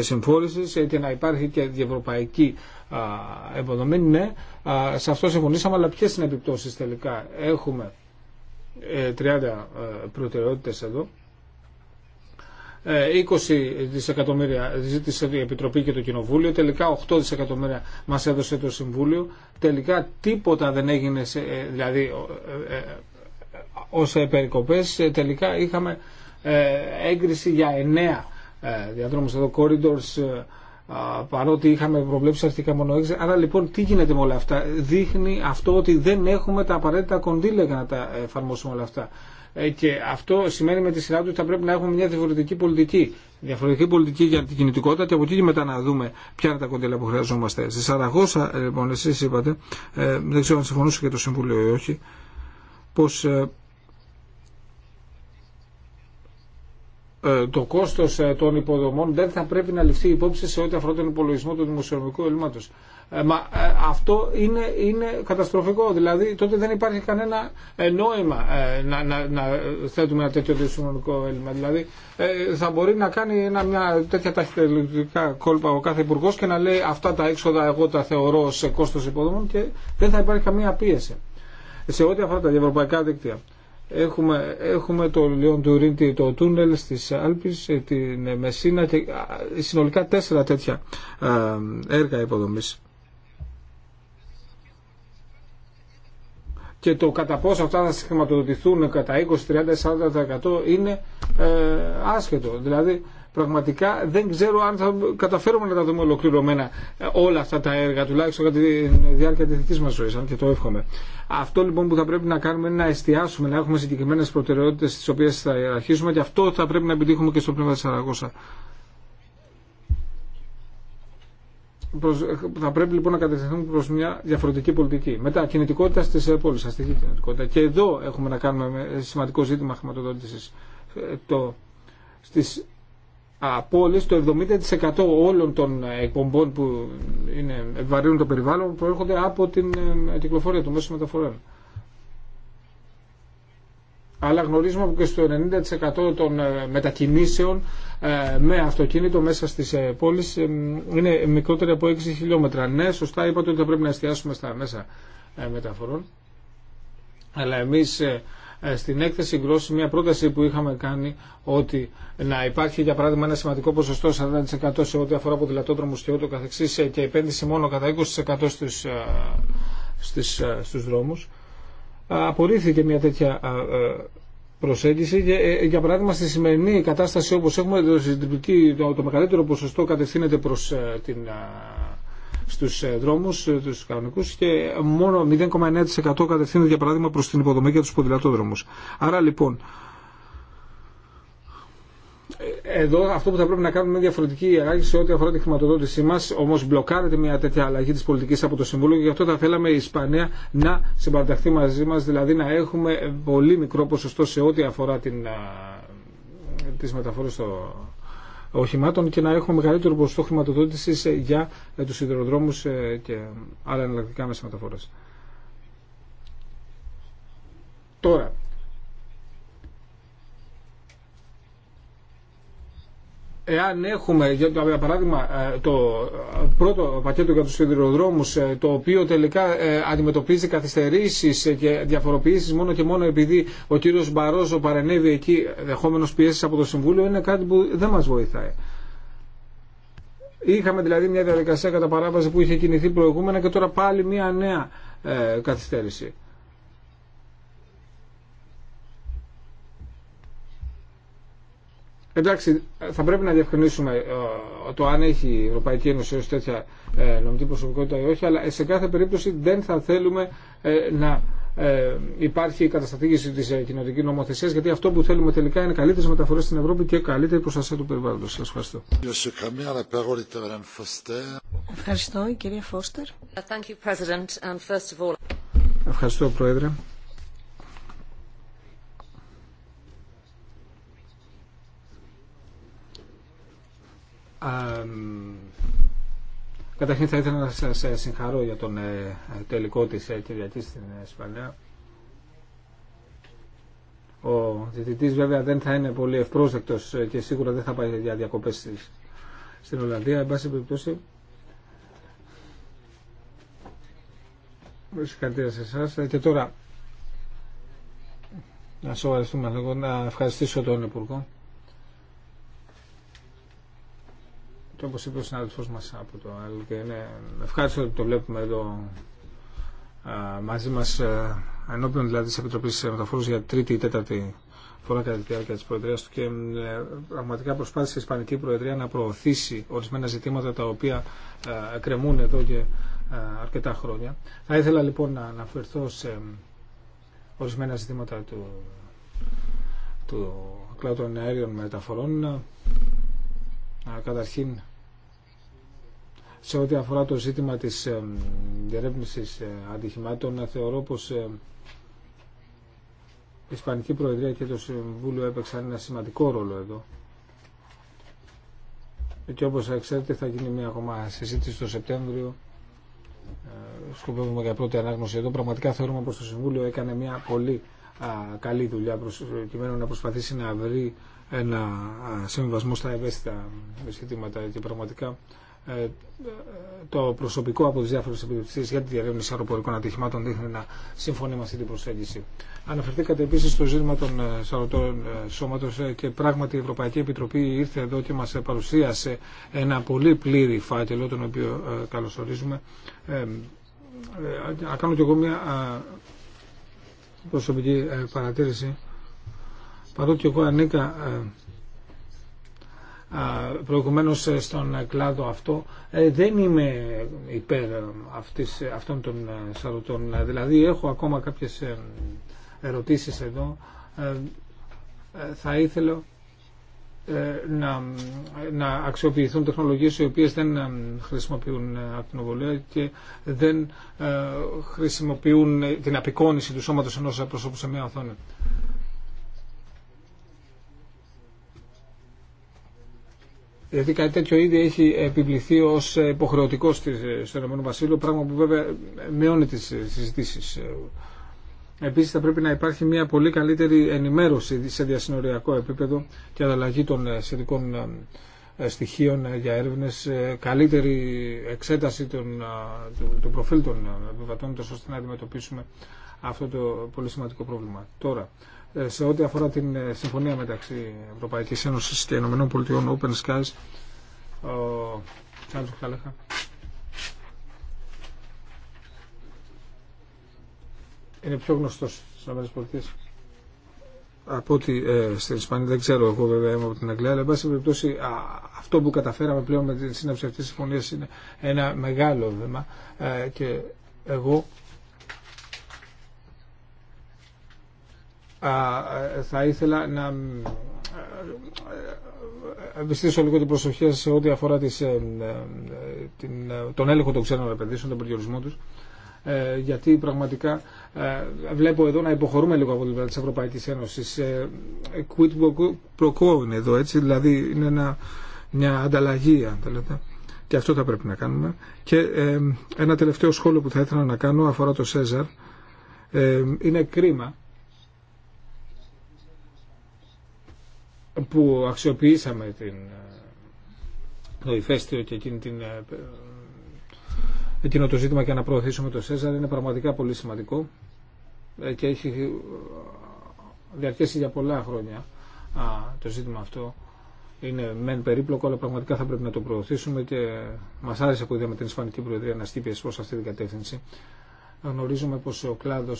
συμφόρησης και να υπάρχει και διευρωπαϊκή εμποδομένη, ναι, σε αυτό συμφωνήσαμε, αλλά ποιες είναι επιπτώσεις τελικά έχουμε 30 ε, ε, προτεραιότητες εδώ 20 ε, δισεκατομμύρια ζήτησε η Επιτροπή και το Κοινοβούλιο, τελικά 8 δισεκατομμύρια μας έδωσε το Συμβούλιο, τελικά τίποτα δεν έγινε, σε, δηλαδή ως περικοπές, τελικά είχαμε έγκριση για 9 διαδρόμους εδώ, corridors παρότι είχαμε προβλέψει αρχικά μόνο έξι. Άρα λοιπόν τι γίνεται με όλα αυτά. Δείχνει αυτό ότι δεν έχουμε τα απαραίτητα κονδύλια για να τα εφαρμόσουμε όλα αυτά. Ε, και αυτό σημαίνει με τη σειρά του ότι θα πρέπει να έχουμε μια διαφορετική πολιτική. Διαφορετική πολιτική για την κινητικότητα και από εκεί και μετά να δούμε ποια είναι τα κονδύλια που χρειαζόμαστε. Στη Σαραγώσα, ε, λοιπόν, εσεί είπατε, ε, δεν ξέρω αν συμφωνούσε και το Συμβούλιο ή όχι, πω ε, Ε, το κόστο ε, των υποδομών δεν θα πρέπει να ληφθεί υπόψη σε ό,τι αφορά τον υπολογισμό του δημοσιονομικού ελλείμματος. Ε, μα αυτό είναι, είναι καταστροφικό. Δηλαδή τότε δεν υπάρχει κανένα νόημα να, να, να θέτουμε ένα τέτοιο δημοσιονομικό έλλειμμα. Δηλαδή θα μπορεί να κάνει μια τέτοια ταχυτελεκτικά κόλπα ο κάθε υπουργό και να λέει αυτά τα έξοδα εγώ τα θεωρώ σε κόστο υποδομών και δεν θα υπάρχει καμία πίεση σε ό,τι αφορά τα ευρωπαϊκά δίκτυα. Έχουμε, έχουμε το Λιόν το τούνελ στις Άλπεις, ε, την ε, Μεσίνα και συνολικά τέσσερα τέτοια έργα υποδομής. και το κατά πόσο αυτά θα συγχρηματοδοτηθούν κατά 20, 30, 40% είναι ε, άσχετο. Δηλαδή πραγματικά δεν ξέρω αν θα καταφέρουμε να τα δούμε ολοκληρωμένα ε, όλα αυτά τα έργα, τουλάχιστον κατά τη διάρκεια τη δική μα ζωή, αν και το εύχομαι. Αυτό λοιπόν που θα πρέπει να κάνουμε είναι να εστιάσουμε, να έχουμε συγκεκριμένε προτεραιότητε τι οποίε θα αρχίσουμε και αυτό θα πρέπει να επιτύχουμε και στο πνεύμα τη Αραγώσα. Ε, θα πρέπει λοιπόν να κατευθυνθούμε προς μια διαφορετική πολιτική. Μετά, κινητικότητα στις ε, πόλεις, αστική κινητικότητα. Και εδώ έχουμε να κάνουμε σημαντικό ζήτημα χρηματοδότησης. Το, στις από όλες το 70% όλων των ε, εκπομπών που είναι, βαρύνουν το περιβάλλον προέρχονται από την ε, κυκλοφορία των μέσων μεταφορών. Αλλά γνωρίζουμε ότι και στο 90% των ε, μετακινήσεων με αυτοκίνητο μέσα στις πόλεις είναι μικρότεροι από 6 χιλιόμετρα. Ναι, σωστά είπατε ότι θα πρέπει να εστιάσουμε στα μέσα μεταφορών. Αλλά εμείς ε, στην έκθεση Γκρόση μια πρόταση που είχαμε κάνει ότι να υπάρχει για παράδειγμα ένα σημαντικό ποσοστό 40% σε ό,τι αφορά ποδηλατόδρομους και ούτω καθεξής ε, και επένδυση μόνο κατά 20% στις, ε, στις, στους δρόμους απορρίφθηκε μια τέτοια προσέγγιση για παράδειγμα στη σημερινή κατάσταση όπως έχουμε το, το μεγαλύτερο ποσοστό κατευθύνεται προς την Στου ε, δρόμου, ε, του κανονικού και μόνο 0,9% κατευθύνεται για παράδειγμα προ την υποδομή για τους ποδηλατόδρομους. Άρα λοιπόν, ε, εδώ αυτό που θα πρέπει να κάνουμε είναι διαφορετική αλλαγή σε ό,τι αφορά τη χρηματοδότησή μα. Όμω μπλοκάρεται μια τέτοια αλλαγή τη πολιτική από το Συμβούλιο και γι' αυτό θα θέλαμε η Ισπανία να συμπαραταχθεί μαζί μα, δηλαδή να έχουμε πολύ μικρό ποσοστό σε ό,τι αφορά τι μεταφορέ στο, οχημάτων και να έχουμε μεγαλύτερο ποσοστό χρηματοδότηση ε, για ε, του σιδηροδρόμου ε, και άλλα εναλλακτικά μέσα μεταφορά. Τώρα, εάν έχουμε, για παράδειγμα, ε, το πρώτο πακέτο για τους σιδηροδρόμους, ε, το οποίο τελικά ε, αντιμετωπίζει καθυστερήσεις και διαφοροποιήσεις μόνο και μόνο επειδή ο κύριος Μπαρόζο παρενέβη εκεί δεχόμενος πιέσεις από το Συμβούλιο, είναι κάτι που δεν μας βοηθάει. Είχαμε δηλαδή μια διαδικασία κατά παράβαση που είχε κινηθεί προηγούμενα και τώρα πάλι μια νέα καθυστέρηση. Εντάξει, θα πρέπει να διευκρινίσουμε ε, το αν έχει η Ευρωπαϊκή Ένωση ως τέτοια ε, νομική προσωπικότητα ή όχι, αλλά ε, σε κάθε περίπτωση δεν θα θέλουμε να υπάρχει η καταστατήγηση της κοινωτικής νομοθεσίας, γιατί αυτό που θέλουμε τελικά είναι καλύτερες μεταφορές στην Ευρώπη και καλύτερη προστασία του περιβάλλοντος. Σας ευχαριστώ. Ευχαριστώ, κυρία Φώστερ. Ευχαριστώ, Πρόεδρε. Καταρχήν θα ήθελα να σας ε, συγχαρώ για τον ε, τελικό της ε, Κυριακής στην Ισπανία. Ο διαιτητής βέβαια δεν θα είναι πολύ ευπρόσδεκτος και σίγουρα δεν θα πάει για διακοπές στην Ολλανδία. Εν πάση περιπτώσει, συγχαρητήρια σε εσάς. Και τώρα, να σοβαρευτούμε να ευχαριστήσω τον Υπουργό. και όπως είπε ο συνάδελφός μας από το άλλο και είναι ευχάριστο ότι το βλέπουμε εδώ μαζί μας ενώπιον δηλαδή της Επιτροπής Μεταφόρους για τρίτη ή τέταρτη φορά κατά τη διάρκεια της Προεδρία του και ε, πραγματικά προσπάθησε η Ισπανική Προεδρία να προωθήσει ορισμένα ζητήματα τα οποία κρεμούν εδώ και αρκετά χρόνια. Θα ήθελα λοιπόν να αναφερθώ σε ορισμένα ζητήματα του, του κλάδου των αέριων μεταφορών. Καταρχήν σε ό,τι αφορά το ζήτημα της διερεύνησης ε, αντιχημάτων, θεωρώ πως ε, η Ισπανική Προεδρία και το Συμβούλιο έπαιξαν ένα σημαντικό ρόλο εδώ. Και όπως ξέρετε θα γίνει μια ακόμα συζήτηση το Σεπτέμβριο. Ε, σκοπεύουμε για πρώτη ανάγνωση εδώ. Πραγματικά θεωρούμε πως το Συμβούλιο έκανε μια πολύ καλή δουλειά προκειμένου να προσπαθήσει να βρει ένα συμβασμό στα ευαίσθητα ζητήματα και πραγματικά ε, ε, το προσωπικό από τι διάφορε επιδοτήσει για τη διαρρεύνηση αεροπορικών ατυχημάτων δείχνει να συμφωνεί με αυτή την προσέγγιση. Αναφερθήκατε επίση στο ζήτημα των ε, σαρωτών σώματο και πράγματι η Ευρωπαϊκή Επιτροπή ήρθε εδώ και μα παρουσίασε ένα πολύ πλήρη φάκελο, τον οποίο καλωσορίζουμε. α, κάνω κι εγώ μια προσωπική παρατήρηση. Παρότι εγώ ανήκα προηγουμένως ε, στον κλάδο αυτό ε, δεν είμαι υπέρ ε, αυτής, αυτών των σαρωτών. Δηλαδή έχω ακόμα κάποιες ερωτήσεις εδώ. Θα ήθελα να, αξιοποιηθούν τεχνολογίες οι οποίες δεν χρησιμοποιούν ακτινοβολία και δεν χρησιμοποιούν την απεικόνιση του σώματος ενός προσώπου σε μια οθόνη. Δηλαδή κάτι τέτοιο ήδη έχει επιβληθεί ω υποχρεωτικό στο Ηνωμένο Βασίλειο, πράγμα που βέβαια μειώνει τι συζητήσει. Επίση θα πρέπει να υπάρχει μια πολύ καλύτερη ενημέρωση σε διασυνοριακό επίπεδο και ανταλλαγή των σχετικών ε, στοιχείων για έρευνε, ε, καλύτερη εξέταση των, ε, του, του προφίλ των επιβατών, ώστε να αντιμετωπίσουμε αυτό το πολύ σημαντικό πρόβλημα. Τώρα, ε, σε ό,τι αφορά την ε, συμφωνία μεταξύ Ευρωπαϊκής Ένωσης και Ηνωμένων Πολιτειών Open Skies ο Τσάντζο είναι πιο γνωστό στι ΗΠΑ από ότι ε, στην Ισπανία δεν ξέρω εγώ βέβαια είμαι από την Αγγλία αλλά εν πάση περιπτώσει αυτό που καταφέραμε πλέον με την σύναψη αυτής της συμφωνίας είναι ένα μεγάλο βήμα και εγώ θα ήθελα να επιστήσω ε, λίγο την προσοχή σε ό,τι αφορά ε, ε, την, τον έλεγχο των ξένων επενδύσεων, τον περιορισμό τους γιατί πραγματικά βλέπω εδώ να υποχωρούμε λίγο από την πλευρά της Ευρωπαϊκής Ένωσης. Quid pro είναι εδώ, έτσι, δηλαδή είναι μια ανταλλαγή, αν θέλετε. Και αυτό θα πρέπει να κάνουμε. Και ένα τελευταίο σχόλιο που θα ήθελα να κάνω αφορά το Σέζαρ. είναι κρίμα που αξιοποιήσαμε την, ε, το ηφαίστειο και εκείνη την, ε, ε, εκείνο το ζήτημα και να προωθήσουμε το ΣΕΖΑΡ είναι πραγματικά πολύ σημαντικό και έχει διαρκέσει για πολλά χρόνια το ζήτημα αυτό. Είναι μεν περίπλοκο, αλλά πραγματικά θα πρέπει να το προωθήσουμε και μα άρεσε που είδαμε την Ισπανική Προεδρία να στείλει προ αυτή την κατεύθυνση. Γνωρίζουμε πω ο κλάδο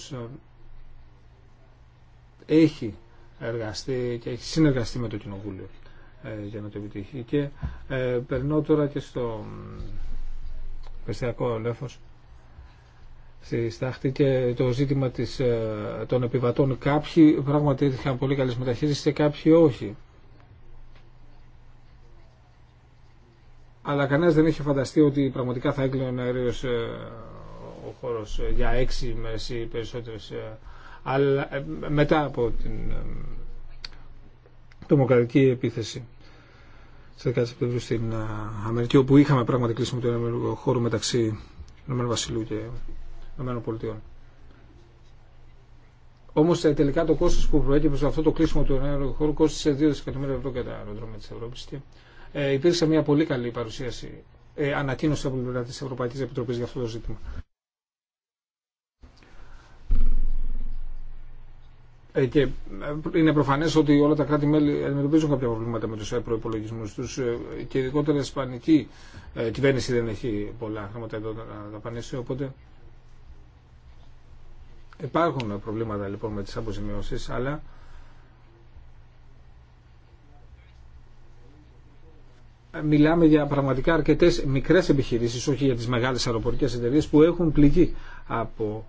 έχει εργαστεί και έχει συνεργαστεί με το Κοινοβούλιο ε, για να το επιτύχει. Και ε, περνώ τώρα και στο Περσιακό έλεφο στη Στάχτη και το ζήτημα της, ε, των επιβατών. Κάποιοι πράγματι είχαν πολύ καλε μεταχείρισει και κάποιοι όχι. Αλλά κανένα δεν είχε φανταστεί ότι πραγματικά θα έκλεινε ο αέριο ε, ο χώρος για έξι μέρες ή περισσότερες αλλά, ε, μετά από την ε, τρομοκρατική επίθεση στις 10 Σεπτεμβρίου στην ε, Αμερική, όπου είχαμε πράγματι κλείσιμο του χώρου μεταξύ Ηνωμένου Βασιλού και Ηνωμένων Πολιτειών. Όμω τελικά το κόστο που προέκυψε από αυτό το κλείσιμο του ενέργου χώρου κόστησε 2 δισεκατομμύρια ευρώ για τα αεροδρόμια τη Ευρώπη. Και ε, υπήρξε μια πολύ καλή παρουσίαση, ε, ανακοίνωση από την πλευρά τη Ευρωπαϊκή Επιτροπή για αυτό το ζήτημα. Ε, και ε, είναι προφανέ ότι όλα τα κράτη-μέλη αντιμετωπίζουν κάποια προβλήματα με του ε, προπολογισμού του και ειδικότερα η Ισπανική κυβέρνηση δεν έχει πολλά χρήματα εδώ να δαπανίσει. Οπότε υπάρχουν προβλήματα λοιπόν με τι αποζημιώσει, αλλά μιλάμε για πραγματικά αρκετέ μικρέ επιχειρήσει, όχι για τι μεγάλε αεροπορικέ εταιρείε που έχουν πληγεί από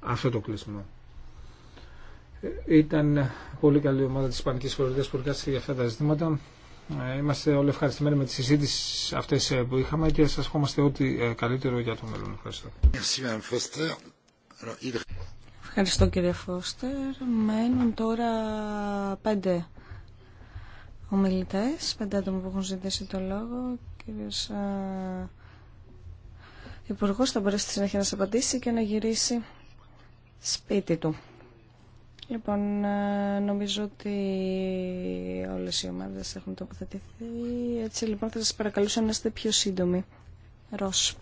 αυτό το κλεισμό. Ήταν πολύ καλή ομάδα της Ισπανικής Χωριδίας που εργάστηκε για αυτά τα ζητήματα. Ε, είμαστε όλοι ευχαριστημένοι με τις συζήτηση αυτές ε, που είχαμε και σας ευχόμαστε ό,τι ε, καλύτερο για το μέλλον. Ευχαριστώ. Ευχαριστώ κύριε Φώστερ. Μένουν τώρα πέντε ομιλητές, πέντε άτομα που έχουν ζητήσει το λόγο. Κύριος Υπουργός θα μπορέσει στη συνέχεια να σε απαντήσει και να γυρίσει σπίτι του. Λοιπόν, ε, νομίζω ότι όλες οι ομάδες έχουν τοποθετηθεί. Έτσι λοιπόν θα σας παρακαλούσα να είστε πιο σύντομοι. Ρος.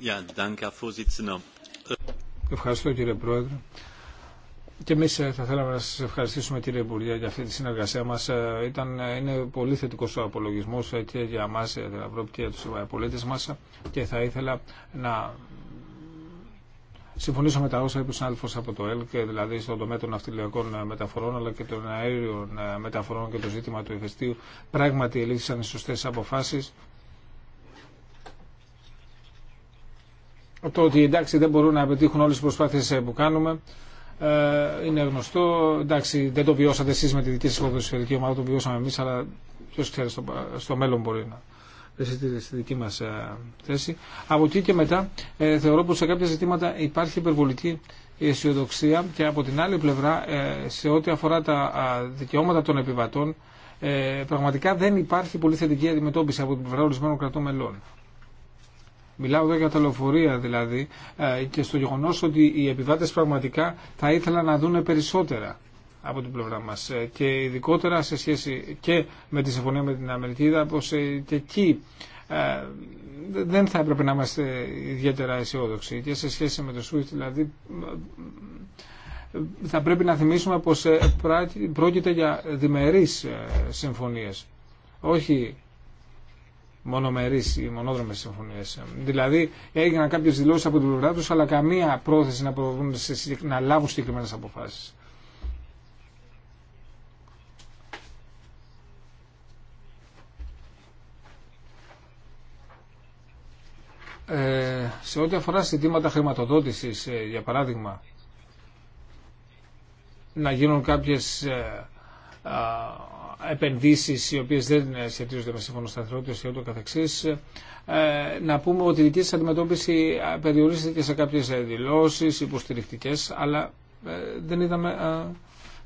Ευχαριστώ κύριε Πρόεδρε. Και εμεί ε, θα θέλαμε να σας ευχαριστήσουμε κύριε Υπουργέ για αυτή τη συνεργασία μα. Ε, είναι πολύ θετικό ο απολογισμός και για εμάς, για την Ευρώπη και για του πολίτες μας. Και θα ήθελα να συμφωνήσω με τα όσα είπε ο συνάδελφο από το ΕΛΚ, δηλαδή στον τομέα των ναυτιλιακών ε, μεταφορών αλλά και των αέριων ε, μεταφορών και το ζήτημα του ηφαιστείου. Πράγματι, ελήφθησαν σωστέ αποφάσει. Το ότι εντάξει δεν μπορούν να πετύχουν όλε τι προσπάθειε ε, που κάνουμε είναι γνωστό. Εντάξει, δεν το βιώσατε εσεί με τη δική σα ποδοσφαιρική ομάδα, το βιώσαμε εμεί, αλλά ποιο ξέρει στο, μέλλον μπορεί να στη δική μα ε, θέση. Από εκεί και μετά ε, θεωρώ πως σε κάποια ζητήματα υπάρχει υπερβολική αισιοδοξία και από την άλλη πλευρά ε, σε ό,τι αφορά τα δικαιώματα των επιβατών πραγματικά δεν υπάρχει πολύ θετική αντιμετώπιση από την πλευρά ορισμένων κρατών μελών. Μιλάω εδώ για τα λεωφορεία δηλαδή και στο γεγονό ότι οι επιβάτε πραγματικά θα ήθελαν να δουν περισσότερα από την πλευρά μα. Ε, και ειδικότερα σε σχέση και με τη συμφωνία με την Αμερική πω ε, και εκεί ε, δεν θα έπρεπε να είμαστε ιδιαίτερα αισιόδοξοι και σε σχέση με το SWIFT δηλαδή θα πρέπει να θυμίσουμε πω πρόκειται για διμερεί συμφωνίε, όχι μονομερείς ή μονόδρομες συμφωνίες. Δηλαδή έγιναν κάποιες δηλώσεις από την πλευρά τους αλλά καμία πρόθεση να, να λάβουν συγκεκριμένε αποφάσεις. Ε, σε ό,τι αφορά συντήματα χρηματοδότησης, ε, για παράδειγμα, να γίνουν κάποιες ε, επενδύσεις οι οποίες δεν σχετίζονται με σύμφωνο σταθερότητας και ούτω καθεξής, να πούμε ότι η δική σας αντιμετώπιση περιορίστηκε σε κάποιες δηλώσεις υποστηρικτικές, αλλά δεν είδαμε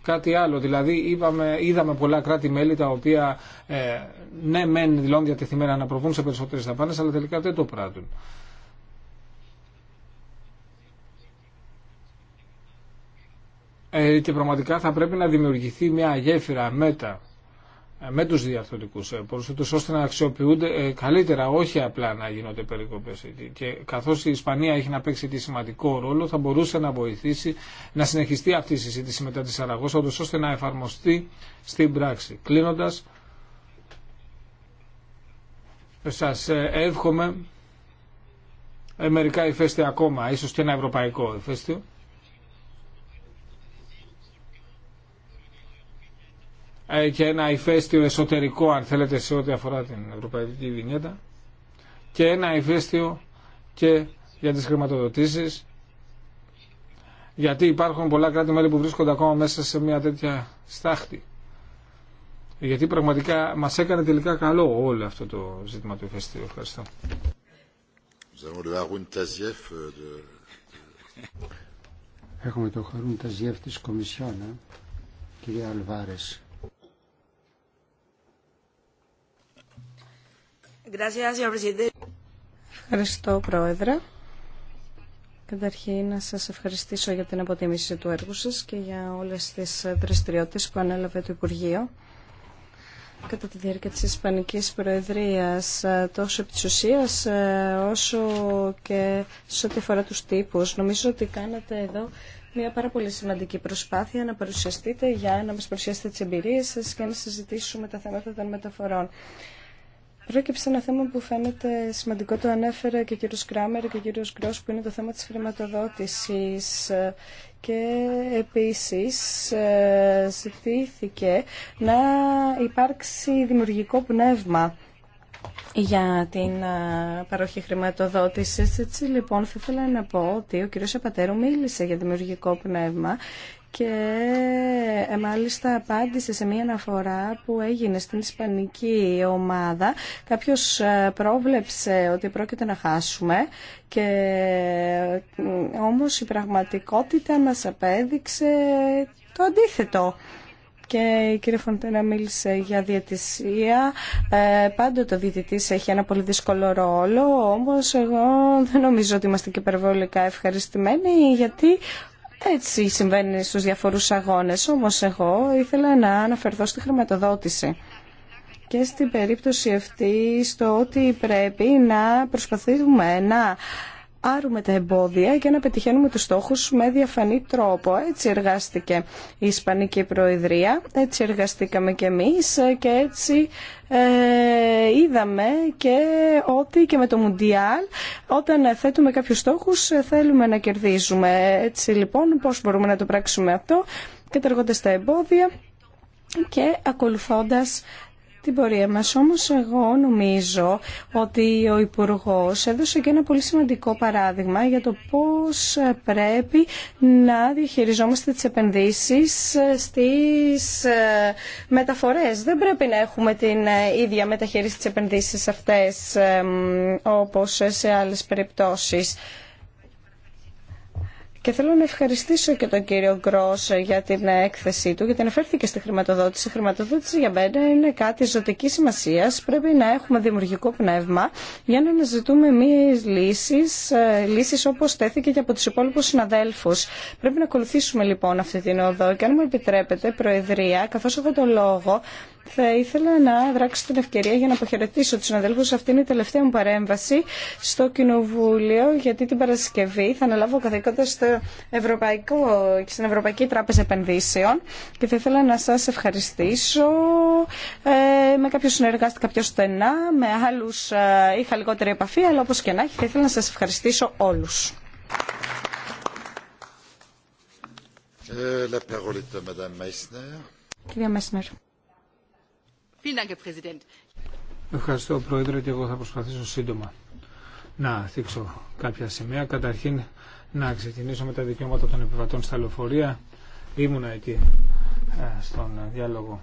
κάτι άλλο. Δηλαδή, είπαμε, είδαμε πολλά κράτη-μέλη τα οποία ε, ναι μεν δηλώνουν διατεθειμένα να προβούν σε περισσότερες δαπάνες αλλά τελικά δεν το πράττουν. Ε, και πραγματικά θα πρέπει να δημιουργηθεί μια γέφυρα μέτα ε, με τους διαρθρωτικούς ε, πόρους, ώστε να αξιοποιούνται ε, καλύτερα, όχι απλά να γίνονται περικοπές. Και καθώς η Ισπανία έχει να παίξει τη σημαντικό ρόλο, θα μπορούσε να βοηθήσει να συνεχιστεί αυτή η συζήτηση μετά τη Σαραγώσα, ώστε να εφαρμοστεί στην πράξη. Κλείνοντας, σας εύχομαι μερικά ηφαίστεια ακόμα, ίσως και ένα ευρωπαϊκό ηφαίστειο. Ε, και ένα ηφαίστειο εσωτερικό αν θέλετε σε ό,τι αφορά την ευρωπαϊκή βινιέτα και ένα ηφαίστειο και για τις χρηματοδοτήσεις γιατί υπάρχουν πολλά κράτη-μέλη που βρίσκονται ακόμα μέσα σε μια τέτοια στάχτη. Γιατί πραγματικά μας έκανε τελικά καλό όλο αυτό το ζήτημα του ηφαίστειου. Ευχαριστώ. Έχουμε το Χαρούν Ταζιεύ της Κομισιόνα, ε. κυρία Αλβάρες. Ευχαριστώ, Πρόεδρε. Καταρχήν, να σας ευχαριστήσω για την αποτίμηση του έργου σας και για όλες τις δραστηριότητε που ανέλαβε το Υπουργείο. Κατά τη διάρκεια της Ισπανικής Προεδρίας, τόσο επί της ουσίας, όσο και σε ό,τι αφορά τους τύπους, νομίζω ότι κάνατε εδώ μια πάρα πολύ σημαντική προσπάθεια να παρουσιαστείτε για να μας παρουσιάσετε τις εμπειρίες σας και να συζητήσουμε τα θέματα των μεταφορών. Πρόκειψε ένα θέμα που φαίνεται σημαντικό, το ανέφερε και ο κύριος Κράμερ και ο κύριος Γκρός, που είναι το θέμα της χρηματοδότησης. Και επίσης ε, ζητήθηκε να υπάρξει δημιουργικό πνεύμα για την ε, παροχή χρηματοδότησης. Έτσι λοιπόν θα ήθελα να πω ότι ο κύριος Απατέρου μίλησε για δημιουργικό πνεύμα και ε, μάλιστα απάντησε σε μία αναφορά που έγινε στην Ισπανική ομάδα. Κάποιος ε, πρόβλεψε ότι πρόκειται να χάσουμε και ε, όμως η πραγματικότητα μας απέδειξε το αντίθετο. Και η κυρία Φοντένα μίλησε για διατησία. Ε, πάντοτε ο διαιτητή έχει ένα πολύ δύσκολο ρόλο, όμω εγώ δεν νομίζω ότι είμαστε και υπερβολικά ευχαριστημένοι, γιατί έτσι συμβαίνει στους διαφορούς αγώνες, όμως εγώ ήθελα να αναφερθώ στη χρηματοδότηση. Και στην περίπτωση αυτή στο ότι πρέπει να προσπαθούμε να άρουμε τα εμπόδια για να πετυχαίνουμε τους στόχους με διαφανή τρόπο. Έτσι εργάστηκε η Ισπανική Προεδρία, έτσι εργαστήκαμε και εμείς και έτσι ε, είδαμε και ότι και με το Μουντιάλ όταν θέτουμε κάποιους στόχους θέλουμε να κερδίζουμε. Έτσι λοιπόν πώς μπορούμε να το πράξουμε αυτό καταργώντας τα εμπόδια και ακολουθώντας την πορεία μας. Όμως εγώ νομίζω ότι ο Υπουργός έδωσε και ένα πολύ σημαντικό παράδειγμα για το πώς πρέπει να διαχειριζόμαστε τις επενδύσεις στις ε, μεταφορές. Δεν πρέπει να έχουμε την ε, ίδια μεταχείριση της επενδύσεις αυτές ε, όπως σε άλλες περιπτώσεις. Και θέλω να ευχαριστήσω και τον κύριο Γκρό ε, για την έκθεσή του, γιατί αναφέρθηκε στη χρηματοδότηση. Η χρηματοδότηση για μένα είναι κάτι ζωτική σημασία. Πρέπει να έχουμε δημιουργικό πνεύμα για να αναζητούμε μία λύσει, ε, λύσει όπω τέθηκε και από του υπόλοιπου συναδέλφου. Πρέπει να ακολουθήσουμε λοιπόν αυτή την οδό. Και αν μου επιτρέπετε, Προεδρία, καθώ έχω το λόγο, θα ήθελα να δράξω την ευκαιρία για να αποχαιρετήσω του συναδέλφου. Αυτή είναι η τελευταία μου παρέμβαση στο Κοινοβούλιο, γιατί την Παρασκευή θα αναλάβω καθηκόντα στο στην Ευρωπαϊκή Τράπεζα Επενδύσεων και θα ήθελα να σα ευχαριστήσω. Ε, με κάποιου συνεργάστηκα πιο στενά, με άλλου ε, είχα λιγότερη επαφή, αλλά όπω και να έχει θα ήθελα να σα ευχαριστήσω όλου. Ε, Κυρία Ευχαριστώ, Πρόεδρε, και εγώ θα προσπαθήσω σύντομα να θίξω κάποια σημεία. Καταρχήν, να ξεκινήσω με τα δικαιώματα των επιβατών στα λεωφορεία. Ήμουνα εκεί ε, στον διάλογο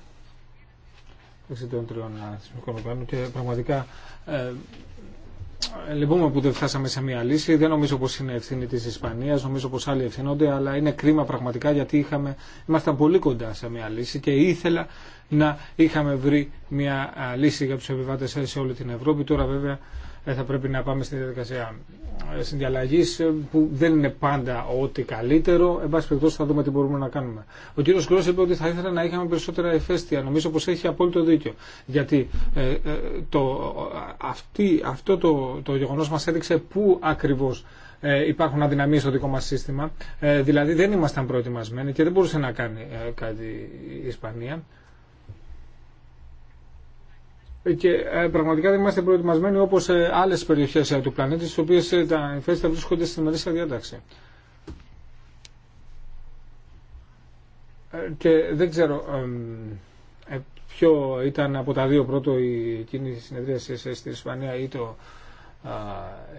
μεταξύ των τριών θεσμικών οργάνων και πραγματικά ε, Λυπούμε που δεν φτάσαμε σε μια λύση. Δεν νομίζω πως είναι ευθύνη τη Ισπανία, νομίζω πως άλλοι ευθύνονται, αλλά είναι κρίμα πραγματικά γιατί είχαμε, ήμασταν πολύ κοντά σε μια λύση και ήθελα να είχαμε βρει μια λύση για του επιβάτε σε όλη την Ευρώπη. Τώρα βέβαια ε, θα πρέπει να πάμε στη διαδικασία ε, συνδιαλλαγή ε, που δεν είναι πάντα ό,τι καλύτερο. Εν πάση περιπτώσει θα δούμε τι μπορούμε να κάνουμε. Ο κύριο Κρό είπε ότι θα ήθελα να είχαμε περισσότερα εφέστια. Νομίζω πω έχει απόλυτο δίκιο. Γιατί το, αυτή, αυτό το, το γεγονό μα έδειξε πού ακριβώ υπάρχουν αδυναμίε στο δικό μα σύστημα. δηλαδή δεν ήμασταν προετοιμασμένοι και δεν μπορούσε να κάνει κάτι η Ισπανία και ε, πραγματικά δεν είμαστε προετοιμασμένοι όπω ε, άλλε περιοχέ ε, του πλανήτη, στι οποίε τα ηφαίστεια βρίσκονται στην μερίσια διάταξη. Και δεν ξέρω ε, ποιο ήταν από τα δύο πρώτο η εκείνη συνεδρία στην Ισπανία ή το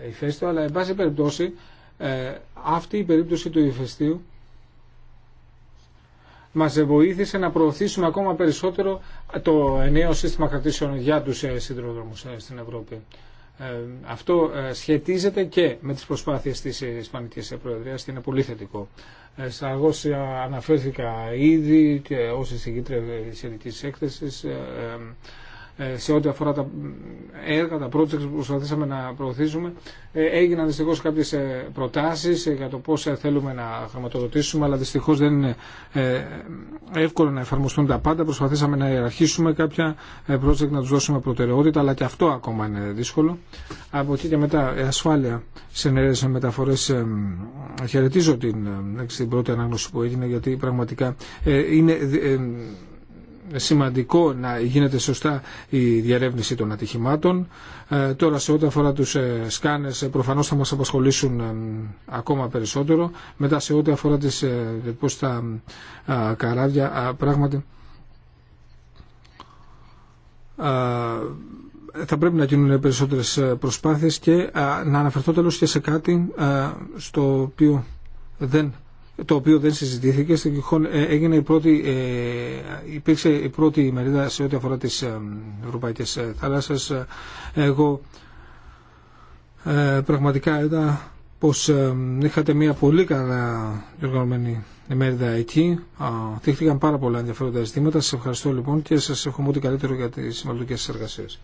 ηφαίστειο, αλλά εν πάση περιπτώσει ε, αυτή η περίπτωση του ηφαιστείου μας βοήθησε να προωθήσουμε ακόμα περισσότερο το νέο σύστημα κρατήσεων για του ε, σιδηροδρόμου ε, στην Ευρώπη. Ε, αυτό σχετίζεται και με τις προσπάθειες της Ισπανικής Προεδρίας και είναι πολύ θετικό. αγώσια αναφέρθηκα ήδη και ως εισηγήτρια σχετικής έκθεσης ε, σε ό,τι αφορά τα έργα, τα projects που προσπαθήσαμε να προωθήσουμε. Ε, έγιναν δυστυχώ κάποιε προτάσει ε, για το πώ θέλουμε να χρηματοδοτήσουμε, αλλά δυστυχώ δεν είναι εύκολο να εφαρμοστούν τα πάντα. Προσπαθήσαμε να ιεραρχήσουμε κάποια project, να του δώσουμε προτεραιότητα, αλλά και αυτό ακόμα είναι δύσκολο. Από εκεί και μετά, ασφάλεια σε νέε μεταφορέ. Χαιρετίζω την, την πρώτη ανάγνωση που έγινε, γιατί πραγματικά είναι σημαντικό να γίνεται σωστά η διαρεύνηση των ατυχημάτων. Ε, τώρα σε ό,τι αφορά τους ε, σκάνες ε, προφανώς θα μας απασχολήσουν ακόμα περισσότερο. Μετά σε ό,τι αφορά τις, πώς τα καράβια πράγματι θα πρέπει να γίνουν περισσότερες προσπάθειες και να αναφερθώ τέλος και σε κάτι στο οποίο δεν το οποίο δεν συζητήθηκε. Στην Κιχόν ε, έγινε η πρώτη, ε, υπήρξε η πρώτη μερίδα σε ό,τι αφορά τις ε, ευρωπαϊκές θάλασσες. Εγώ πραγματικά είδα πως είχατε μια πολύ καλά διοργανωμένη μερίδα εκεί. Δείχτηκαν πάρα πολλά ενδιαφέροντα ζητήματα. Σας ευχαριστώ λοιπόν και σας εύχομαι ό,τι καλύτερο για τις συμβαλλοντικές σας εργασίες.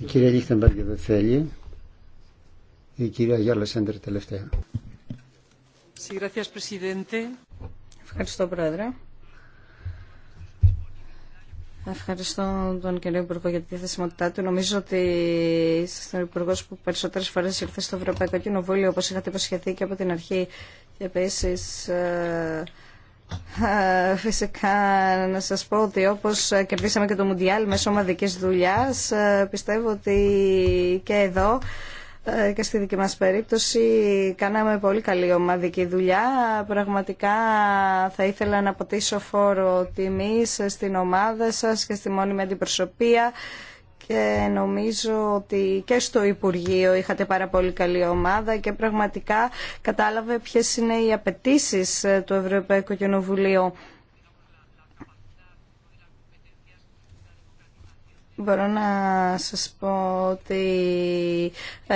Η κυρία Λίχτεμπεργκ θέλει. Η κυρία Γιάλα Σέντερ τελευταία. Ευχαριστώ πρόεδρε. Ευχαριστώ τον κύριο Υπουργό για τη διαθεσιμότητά του. Νομίζω ότι είστε ο Υπουργό που περισσότερε φορέ ήρθε στο Ευρωπαϊκό Κοινοβούλιο, όπω είχατε υποσχεθεί και από την αρχή. Και επίση, ε, ε, φυσικά να σα πω ότι όπω κερδίσαμε και το Μουντιάλ μέσω ομαδική δουλειά, ε, πιστεύω ότι και εδώ ε, και στη δική μας περίπτωση κάναμε πολύ καλή ομαδική δουλειά. Πραγματικά θα ήθελα να αποτίσω φόρο τιμής στην ομάδα σας και στη μόνιμη αντιπροσωπεία και νομίζω ότι και στο Υπουργείο είχατε πάρα πολύ καλή ομάδα και πραγματικά κατάλαβε ποιες είναι οι απαιτήσει του Ευρωπαϊκού Κοινοβουλίου Μπορώ να σας πω ότι ε,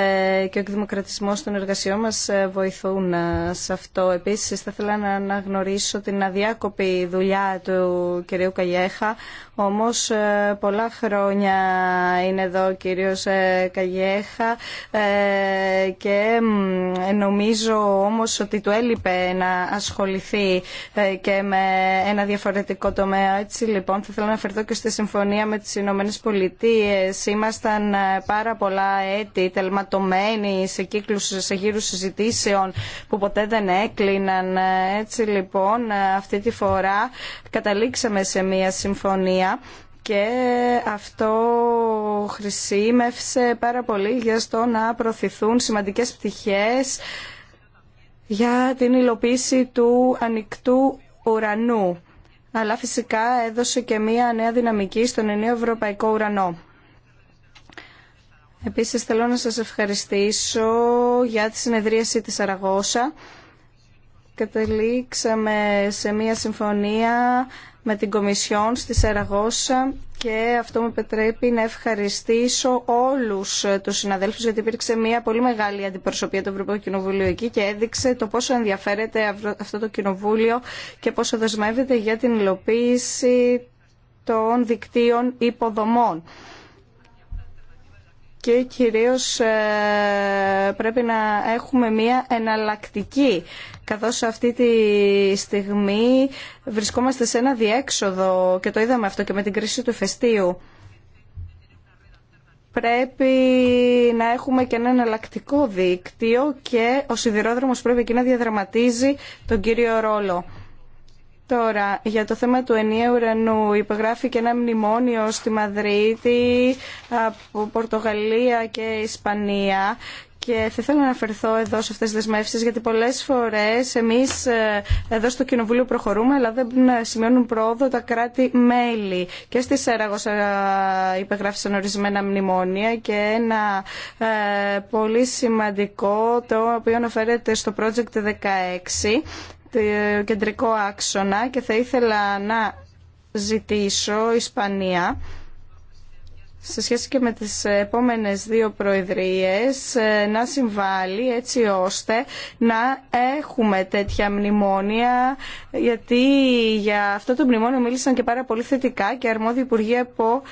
και ο εκδημοκρατισμός των εργασιών μας ε, βοηθούν ε, σε αυτό. Επίσης, θα ήθελα να αναγνωρίσω την αδιάκοπη δουλειά του κυρίου Καγιέχα. Όμως, πολλά χρόνια είναι εδώ ο κύριος Καγιέχα και νομίζω όμως ότι του έλειπε να ασχοληθεί και με ένα διαφορετικό τομέα. Έτσι, λοιπόν, θα ήθελα να αφαιρθώ και στη συμφωνία με τις Ηνωμένες Πολιτείες Πολιτείες ήμασταν ε, πάρα πολλά έτη τελματωμένοι σε κύκλους, σε γύρους συζητήσεων που ποτέ δεν έκλειναν. Ε, έτσι λοιπόν ε, αυτή τη φορά καταλήξαμε σε μια συμφωνία και αυτό χρησιμεύσε πάρα πολύ για στο να προωθηθούν σημαντικές πτυχές για την υλοποίηση του ανοικτού ουρανού αλλά φυσικά έδωσε και μία νέα δυναμική στον ενίο ευρωπαϊκό ουρανό. Επίσης θέλω να σας ευχαριστήσω για τη συνεδρίαση της Αραγώσα. Καταλήξαμε σε μία συμφωνία με την Κομισιόν στη Σαραγώσα και αυτό μου επιτρέπει να ευχαριστήσω όλους τους συναδέλφους γιατί υπήρξε μια πολύ μεγάλη αντιπροσωπεία του Ευρωπαϊκού Κοινοβουλίου εκεί και έδειξε το πόσο ενδιαφέρεται αυτό το Κοινοβούλιο και πόσο δεσμεύεται για την υλοποίηση των δικτύων υποδομών και κυρίως ε, πρέπει να έχουμε μία εναλλακτική καθώς αυτή τη στιγμή βρισκόμαστε σε ένα διέξοδο και το είδαμε αυτό και με την κρίση του εφεστίου. Πρέπει να έχουμε και ένα εναλλακτικό δίκτυο και ο σιδηρόδρομος πρέπει εκεί να διαδραματίζει τον κύριο ρόλο. Τώρα, για το θέμα του ενιαίου ουρανού, και ένα μνημόνιο στη Μαδρίτη από Πορτογαλία και Ισπανία και θα ήθελα να αναφερθώ εδώ σε αυτές τις δεσμεύσεις γιατί πολλές φορές εμείς ε, εδώ στο Κοινοβούλιο προχωρούμε αλλά δεν σημειώνουν πρόοδο τα κράτη-μέλη. Και στη Σέραγος υπεγράφησαν ορισμένα μνημόνια και ένα ε, πολύ σημαντικό το οποίο αναφέρεται στο Project 16 το κεντρικό άξονα και θα ήθελα να ζητήσω Ισπανία σε σχέση και με τις επόμενες δύο προεδρίες ε, να συμβάλλει έτσι ώστε να έχουμε τέτοια μνημόνια γιατί για αυτό το μνημόνιο μίλησαν και πάρα πολύ θετικά και αρμόδιοι υπουργοί από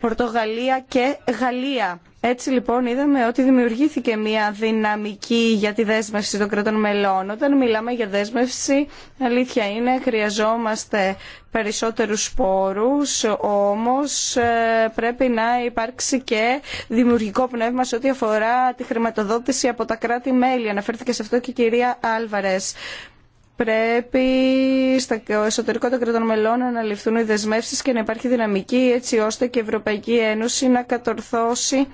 Πορτογαλία και Γαλλία. Έτσι λοιπόν είδαμε ότι δημιουργήθηκε μια δυναμική για τη δέσμευση των κρατών μελών. Όταν μιλάμε για δέσμευση, αλήθεια είναι, χρειαζόμαστε περισσότερους σπόρους, όμως ε, πρέπει να υπάρξει και δημιουργικό πνεύμα σε ό,τι αφορά τη χρηματοδότηση από τα κράτη-μέλη. Αναφέρθηκε σε αυτό και η κυρία Άλβαρες πρέπει στο εσωτερικό των κρατών μελών να αναλυφθούν οι δεσμεύσεις και να υπάρχει δυναμική έτσι ώστε και η Ευρωπαϊκή Ένωση να κατορθώσει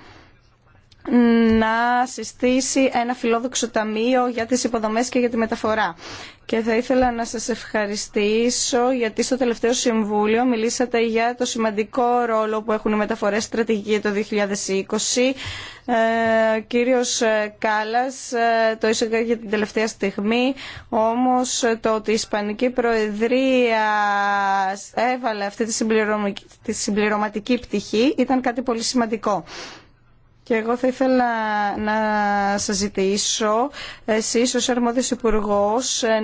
να συστήσει ένα φιλόδοξο ταμείο για τις υποδομές και για τη μεταφορά. Και θα ήθελα να σας ευχαριστήσω γιατί στο τελευταίο Συμβούλιο μιλήσατε για το σημαντικό ρόλο που έχουν οι μεταφορές στρατηγική το 2020. Ο ε, κύριος Κάλλας ε, το ίσως για την τελευταία στιγμή, όμως το ότι η Ισπανική Προεδρία έβαλε αυτή τη συμπληρωματική πτυχή ήταν κάτι πολύ σημαντικό. Και εγώ θα ήθελα να σας ζητήσω, εσείς ως αρμόδιο υπουργό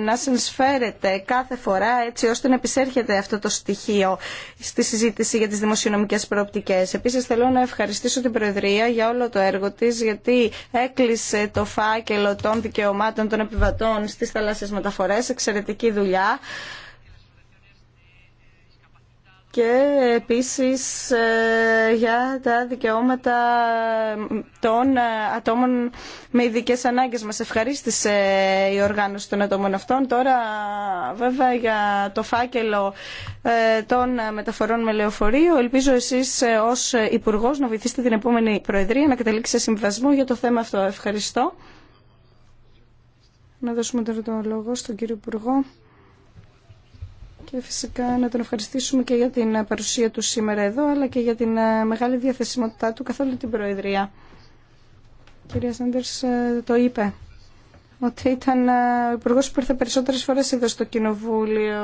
να συνσφέρετε κάθε φορά έτσι ώστε να επισέρχεται αυτό το στοιχείο στη συζήτηση για τις δημοσιονομικές προοπτικές. Επίσης θέλω να ευχαριστήσω την Προεδρία για όλο το έργο της, γιατί έκλεισε το φάκελο των δικαιωμάτων των επιβατών στι θαλάσσιε μεταφορέ. εξαιρετική δουλειά και επίσης ε, για τα δικαιώματα των ε, ατόμων με ειδικέ ανάγκες. Μας ευχαρίστησε ε, η οργάνωση των ατόμων αυτών. Τώρα βέβαια για το φάκελο των μεταφορών με λεωφορείο ελπίζω εσείς ως υπουργό να βοηθήσετε την επόμενη Προεδρία να καταλήξει σε συμβασμό για το θέμα αυτό. Ευχαριστώ. Να δώσουμε τώρα τον λόγο στον κύριο Υπουργό. Και φυσικά να τον ευχαριστήσουμε και για την ε, παρουσία του σήμερα εδώ, αλλά και για την ε, μεγάλη διαθεσιμότητά του καθ' όλη την Προεδρία. Η κυρία Σάντερς ε, το είπε ότι ήταν ο υπουργό που ήρθε περισσότερες φορές εδώ στο Κοινοβούλιο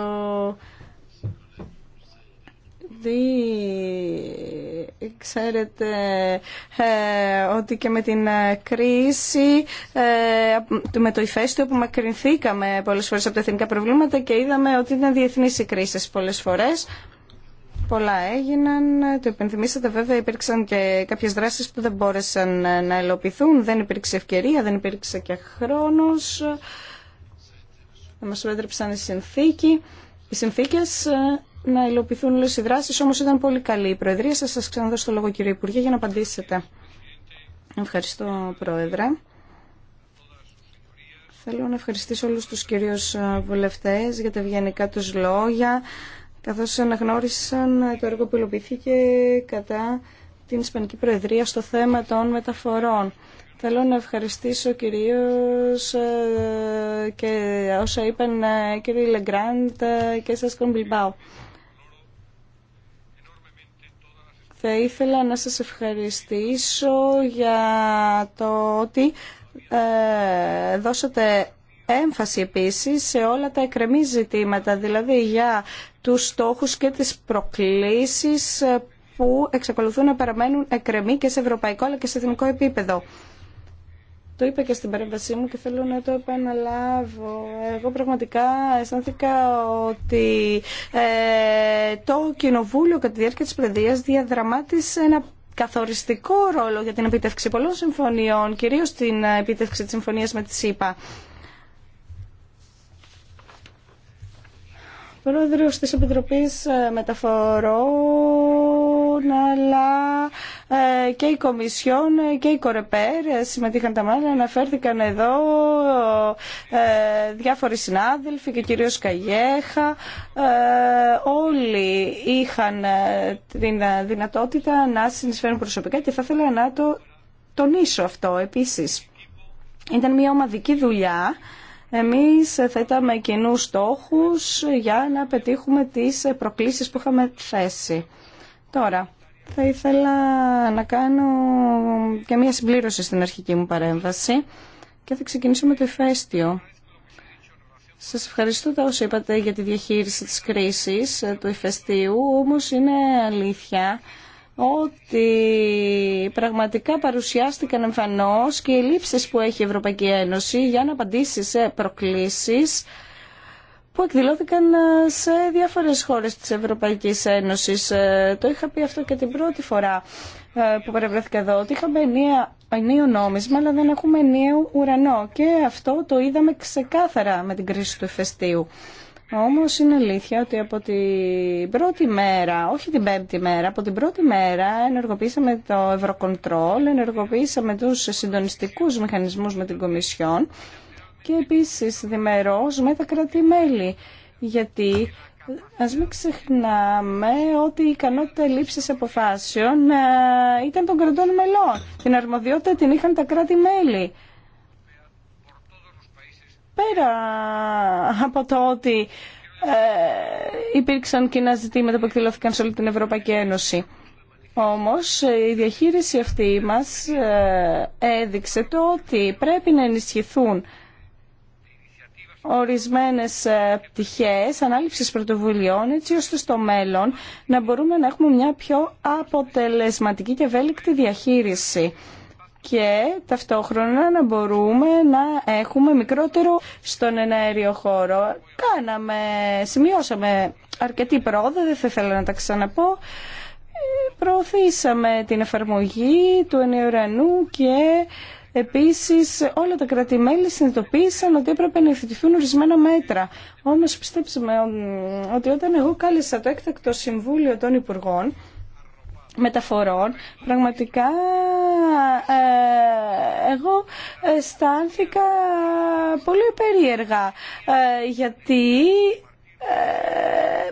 επειδή ξέρετε ε, ότι και με την ε, κρίση, ε, με το ηφαίστειο που μακρινθήκαμε πολλές φορές από τα εθνικά προβλήματα και είδαμε ότι ήταν διεθνείς οι κρίσεις πολλές φορές. Πολλά έγιναν, το υπενθυμίσατε βέβαια, υπήρξαν και κάποιες δράσεις που δεν μπόρεσαν να ελοπιθούν, δεν υπήρξε ευκαιρία, δεν υπήρξε και χρόνος, δεν μας επέτρεψαν οι συνθήκες. Οι συνθήκες να υλοποιηθούν όλε οι δράσει, όμω ήταν πολύ καλή η Προεδρία. Σα σας ξαναδώσω το λόγο, κύριε Υπουργέ, για να απαντήσετε. Ευχαριστώ, Πρόεδρε. Θέλω να ευχαριστήσω όλους τους κυρίους ε, βουλευτές για τα ευγενικά τους λόγια, καθώς αναγνώρισαν το έργο που υλοποιήθηκε κατά την Ισπανική Προεδρία στο θέμα των μεταφορών. Θέλω να ευχαριστήσω κυρίως ε, και όσα είπαν ε, κύριε Λεγκράντ και σας Μπιλμπάου. Θα ήθελα να σας ευχαριστήσω για το ότι ε, δώσατε έμφαση επίσης σε όλα τα εκρεμή ζητήματα, δηλαδή για τους στόχους και τις προκλήσεις ε, που εξακολουθούν να παραμένουν εκρεμή και σε ευρωπαϊκό αλλά και σε εθνικό επίπεδο. Το είπα και στην παρέμβασή μου και θέλω να το επαναλάβω. Εγώ πραγματικά αισθάνθηκα ότι ε, το Κοινοβούλιο κατά τη διάρκεια της παιδείας διαδραμάτισε ένα καθοριστικό ρόλο για την επίτευξη πολλών συμφωνιών, κυρίως την επίτευξη της συμφωνίας με τη ΣΥΠΑ. πρόεδρος της Επιτροπής ε, Μεταφορών, αλλά ε, και η Κομισιόν ε, και η Κορεπέρ συμμετείχαν τα μάλλον, αναφέρθηκαν εδώ διάφοροι συνάδελφοι και κυρίως Καγιέχα. Όλοι είχαν την δυνατότητα να συνεισφέρουν προσωπικά και θα ήθελα να το τονίσω αυτό επίσης. Ήταν μια ομαδική δουλειά εμείς θέταμε κοινού στόχους για να πετύχουμε τις προκλήσεις που είχαμε θέσει. Τώρα, θα ήθελα να κάνω και μία συμπλήρωση στην αρχική μου παρέμβαση και θα ξεκινήσω με το ηφαίστειο. Σας ευχαριστώ τα όσα είπατε για τη διαχείριση της κρίσης ε, του ηφαιστείου, όμως είναι αλήθεια ότι πραγματικά παρουσιάστηκαν εμφανώς και οι λήψεις που έχει η Ευρωπαϊκή Ένωση για να απαντήσει σε προκλήσεις που εκδηλώθηκαν σε διάφορες χώρες της Ευρωπαϊκής Ένωσης. Ε, το είχα πει αυτό και την πρώτη φορά ε, που παρευρέθηκα εδώ, ότι είχαμε ενίο νόμισμα, αλλά δεν έχουμε ενίο ουρανό. Και αυτό το είδαμε ξεκάθαρα με την κρίση του εφεστίου. Όμως είναι αλήθεια ότι από την πρώτη μέρα, όχι την πέμπτη μέρα, από την πρώτη μέρα ενεργοποίησαμε το Ευρωκοντρόλ, ενεργοποίησαμε τους συντονιστικούς μηχανισμούς με την Κομισιόν και επίσης διμερώς με τα κράτη-μέλη. Γιατί Ας μην ξεχνάμε ότι η ικανότητα λήψης αποφάσεων ε, ήταν των κρατών μελών. Την αρμοδιότητα την είχαν τα κράτη-μέλη πέρα από το ότι ε, υπήρξαν κοινά ζητήματα που εκδηλώθηκαν σε όλη την Ευρωπαϊκή Ένωση. Όμως η διαχείριση αυτή μας ε, έδειξε το ότι πρέπει να ενισχυθούν ορισμένες ε, πτυχές ανάληψης πρωτοβουλειών έτσι ώστε στο μέλλον να μπορούμε να έχουμε μια πιο αποτελεσματική και ευέλικτη διαχείριση και ταυτόχρονα να μπορούμε να έχουμε μικρότερο στον εναέριο χώρο. Κάναμε, σημειώσαμε αρκετή πρόοδο, δεν θα ήθελα να τα ξαναπώ. Προωθήσαμε την εφαρμογή του ενεωρανού και επίσης όλα τα κρατημέλη συνειδητοποίησαν ότι έπρεπε να υιοθετηθούν ορισμένα μέτρα. Όμως πιστέψαμε ότι όταν εγώ κάλεσα το έκτακτο συμβούλιο των Υπουργών, μεταφορών, πραγματικά ε, εγώ αισθάνθηκα πολύ περίεργα ε, γιατί ε,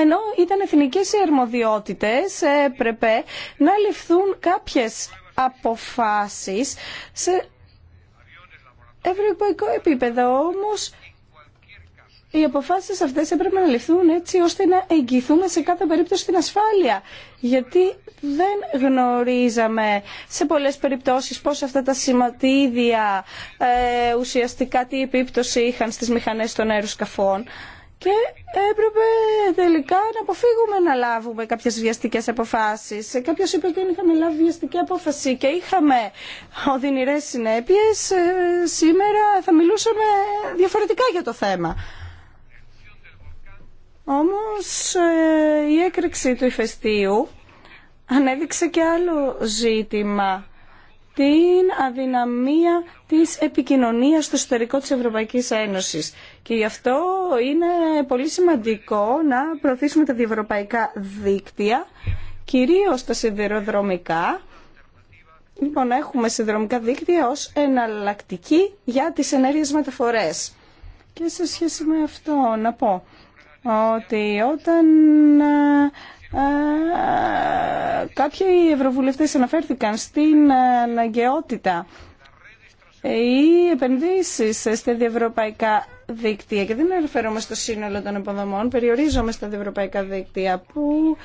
ενώ ήταν εθνικές οι αρμοδιότητες έπρεπε να ληφθούν κάποιες αποφάσεις σε ευρωπαϊκό επίπεδο όμως οι αποφάσει αυτέ έπρεπε να ληφθούν έτσι ώστε να εγγυηθούμε σε κάθε περίπτωση την ασφάλεια. Γιατί δεν γνωρίζαμε σε πολλέ περιπτώσει πώ αυτά τα σηματίδια ε, ουσιαστικά τι επίπτωση είχαν στι μηχανέ των αεροσκαφών. Και έπρεπε τελικά να αποφύγουμε να λάβουμε κάποιες βιαστικές αποφάσεις. Ε, κάποιος είπε ότι δεν είχαμε λάβει βιαστική απόφαση και είχαμε οδυνηρές συνέπειες. Ε, σήμερα θα μιλούσαμε διαφορετικά για το θέμα. Όμως ε, η έκρηξη του ηφαιστείου ανέδειξε και άλλο ζήτημα την αδυναμία της επικοινωνίας στο εσωτερικό της Ευρωπαϊκής Ένωσης. Και γι' αυτό είναι πολύ σημαντικό να προωθήσουμε τα διευρωπαϊκά δίκτυα, κυρίως τα σιδηροδρομικά. Λοιπόν, έχουμε σιδηροδρομικά δίκτυα ως εναλλακτική για τις ενέργειες μεταφορές. Και σε σχέση με αυτό να πω ότι όταν ε, ε, κάποιοι ευρωβουλευτές αναφέρθηκαν στην ε, αναγκαιότητα οι επενδύσεις στα διευρωπαϊκά δίκτυα και δεν αναφέρομαι στο σύνολο των υποδομών, περιορίζομαι στα διευρωπαϊκά δίκτυα που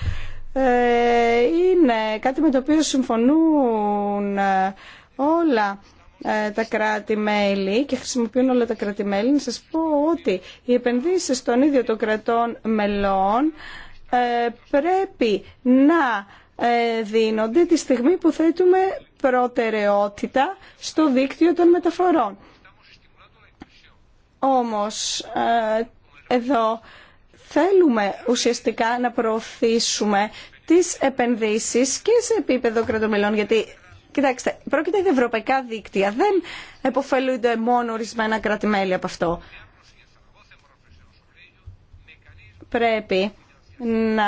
είναι κάτι με το οποίο συμφωνούν όλα ε, τα κράτη-μέλη και χρησιμοποιούν όλα τα κράτη-μέλη, να σας πω ότι οι επενδύσεις των ίδιων των κρατών μελών ε, πρέπει να ε, δίνονται τη στιγμή που θέτουμε προτεραιότητα στο δίκτυο των μεταφορών. Όμως, εδώ θέλουμε ουσιαστικά να προωθήσουμε τις επενδύσεις και σε επίπεδο κρατομελών, γιατί Κοιτάξτε, πρόκειται για ευρωπαϊκά δίκτυα. Δεν εποφελούνται μόνο ορισμένα κράτη-μέλη από αυτό. Πρέπει να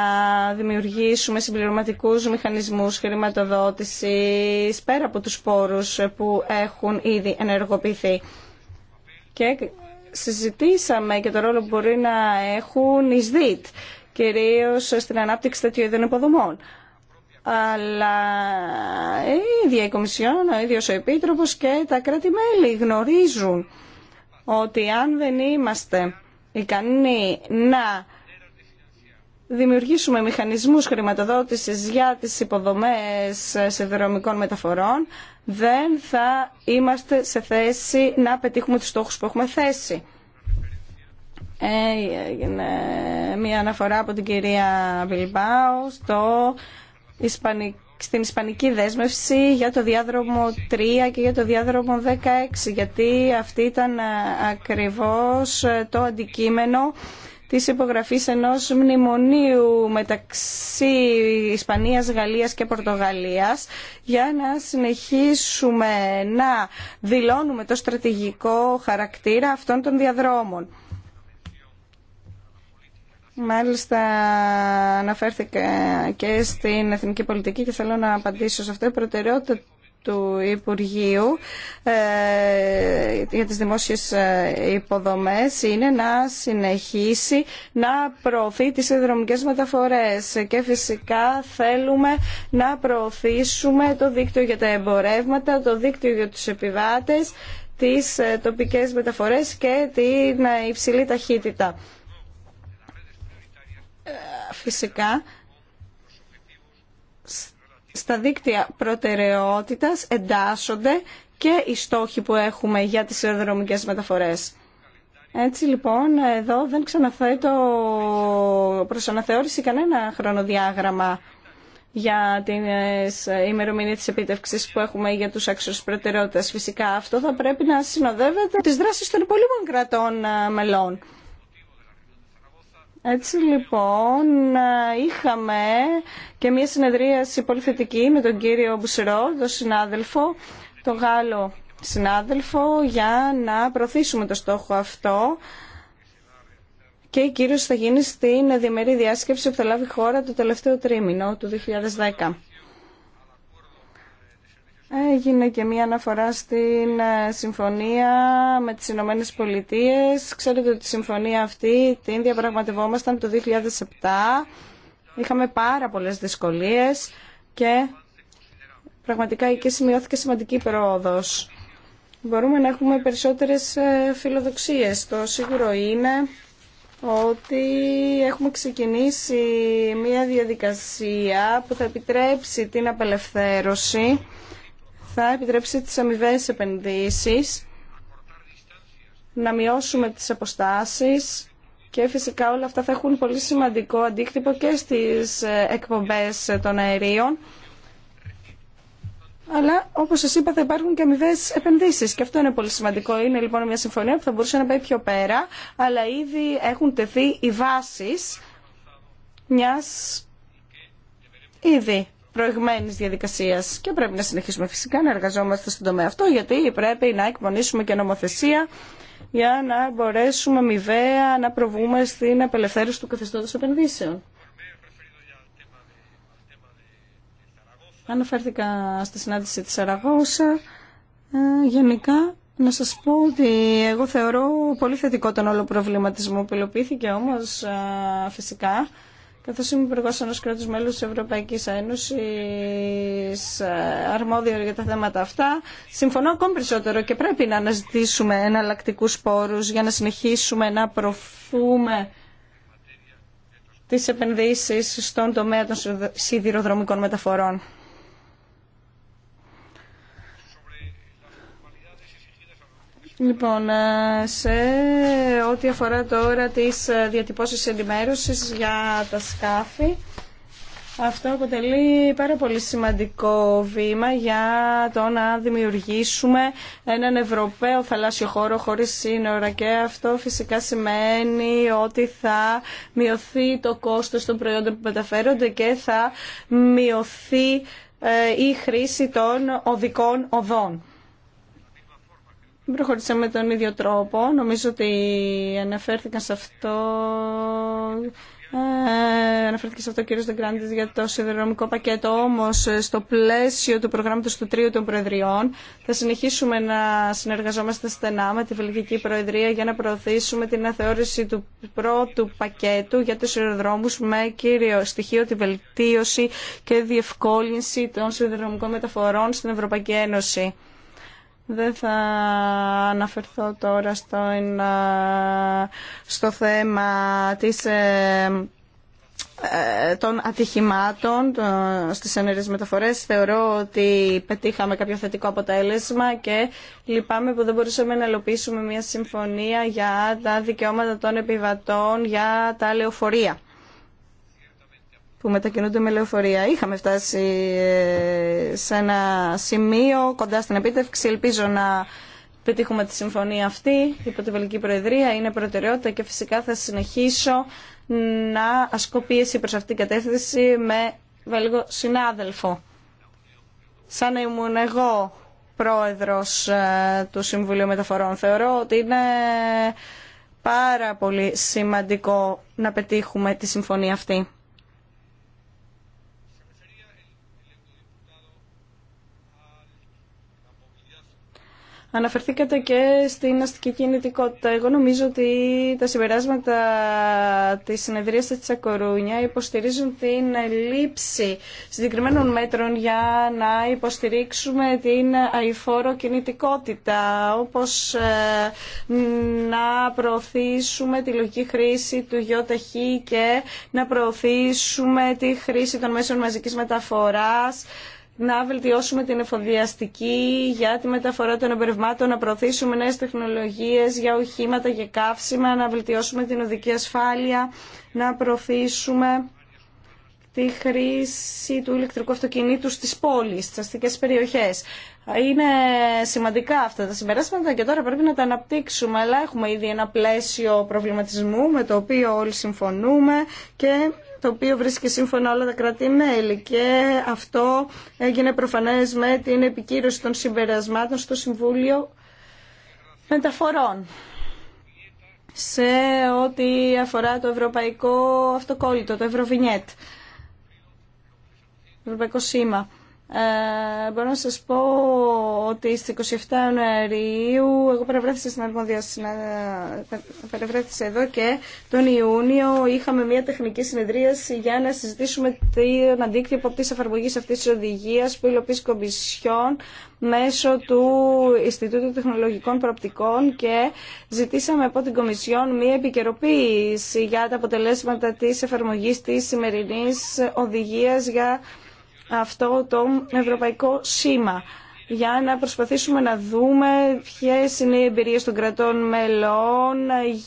δημιουργήσουμε συμπληρωματικούς μηχανισμούς χρηματοδότησης πέρα από τους πόρους που έχουν ήδη ενεργοποιηθεί. Και συζητήσαμε και το ρόλο που μπορεί να έχουν οι ΣΔΙΤ, κυρίως στην ανάπτυξη είδων υποδομών αλλά η ίδια η Κομισιόν, ο ίδιος ο Επίτροπος και τα κράτη-μέλη γνωρίζουν ότι αν δεν είμαστε ικανοί να δημιουργήσουμε μηχανισμούς χρηματοδότησης για τις υποδομές σιδηρομικών μεταφορών, δεν θα είμαστε σε θέση να πετύχουμε τους στόχους που έχουμε θέσει. Ε, έγινε μια αναφορά από την κυρία Βιλμπάου στο στην Ισπανική δέσμευση για το διάδρομο 3 και για το διάδρομο 16 γιατί αυτή ήταν ε, ακριβώς ε, το αντικείμενο της υπογραφής ενός μνημονίου μεταξύ Ισπανίας, Γαλλίας και Πορτογαλίας για να συνεχίσουμε να δηλώνουμε το στρατηγικό χαρακτήρα αυτών των διαδρόμων. Μάλιστα αναφέρθηκε και στην εθνική πολιτική και θέλω να απαντήσω σε αυτό. Η προτεραιότητα του Υπουργείου ε, για τις δημόσιες ε, υποδομές είναι να συνεχίσει να προωθεί τις ιδρομικές μεταφορές και φυσικά θέλουμε να προωθήσουμε το δίκτυο για τα εμπορεύματα, το δίκτυο για τους επιβάτες, τις ε, τοπικές μεταφορές και την υψηλή ταχύτητα φυσικά στα δίκτυα προτεραιότητας εντάσσονται και οι στόχοι που έχουμε για τις αεροδρομικές μεταφορές. Έτσι λοιπόν, εδώ δεν ξαναθέτω προς αναθεώρηση κανένα χρονοδιάγραμμα για τις ημερομηνία της επίτευξης που έχουμε για τους άξιους προτεραιότητας. Φυσικά αυτό θα πρέπει να συνοδεύεται τις δράσεις των υπολείπων κρατών ε, μελών. Έτσι λοιπόν ε, είχαμε και μια συνεδρίαση πολύ με τον κύριο Μπουσερό, τον συνάδελφο, τον Γάλλο συνάδελφο, για να προωθήσουμε το στόχο αυτό και κύριος θα γίνει στην διμερή διάσκεψη που θα λάβει χώρα το τελευταίο τρίμηνο του 2010. Έγινε και μία αναφορά στην ε, συμφωνία με τις Ηνωμένες Πολιτείες. Ξέρετε ότι τη συμφωνία αυτή την διαπραγματευόμασταν το 2007. Είχαμε πάρα πολλές δυσκολίες και πραγματικά εκεί σημειώθηκε σημαντική πρόοδος. Μπορούμε να έχουμε περισσότερες ε, φιλοδοξίες. Το σίγουρο είναι ότι έχουμε ξεκινήσει μία διαδικασία που θα επιτρέψει την απελευθέρωση θα επιτρέψει τις αμοιβέ επενδύσεις, να μειώσουμε τις αποστάσεις και φυσικά όλα αυτά θα έχουν πολύ σημαντικό αντίκτυπο και στις ε, εκπομπές των αερίων. Αλλά όπως σας είπα θα υπάρχουν και αμοιβέ επενδύσεις και αυτό είναι πολύ σημαντικό. Είναι λοιπόν μια συμφωνία που θα μπορούσε να πάει πιο πέρα, αλλά ήδη έχουν τεθεί οι βάσεις μιας ήδη προηγμένη διαδικασία. Και πρέπει να συνεχίσουμε φυσικά να εργαζόμαστε στον τομέα αυτό, γιατί πρέπει να εκπονήσουμε και νομοθεσία για να μπορέσουμε αμοιβαία να προβούμε στην απελευθέρωση του καθεστώτος επενδύσεων. Αναφέρθηκα στη συνάντηση της Αραγώσα. Ε, γενικά, να σας πω ότι εγώ θεωρώ πολύ θετικό τον όλο προβληματισμό που υλοποιήθηκε, όμως ε, φυσικά Καθώς είμαι υπουργό ενό κράτου μέλου τη Ευρωπαϊκή Ένωση, ε, αρμόδιο για τα θέματα αυτά, συμφωνώ ακόμη περισσότερο και πρέπει να αναζητήσουμε εναλλακτικού πόρου για να συνεχίσουμε να προφούμε τι επενδύσει στον τομέα των σιδηροδρομικών μεταφορών. Λοιπόν, ε, σε ό,τι αφορά τώρα τις ε, διατυπώσεις ενημέρωσης για τα σκάφη, αυτό αποτελεί πάρα πολύ σημαντικό βήμα για το να δημιουργήσουμε έναν Ευρωπαίο θαλάσσιο χώρο χωρίς σύνορα και αυτό φυσικά σημαίνει ότι θα μειωθεί το κόστος των προϊόντων που μεταφέρονται και θα μειωθεί ε, η χρήση των οδικών οδών προχωρήσαμε με τον ίδιο τρόπο. Νομίζω ότι αναφέρθηκαν σε αυτό... Ε, αναφέρθηκε σε αυτό ο κύριος Δεγκράντη για το σιδηροδρομικό πακέτο, όμω στο πλαίσιο του προγράμματος του Τρίου των Προεδριών θα συνεχίσουμε να συνεργαζόμαστε στενά με τη Βελγική Προεδρία για να προωθήσουμε την αθεώρηση του πρώτου πακέτου για του σιδηροδρόμου με κύριο στοιχείο τη βελτίωση και διευκόλυνση των σιδηροδρομικών μεταφορών στην Ευρωπαϊκή Ένωση. Δεν θα αναφερθώ τώρα στο, στο θέμα της, ε, ε, των ατυχημάτων στις ενέργειες μεταφορές. Θεωρώ ότι πετύχαμε κάποιο θετικό αποτέλεσμα και λυπάμαι που δεν μπορούσαμε να ελοπίσουμε μια συμφωνία για τα δικαιώματα των επιβατών για τα λεωφορεία που μετακινούνται με λεωφορεία. Είχαμε φτάσει ε, σε ένα σημείο κοντά στην επίτευξη. Ελπίζω να πετύχουμε τη συμφωνία αυτή υπό τη Βελική Προεδρία. Είναι προτεραιότητα και φυσικά θα συνεχίσω να ασκώ πίεση προς αυτήν την κατεύθυνση με Βέλγο συνάδελφο. Σαν να ήμουν εγώ πρόεδρος ε, του Συμβουλίου Μεταφορών θεωρώ ότι είναι πάρα πολύ σημαντικό να πετύχουμε τη συμφωνία αυτή. Αναφερθήκατε και στην αστική κινητικότητα. Εγώ νομίζω ότι τα συμπεράσματα της συνεδρίας της Ακορούνια υποστηρίζουν την λήψη συγκεκριμένων μέτρων για να υποστηρίξουμε την αηφόρο κινητικότητα, όπως ε, να προωθήσουμε τη λογική χρήση του γιοταχή και να προωθήσουμε τη χρήση των μέσων μαζικής μεταφοράς, να βελτιώσουμε την εφοδιαστική για τη μεταφορά των εμπερευμάτων, να προωθήσουμε νέες τεχνολογίες για οχήματα, για καύσιμα, να βελτιώσουμε την οδική ασφάλεια, να προωθήσουμε τη χρήση του ηλεκτρικού αυτοκινήτου στις πόλεις, στις αστικές περιοχές. Είναι σημαντικά αυτά τα συμπεράσματα και τώρα πρέπει να τα αναπτύξουμε, αλλά έχουμε ήδη ένα πλαίσιο προβληματισμού με το οποίο όλοι συμφωνούμε και το οποίο βρίσκει σύμφωνα όλα τα κράτη-μέλη και αυτό έγινε προφανές με την επικύρωση των συμπερασμάτων στο Συμβούλιο Μεταφορών σε ό,τι αφορά το ευρωπαϊκό αυτοκόλλητο, το Ευρωβινιέτ, ευρωπαϊκό σήμα. Ε, μπορώ να σας πω ότι στις 27 Ιανουαρίου εγώ παρευρέθησα στην Αρμόδια εδώ και τον Ιούνιο είχαμε μια τεχνική συνεδρίαση για να συζητήσουμε την αντίκτυπο της εφαρμογής αυτής της οδηγίας που υλοποιεί κομπισιόν μέσω του Ινστιτούτου Τεχνολογικών Προοπτικών και ζητήσαμε από την Κομισιόν μία επικαιροποίηση για τα αποτελέσματα της εφαρμογής της σημερινής οδηγίας για αυτό το ευρωπαϊκό σήμα για να προσπαθήσουμε να δούμε ποιες είναι οι εμπειρίες των κρατών μελών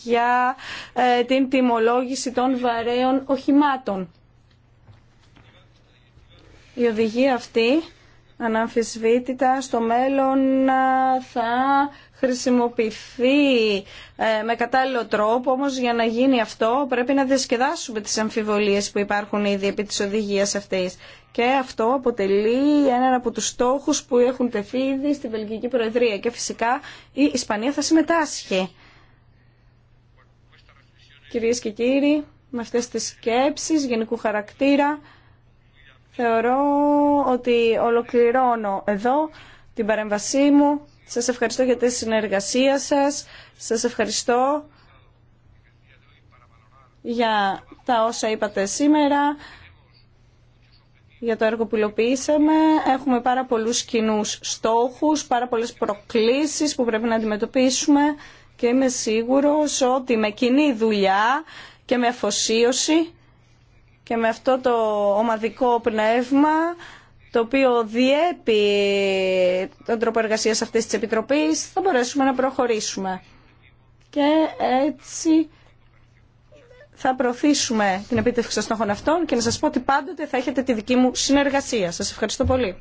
για ε, την τιμολόγηση των βαρέων οχημάτων. Η οδηγία αυτή αναμφισβήτητα στο μέλλον ε, θα χρησιμοποιηθεί ε, με κατάλληλο τρόπο, όμως για να γίνει αυτό πρέπει να διασκεδάσουμε τις αμφιβολίες που υπάρχουν ήδη επί της οδηγίας αυτής. Και αυτό αποτελεί έναν από τους στόχους που έχουν τεθεί ήδη στη Βελγική Προεδρία και φυσικά η Ισπανία θα συμμετάσχει. Κυρίες και κύριοι, με αυτές τις σκέψεις γενικού χαρακτήρα θεωρώ ότι ολοκληρώνω εδώ την παρέμβασή μου σας ευχαριστώ για τη συνεργασία σας. Σας ευχαριστώ για τα όσα είπατε σήμερα, για το έργο που υλοποιήσαμε. Έχουμε πάρα πολλούς κοινού στόχους, πάρα πολλές προκλήσεις που πρέπει να αντιμετωπίσουμε και είμαι σίγουρος ότι με κοινή δουλειά και με αφοσίωση και με αυτό το ομαδικό πνεύμα το οποίο διέπει τον τρόπο εργασίας αυτής της Επιτροπής, θα μπορέσουμε να προχωρήσουμε. Και έτσι θα προωθήσουμε την επίτευξη των στόχων αυτών και να σας πω ότι πάντοτε θα έχετε τη δική μου συνεργασία. Σας ευχαριστώ πολύ.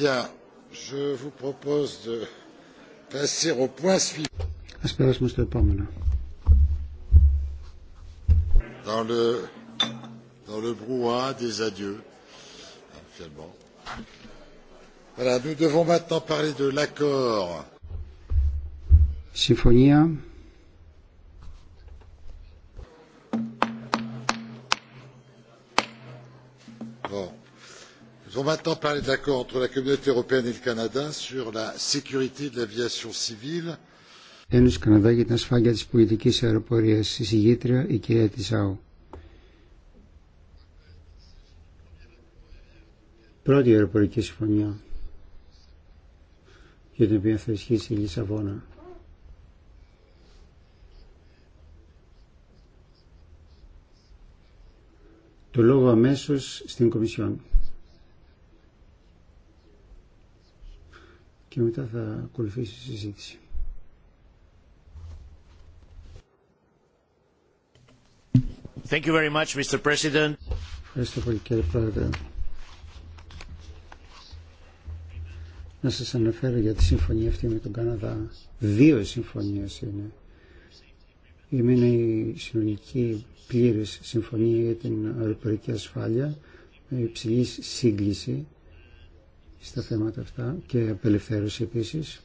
Bien, je vous propose de passer au point suivant. Dans le, dans le brouhaha des adieux, finalement. Voilà, nous devons maintenant parler de l'accord. Συμφωνία allons maintenant parler de l'accord entre la communauté européenne et le canada sur la sécurité de l'aviation civile. Η Πρώτη αεροπορική συμφωνία για την Λισαβόνα. Το στην Κομισιόν. και μετά θα ακολουθήσει η συζήτηση. Thank you very much, Mr. President. Ευχαριστώ πολύ κύριε Πρόεδρε. Να σας αναφέρω για τη συμφωνία αυτή με τον Καναδά. Δύο συμφωνίες είναι. Η η συνολική πλήρης συμφωνία για την αεροπορική ασφάλεια με υψηλή σύγκληση στα θέματα αυτά και απελευθέρωση επίσης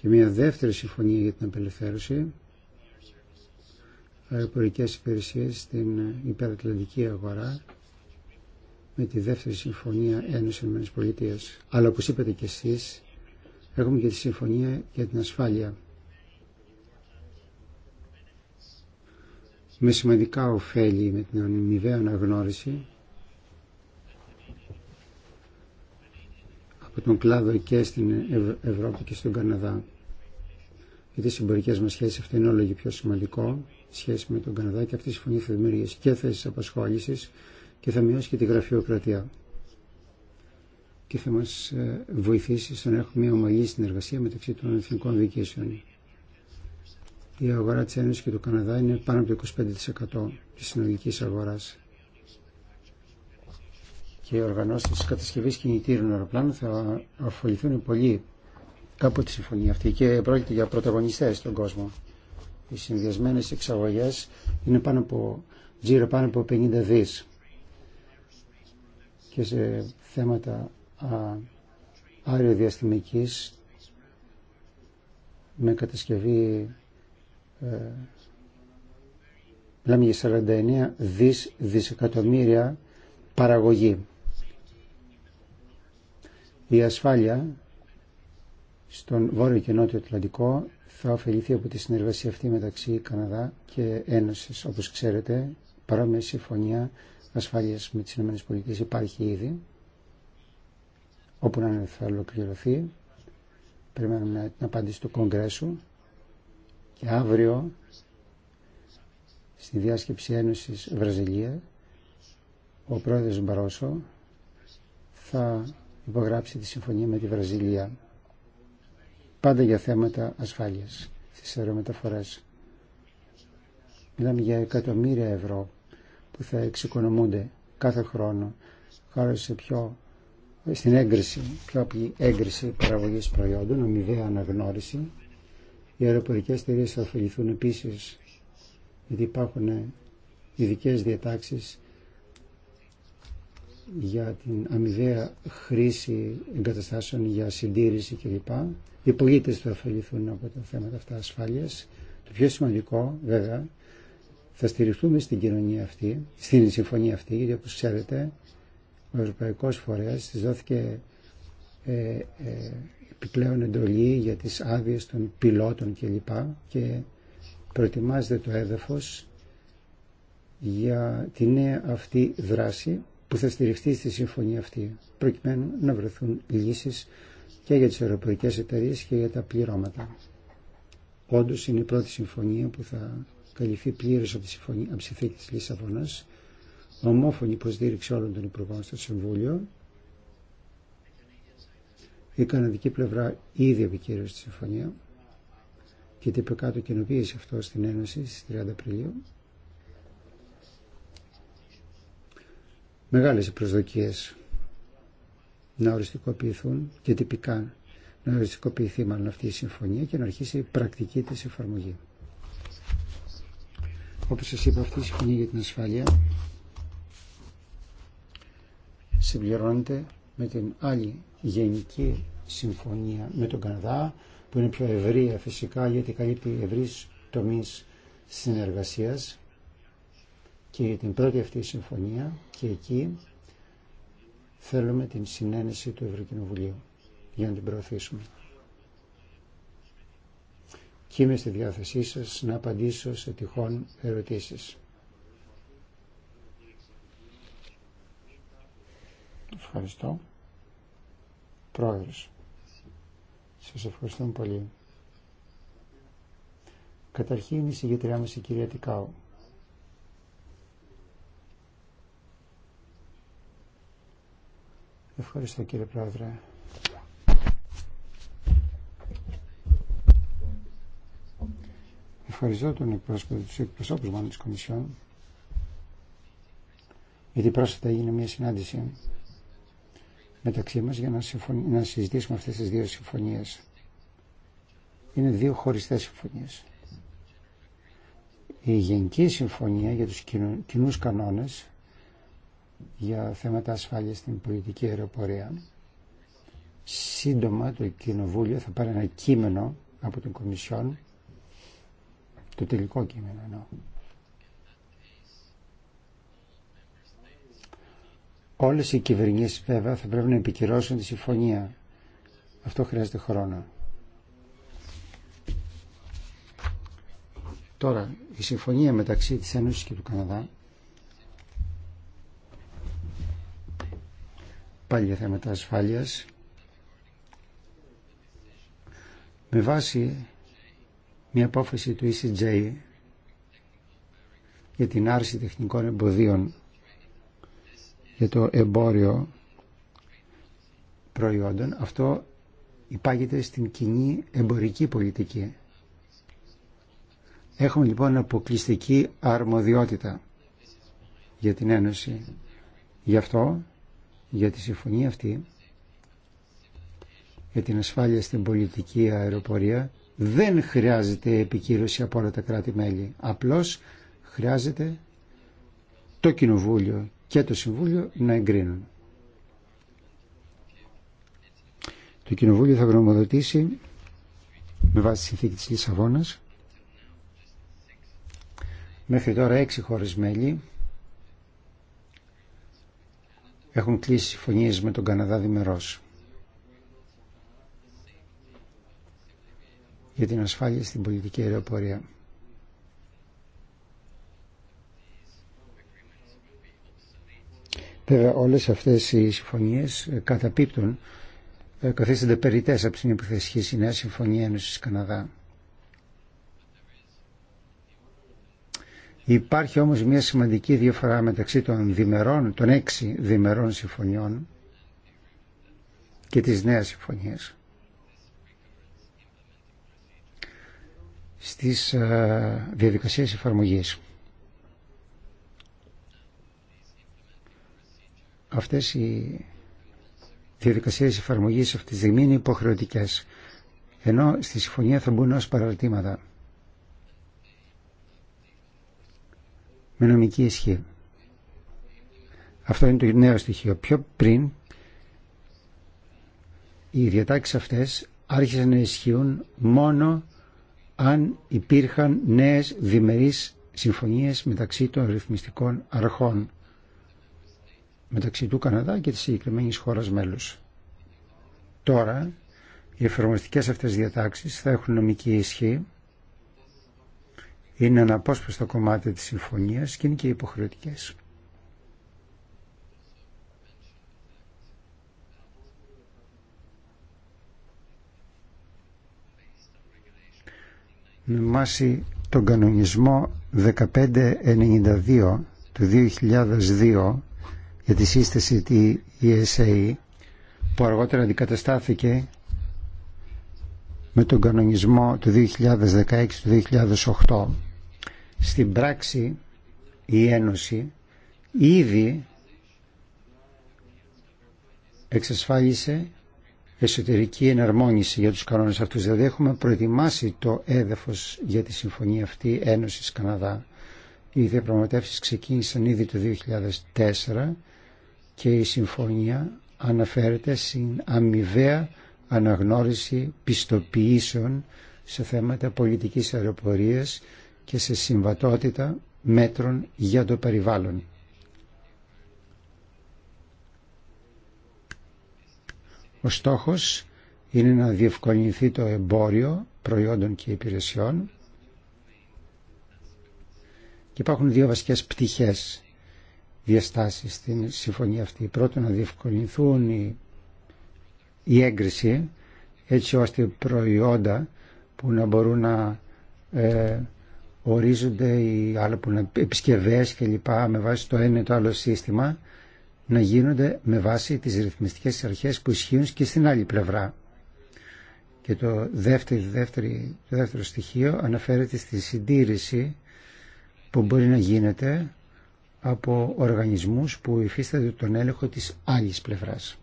και μια δεύτερη συμφωνία για την απελευθέρωση αεροπορικές υπηρεσίες στην υπερατλαντική αγορά με τη δεύτερη συμφωνία Ένωση ΗΠΑ. Αλλά όπως είπατε και εσείς έχουμε και τη συμφωνία για την ασφάλεια με σημαντικά ωφέλη με την αμοιβαία αναγνώριση από τον κλάδο και στην Ευρώπη και στον Καναδά. Γιατί οι συμπορικέ μα σχέσει αυτό είναι όλο και πιο σημαντικό σχέση με τον Καναδά και αυτή η συμφωνία θα δημιουργήσει και θέσει απασχόληση και θα μειώσει και τη γραφειοκρατία. Και θα μα ε, βοηθήσει στο να έχουμε μια ομαλή συνεργασία μεταξύ των εθνικών διοικήσεων. Η αγορά τη Ένωση και του Καναδά είναι πάνω από το 25% τη συνολική αγορά και οι οργανώσεις κατασκευή κινητήρων αεροπλάνων θα αφοληθούν πολύ από τη συμφωνία αυτή και πρόκειται για πρωταγωνιστές στον κόσμο. Οι συνδυασμένε εξαγωγές είναι πάνω από, γύρω πάνω από 50 δι και σε θέματα αεροδιαστημικής με κατασκευή ε, μιλάμε για 49 δις δισεκατομμύρια παραγωγή. Η ασφάλεια στον Βόρειο και Νότιο Ατλαντικό θα ωφεληθεί από τη συνεργασία αυτή μεταξύ Καναδά και ένωση. Όπως ξέρετε, παρόμοια συμφωνία ασφάλεια με τι ΗΠΑ υπάρχει ήδη, όπου να θα ολοκληρωθεί. Περιμένουμε την απάντηση του Κογκρέσου και αύριο στη διάσκεψη Ένωση Βραζιλία ο πρόεδρος Μπαρόσο θα υπογράψει τη συμφωνία με τη Βραζιλία. Πάντα για θέματα ασφάλειας στις αερομεταφορές. Μιλάμε για εκατομμύρια ευρώ που θα εξοικονομούνται κάθε χρόνο χάρη σε πιο, στην έγκριση, πιο απλή έγκριση παραγωγής προϊόντων, αμοιβαία αναγνώριση. Οι αεροπορικέ εταιρείε θα ωφεληθούν επίσης γιατί υπάρχουν ειδικέ διατάξεις για την αμοιβαία χρήση εγκαταστάσεων για συντήρηση κλπ. Οι πολίτε θα ωφεληθούν από τα θέματα αυτά ασφάλεια. Το πιο σημαντικό, βέβαια, θα στηριχθούμε στην κοινωνία αυτή, στην συμφωνία αυτή, γιατί όπω ξέρετε, ο Ευρωπαϊκό Φορέα τη δόθηκε ε, ε, επιπλέον εντολή για τι άδειε των πιλότων κλπ. Και προετοιμάζεται το έδαφο για τη νέα αυτή δράση που θα στηριχτεί στη συμφωνία αυτή, προκειμένου να βρεθούν λύσεις και για τις αεροπορικές εταιρείες και για τα πληρώματα. Όντως είναι η πρώτη συμφωνία που θα καλυφθεί πλήρως από τη, συμφωνία, από τη συνθήκη της Λισαβόνας, ομόφωνη υποστήριξη όλων των υπουργών στο Συμβούλιο. Η καναδική πλευρά ήδη επικύρωσε τη συμφωνία και είπε κάτω κοινοποίηση αυτό στην Ένωση στις 30 Απριλίου. μεγάλες προσδοκίες να οριστικοποιηθούν και τυπικά να οριστικοποιηθεί μάλλον αυτή η συμφωνία και να αρχίσει η πρακτική της εφαρμογή. Όπως σας είπα αυτή η συμφωνία για την ασφάλεια συμπληρώνεται με την άλλη γενική συμφωνία με τον Καναδά που είναι πιο ευρία φυσικά γιατί καλύπτει ευρύς τομείς συνεργασίας και την πρώτη αυτή συμφωνία και εκεί θέλουμε την συνένεση του Ευρωκοινοβουλίου για να την προωθήσουμε. Και είμαι στη διάθεσή σας να απαντήσω σε τυχόν ερωτήσεις. Ευχαριστώ. Πρόεδρος, σας ευχαριστώ πολύ. Καταρχήν η συγκεκριά μας η κυρία Τικάου. Ευχαριστώ κύριε Πρόεδρε. Ευχαριστώ τον εκπρόσωπο, του εκπροσώπου μόνο της Κομισιόν γιατί πρόσφατα έγινε μια συνάντηση μεταξύ μας για να, να συζητήσουμε αυτές τις δύο συμφωνίες. Είναι δύο χωριστές συμφωνίες. Η Γενική Συμφωνία για τους κοινού... κοινούς κανόνες για θέματα ασφάλειας στην πολιτική αεροπορία. Σύντομα το Κοινοβούλιο θα πάρει ένα κείμενο από την Κομισιόν, το τελικό κείμενο εννοώ. Όλες οι κυβερνήσεις βέβαια θα πρέπει να επικυρώσουν τη συμφωνία. Αυτό χρειάζεται χρόνο. Τώρα, η συμφωνία μεταξύ της Ένωσης και του Καναδά πάλι για θέματα ασφάλειας με βάση μια απόφαση του ECJ για την άρση τεχνικών εμποδίων για το εμπόριο προϊόντων. Αυτό υπάγεται στην κοινή εμπορική πολιτική. Έχουμε λοιπόν αποκλειστική αρμοδιότητα για την Ένωση. Γι' αυτό για τη συμφωνία αυτή για την ασφάλεια στην πολιτική αεροπορία δεν χρειάζεται επικύρωση από όλα τα κράτη-μέλη. Απλώς χρειάζεται το Κοινοβούλιο και το Συμβούλιο να εγκρίνουν. Το Κοινοβούλιο θα γνωμοδοτήσει με βάση τη συνθήκη της Λισαβόνας μέχρι τώρα έξι χώρες μέλη έχουν κλείσει συμφωνίες με τον Καναδά διμερός. για την ασφάλεια στην πολιτική αεροπορία. Βέβαια όλες αυτές οι συμφωνίες ε, καταπίπτουν ε, καθίστανται περιττές από την επιθεσχή Νέα Συμφωνία Ένωσης Καναδά. Υπάρχει όμως μια σημαντική διαφορά μεταξύ των, διμερών, των έξι διμερών συμφωνιών και της νέας συμφωνίας. Στις ε, διαδικασίες εφαρμογής. Αυτές οι διαδικασίες εφαρμογής αυτή τη στιγμή είναι υποχρεωτικές, ενώ στη συμφωνία θα μπουν ως παραρτήματα. με νομική ισχύ. Αυτό είναι το νέο στοιχείο. Πιο πριν οι διατάξεις αυτές άρχισαν να ισχύουν μόνο αν υπήρχαν νέες διμερείς συμφωνίες μεταξύ των ρυθμιστικών αρχών μεταξύ του Καναδά και της συγκεκριμένη χώρας μέλους. Τώρα, οι εφαρμοστικές αυτές διατάξεις θα έχουν νομική ισχύ είναι αναπόσπαστο κομμάτι της συμφωνίας και είναι και υποχρεωτικές. Με τον κανονισμό 1592 του 2002 για τη σύσταση της ESA που αργότερα αντικαταστάθηκε με τον κανονισμό του 2016 του 2008 στην πράξη η Ένωση ήδη εξασφάλισε εσωτερική εναρμόνιση για τους κανόνες αυτούς. Δηλαδή έχουμε προετοιμάσει το έδαφος για τη συμφωνία αυτή Ένωσης Καναδά. Οι διαπραγματεύσεις ξεκίνησαν ήδη το 2004 και η συμφωνία αναφέρεται στην αμοιβαία αναγνώριση πιστοποιήσεων σε θέματα πολιτικής αεροπορίας και σε συμβατότητα μέτρων για το περιβάλλον. Ο στόχος είναι να διευκολυνθεί το εμπόριο προϊόντων και υπηρεσιών και υπάρχουν δύο βασικές πτυχές διαστάσεις στην συμφωνία αυτή. Πρώτον να διευκολυνθούν οι η έγκριση έτσι ώστε προϊόντα που να μπορούν να ε, ορίζονται οι άλλα που επισκευές και λοιπά με βάση το ένα ή το άλλο σύστημα να γίνονται με βάση τις ρυθμιστικές αρχές που ισχύουν και στην άλλη πλευρά. Και το δεύτερο, δεύτερο, το δεύτερο στοιχείο αναφέρεται στη συντήρηση που μπορεί να γίνεται από οργανισμούς που υφίστανται τον έλεγχο της άλλης πλευράς.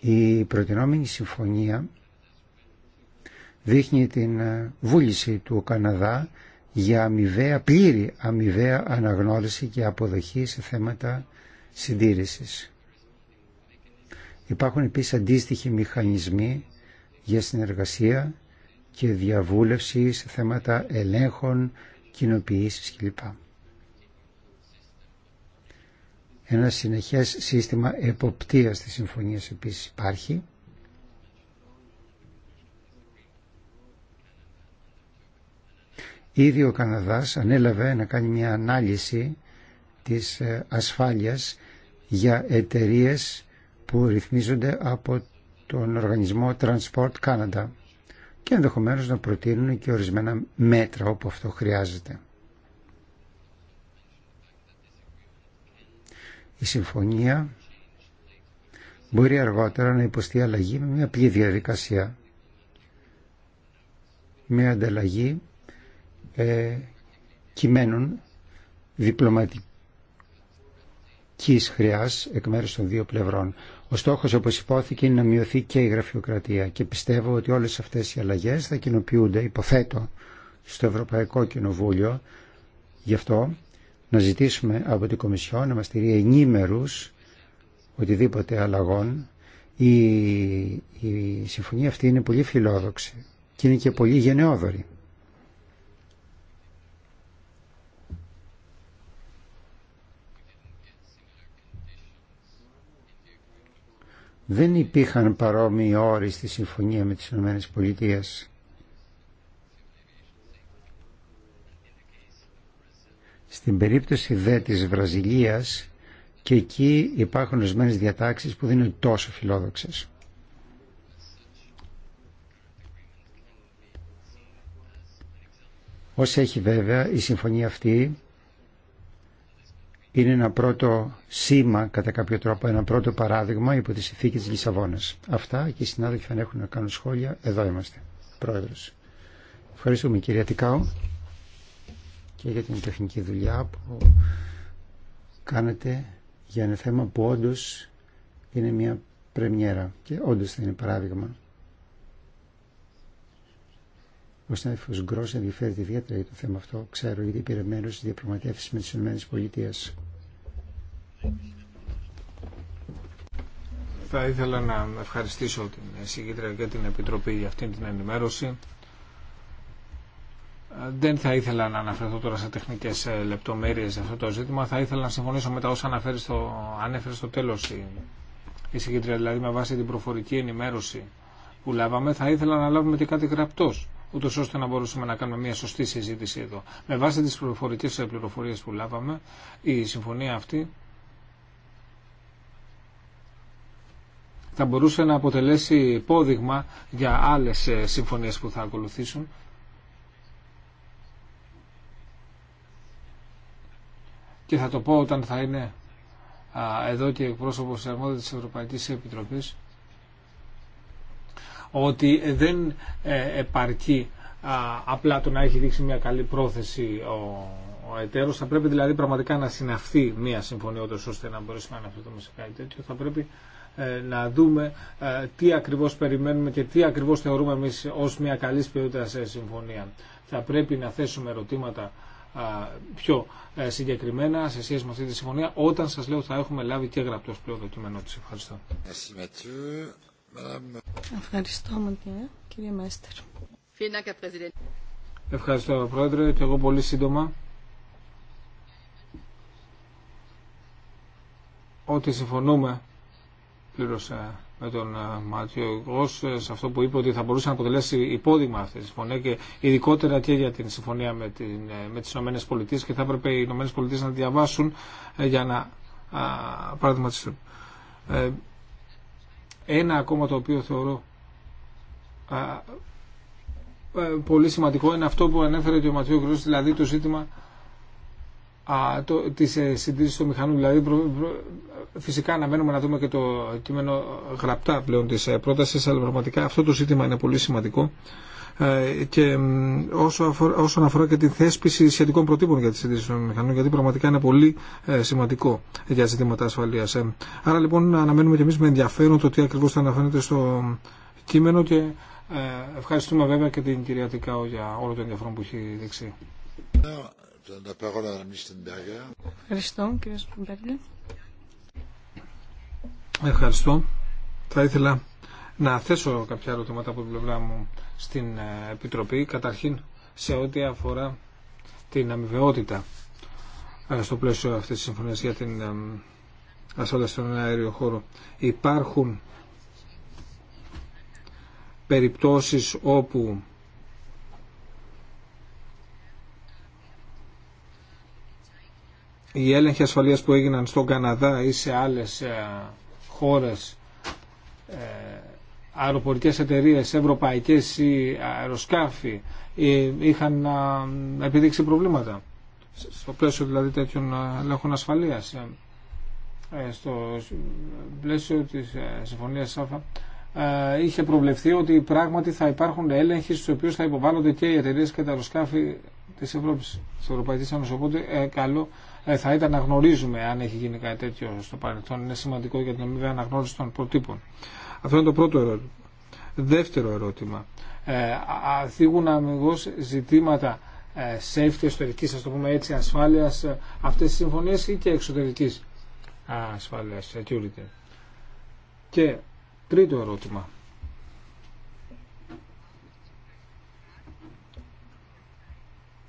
Η προτινόμενη συμφωνία δείχνει την ε, βούληση του Καναδά για αμοιβαία, πλήρη αμοιβαία αναγνώριση και αποδοχή σε θέματα συντήρησης. Υπάρχουν επίσης αντίστοιχοι μηχανισμοί για συνεργασία και διαβούλευση σε θέματα ελέγχων, κοινοποιήσεις κλπ. Ένα συνεχές σύστημα εποπτείας της συμφωνίας επίσης υπάρχει Ήδη ο Καναδάς ανέλαβε να κάνει μια ανάλυση της ε, ασφάλειας για εταιρείε που ρυθμίζονται από τον οργανισμό Transport Canada και ενδεχομένως να προτείνουν και ορισμένα μέτρα όπου αυτό χρειάζεται. Η συμφωνία μπορεί αργότερα να υποστεί αλλαγή με μια πλήρη διαδικασία. Μια ανταλλαγή ε, κειμένων διπλωματικής χρειάς εκ μέρους των δύο πλευρών. Ο στόχος, όπως υπόθηκε, είναι να μειωθεί και η γραφειοκρατία και πιστεύω ότι όλες αυτές οι αλλαγές θα κοινοποιούνται, υποθέτω, στο Ευρωπαϊκό Κοινοβούλιο. Γι' αυτό να ζητήσουμε από την Κομισιό να μας στηρεί ενήμερους οτιδήποτε αλλαγών. Η, η συμφωνία αυτή είναι πολύ φιλόδοξη και είναι και πολύ γενναιόδορη. δεν υπήρχαν παρόμοιοι όροι στη συμφωνία με τις Ηνωμένες Πολιτείες. Στην περίπτωση δε της Βραζιλίας και εκεί υπάρχουν ορισμένε διατάξεις που δεν είναι τόσο φιλόδοξες. Όσο έχει βέβαια η συμφωνία αυτή είναι ένα πρώτο σήμα, κατά κάποιο τρόπο, ένα πρώτο παράδειγμα υπό τη συνθήκη τη Λισαβόνα. Αυτά και οι συνάδελφοι αν έχουν να κάνουν σχόλια, εδώ είμαστε. πρόεδρο. Ευχαριστούμε κυρία Τικάου και για την τεχνική δουλειά που κάνετε για ένα θέμα που όντω είναι μια πρεμιέρα και όντω θα είναι παράδειγμα. Ο συνάδελφο Γκρό ενδιαφέρεται ιδιαίτερα για το θέμα αυτό, ξέρω, γιατί πήρε μέρο στι διαπραγματεύσει με τι ΗΠΑ. Θα ήθελα να ευχαριστήσω την συγκίτρια και την Επιτροπή για αυτή την ενημέρωση. Ε, δεν θα ήθελα να αναφερθώ τώρα σε τεχνικέ ε, λεπτομέρειε σε αυτό το ζήτημα. Θα ήθελα να συμφωνήσω με τα όσα αναφέρει στο, ανέφερε στο τέλο η, η συγκίτρια, δηλαδή με βάση την προφορική ενημέρωση που λάβαμε. Θα ήθελα να λάβουμε και κάτι γραπτό ούτω ώστε να μπορούσαμε να κάνουμε μια σωστή συζήτηση εδώ. Με βάση τις πληροφορικέ ε, πληροφορίες που λάβαμε, η συμφωνία αυτή θα μπορούσε να αποτελέσει υπόδειγμα για άλλες ε, συμφωνίε που θα ακολουθήσουν. Και θα το πω όταν θα είναι εδώ και εκπρόσωπος τη της Ευρωπαϊκής Επιτροπής ότι δεν ε, επαρκεί απλά το να έχει δείξει μια καλή πρόθεση ο, ο εταίρος. Θα πρέπει δηλαδή πραγματικά να συναυθεί μια συμφωνία ώστε να μπορέσουμε να αναφερθούμε σε κάτι τέτοιο. Θα πρέπει ε, να δούμε ε, τι ακριβώς περιμένουμε και τι ακριβώς θεωρούμε εμείς ως μια καλή ποιότητα σε συμφωνία. Θα πρέπει να θέσουμε ερωτήματα πιο συγκεκριμένα σε σχέση με αυτή τη συμφωνία όταν σας λέω θα έχουμε λάβει και γραπτός πλέον το κείμενό της. Ευχαριστώ. Ευχαριστώ, Κύριε Μέστερ. Ευχαριστώ, Πρόεδρε. Και εγώ πολύ σύντομα. Ότι συμφωνούμε πλήρως ε, με τον ε, Μάτιο Γκος ε, σε αυτό που είπε ότι θα μπορούσε να αποτελέσει υπόδειγμα αυτή τη συμφωνία και ειδικότερα και για την συμφωνία με, την, με τις Ηνωμένες Πολιτείες και θα έπρεπε οι Ηνωμένες Πολιτείες να διαβάσουν για να παραδειγματιστούν. Ένα ακόμα το οποίο θεωρώ πολύ σημαντικό είναι αυτό που ανέφερε και ο Ματιό Κρός, δηλαδή το ζήτημα α, το, της ε, συντήρησης του μηχανού. Δηλαδή, φυσικά αναμένουμε να δούμε και το κείμενο γραπτά πλέον της ε, πρότασης, αλλά πραγματικά αυτό το ζήτημα είναι πολύ σημαντικό ε, και όσο αφορά, όσον αφορά και τη θέσπιση σχετικών προτύπων για τις συντήρηση, των μηχανών, γιατί πραγματικά είναι πολύ ε, σημαντικό για ζητήματα ασφαλείας. Ε, άρα λοιπόν αναμένουμε και εμείς με ενδιαφέρον το τι ακριβώς θα αναφέρεται στο κείμενο και ευχαριστούμε βέβαια και την κυρία Τικάου για όλο το ενδιαφέρον που έχει δείξει. Ευχαριστώ κύριε Ευχαριστώ. Θα ήθελα να θέσω κάποια ερωτήματα από την πλευρά μου στην ε, Επιτροπή, καταρχήν σε ό,τι αφορά την αμοιβαιότητα ε, στο πλαίσιο αυτής της συμφωνίας για την ε, ασφάλεια στον αέριο χώρο. Υπάρχουν περιπτώσεις όπου οι έλεγχοι ασφαλείας που έγιναν στον Καναδά ή σε άλλες χώρες αεροπορικές εταιρείες, ευρωπαϊκές ή αεροσκάφη ε, είχαν ε, επιδείξει προβλήματα στο πλαίσιο δηλαδή τέτοιων ε, ελέγχων ασφαλείας στο πλαίσιο της συμφωνίας ΑΦΑ είχε προβλεφθεί ότι πράγματι θα υπάρχουν έλεγχοι στους οποίους θα υποβάλλονται και οι εταιρείε και τα αεροσκάφη της Ευρώπης, της Ευρωπαϊκής Ένωσης. Οπότε καλό θα ήταν να γνωρίζουμε αν έχει γίνει κάτι τέτοιο στο παρελθόν. Είναι σημαντικό για την αμοιβή αναγνώριση των προτύπων. Αυτό είναι το πρώτο ερώτημα. Δεύτερο ερώτημα. Ε, θίγουν ζητήματα ε, safety, εσωτερικής, α το πούμε έτσι, ασφάλειας, ε, αυτές τι συμφωνίες ή και εξωτερική ασφάλειας, security. Και τρίτο ερώτημα.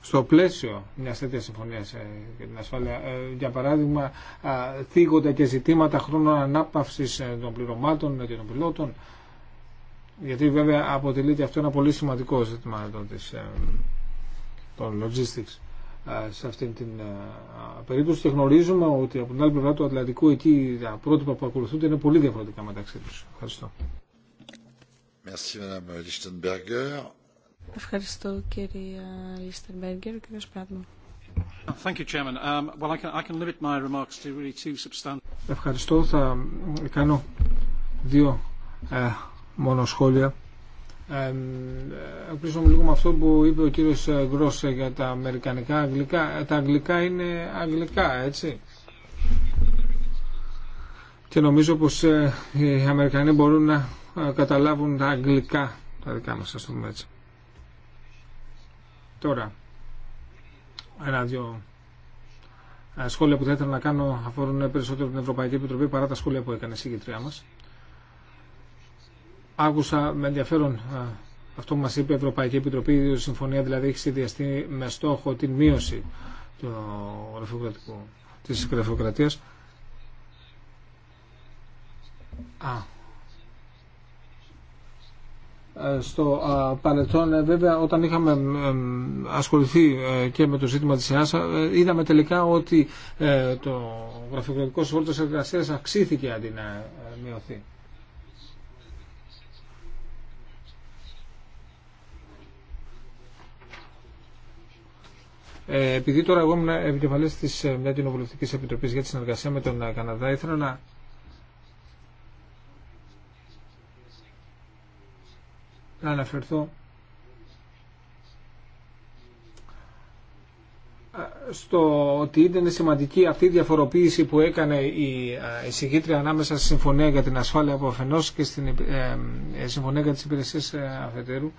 στο πλαίσιο μιας συμφωνία, συμφωνίας ε, για την ασφάλεια. Ε, για παράδειγμα, θίγονται και ζητήματα χρόνων ανάπαυσης ε, των πληρωμάτων και των πιλότων, γιατί βέβαια αποτελεί και αυτό ένα πολύ σημαντικό ζήτημα των logistics σε αυτήν την περίπτωση και γνωρίζουμε ότι από την άλλη πλευρά του Ατλαντικού εκεί τα πρότυπα που ακολουθούνται είναι πολύ διαφορετικά μεταξύ τους. Ευχαριστώ. Ευχαριστώ κύριε Λίστερμπεργκερ και Πράτμο. Ευχαριστώ. Θα κάνω δύο ε, μόνο σχόλια. Ε, λίγο με αυτό που είπε ο κύριος ε, Γκρόσε για τα αμερικανικά αγγλικά. Ε, τα αγγλικά είναι αγγλικά, έτσι. Και νομίζω πως ε, οι Αμερικανοί μπορούν να καταλάβουν τα αγγλικά, τα δικά μας, ας το πούμε έτσι. Τώρα, ένα δύο ε, σχόλια που θα ήθελα να κάνω αφορούν περισσότερο την Ευρωπαϊκή Επιτροπή παρά τα σχόλια που έκανε η συγκεκριά μας. Άκουσα με ενδιαφέρον ε, αυτό που μας είπε η Ευρωπαϊκή Επιτροπή, η συμφωνία δηλαδή έχει συνδυαστεί με στόχο την μείωση του γραφειοκρατία. της γραφειοκρατίας. Α, ε, στο ε, παρελθόν ε, βέβαια όταν είχαμε ασχοληθεί και με το ζήτημα της ΕΑΣΑ είδαμε τελικά ότι το γραφειοκρατικό της εργασίας αυξήθηκε αντί να μειωθεί. επειδή τώρα εγώ ήμουν επικεφαλής τη μια Επιτροπής επιτροπή για τη συνεργασία με τον Καναδά, ήθελα να να αναφερθώ ε, στο ότι ήταν σημαντική αυτή η διαφοροποίηση που έκανε η εισηγήτρια ανάμεσα στη Συμφωνία για την Ασφάλεια από αφενός και στην ε, ε, Συμφωνία για τις Υπηρεσίες Αφετέρου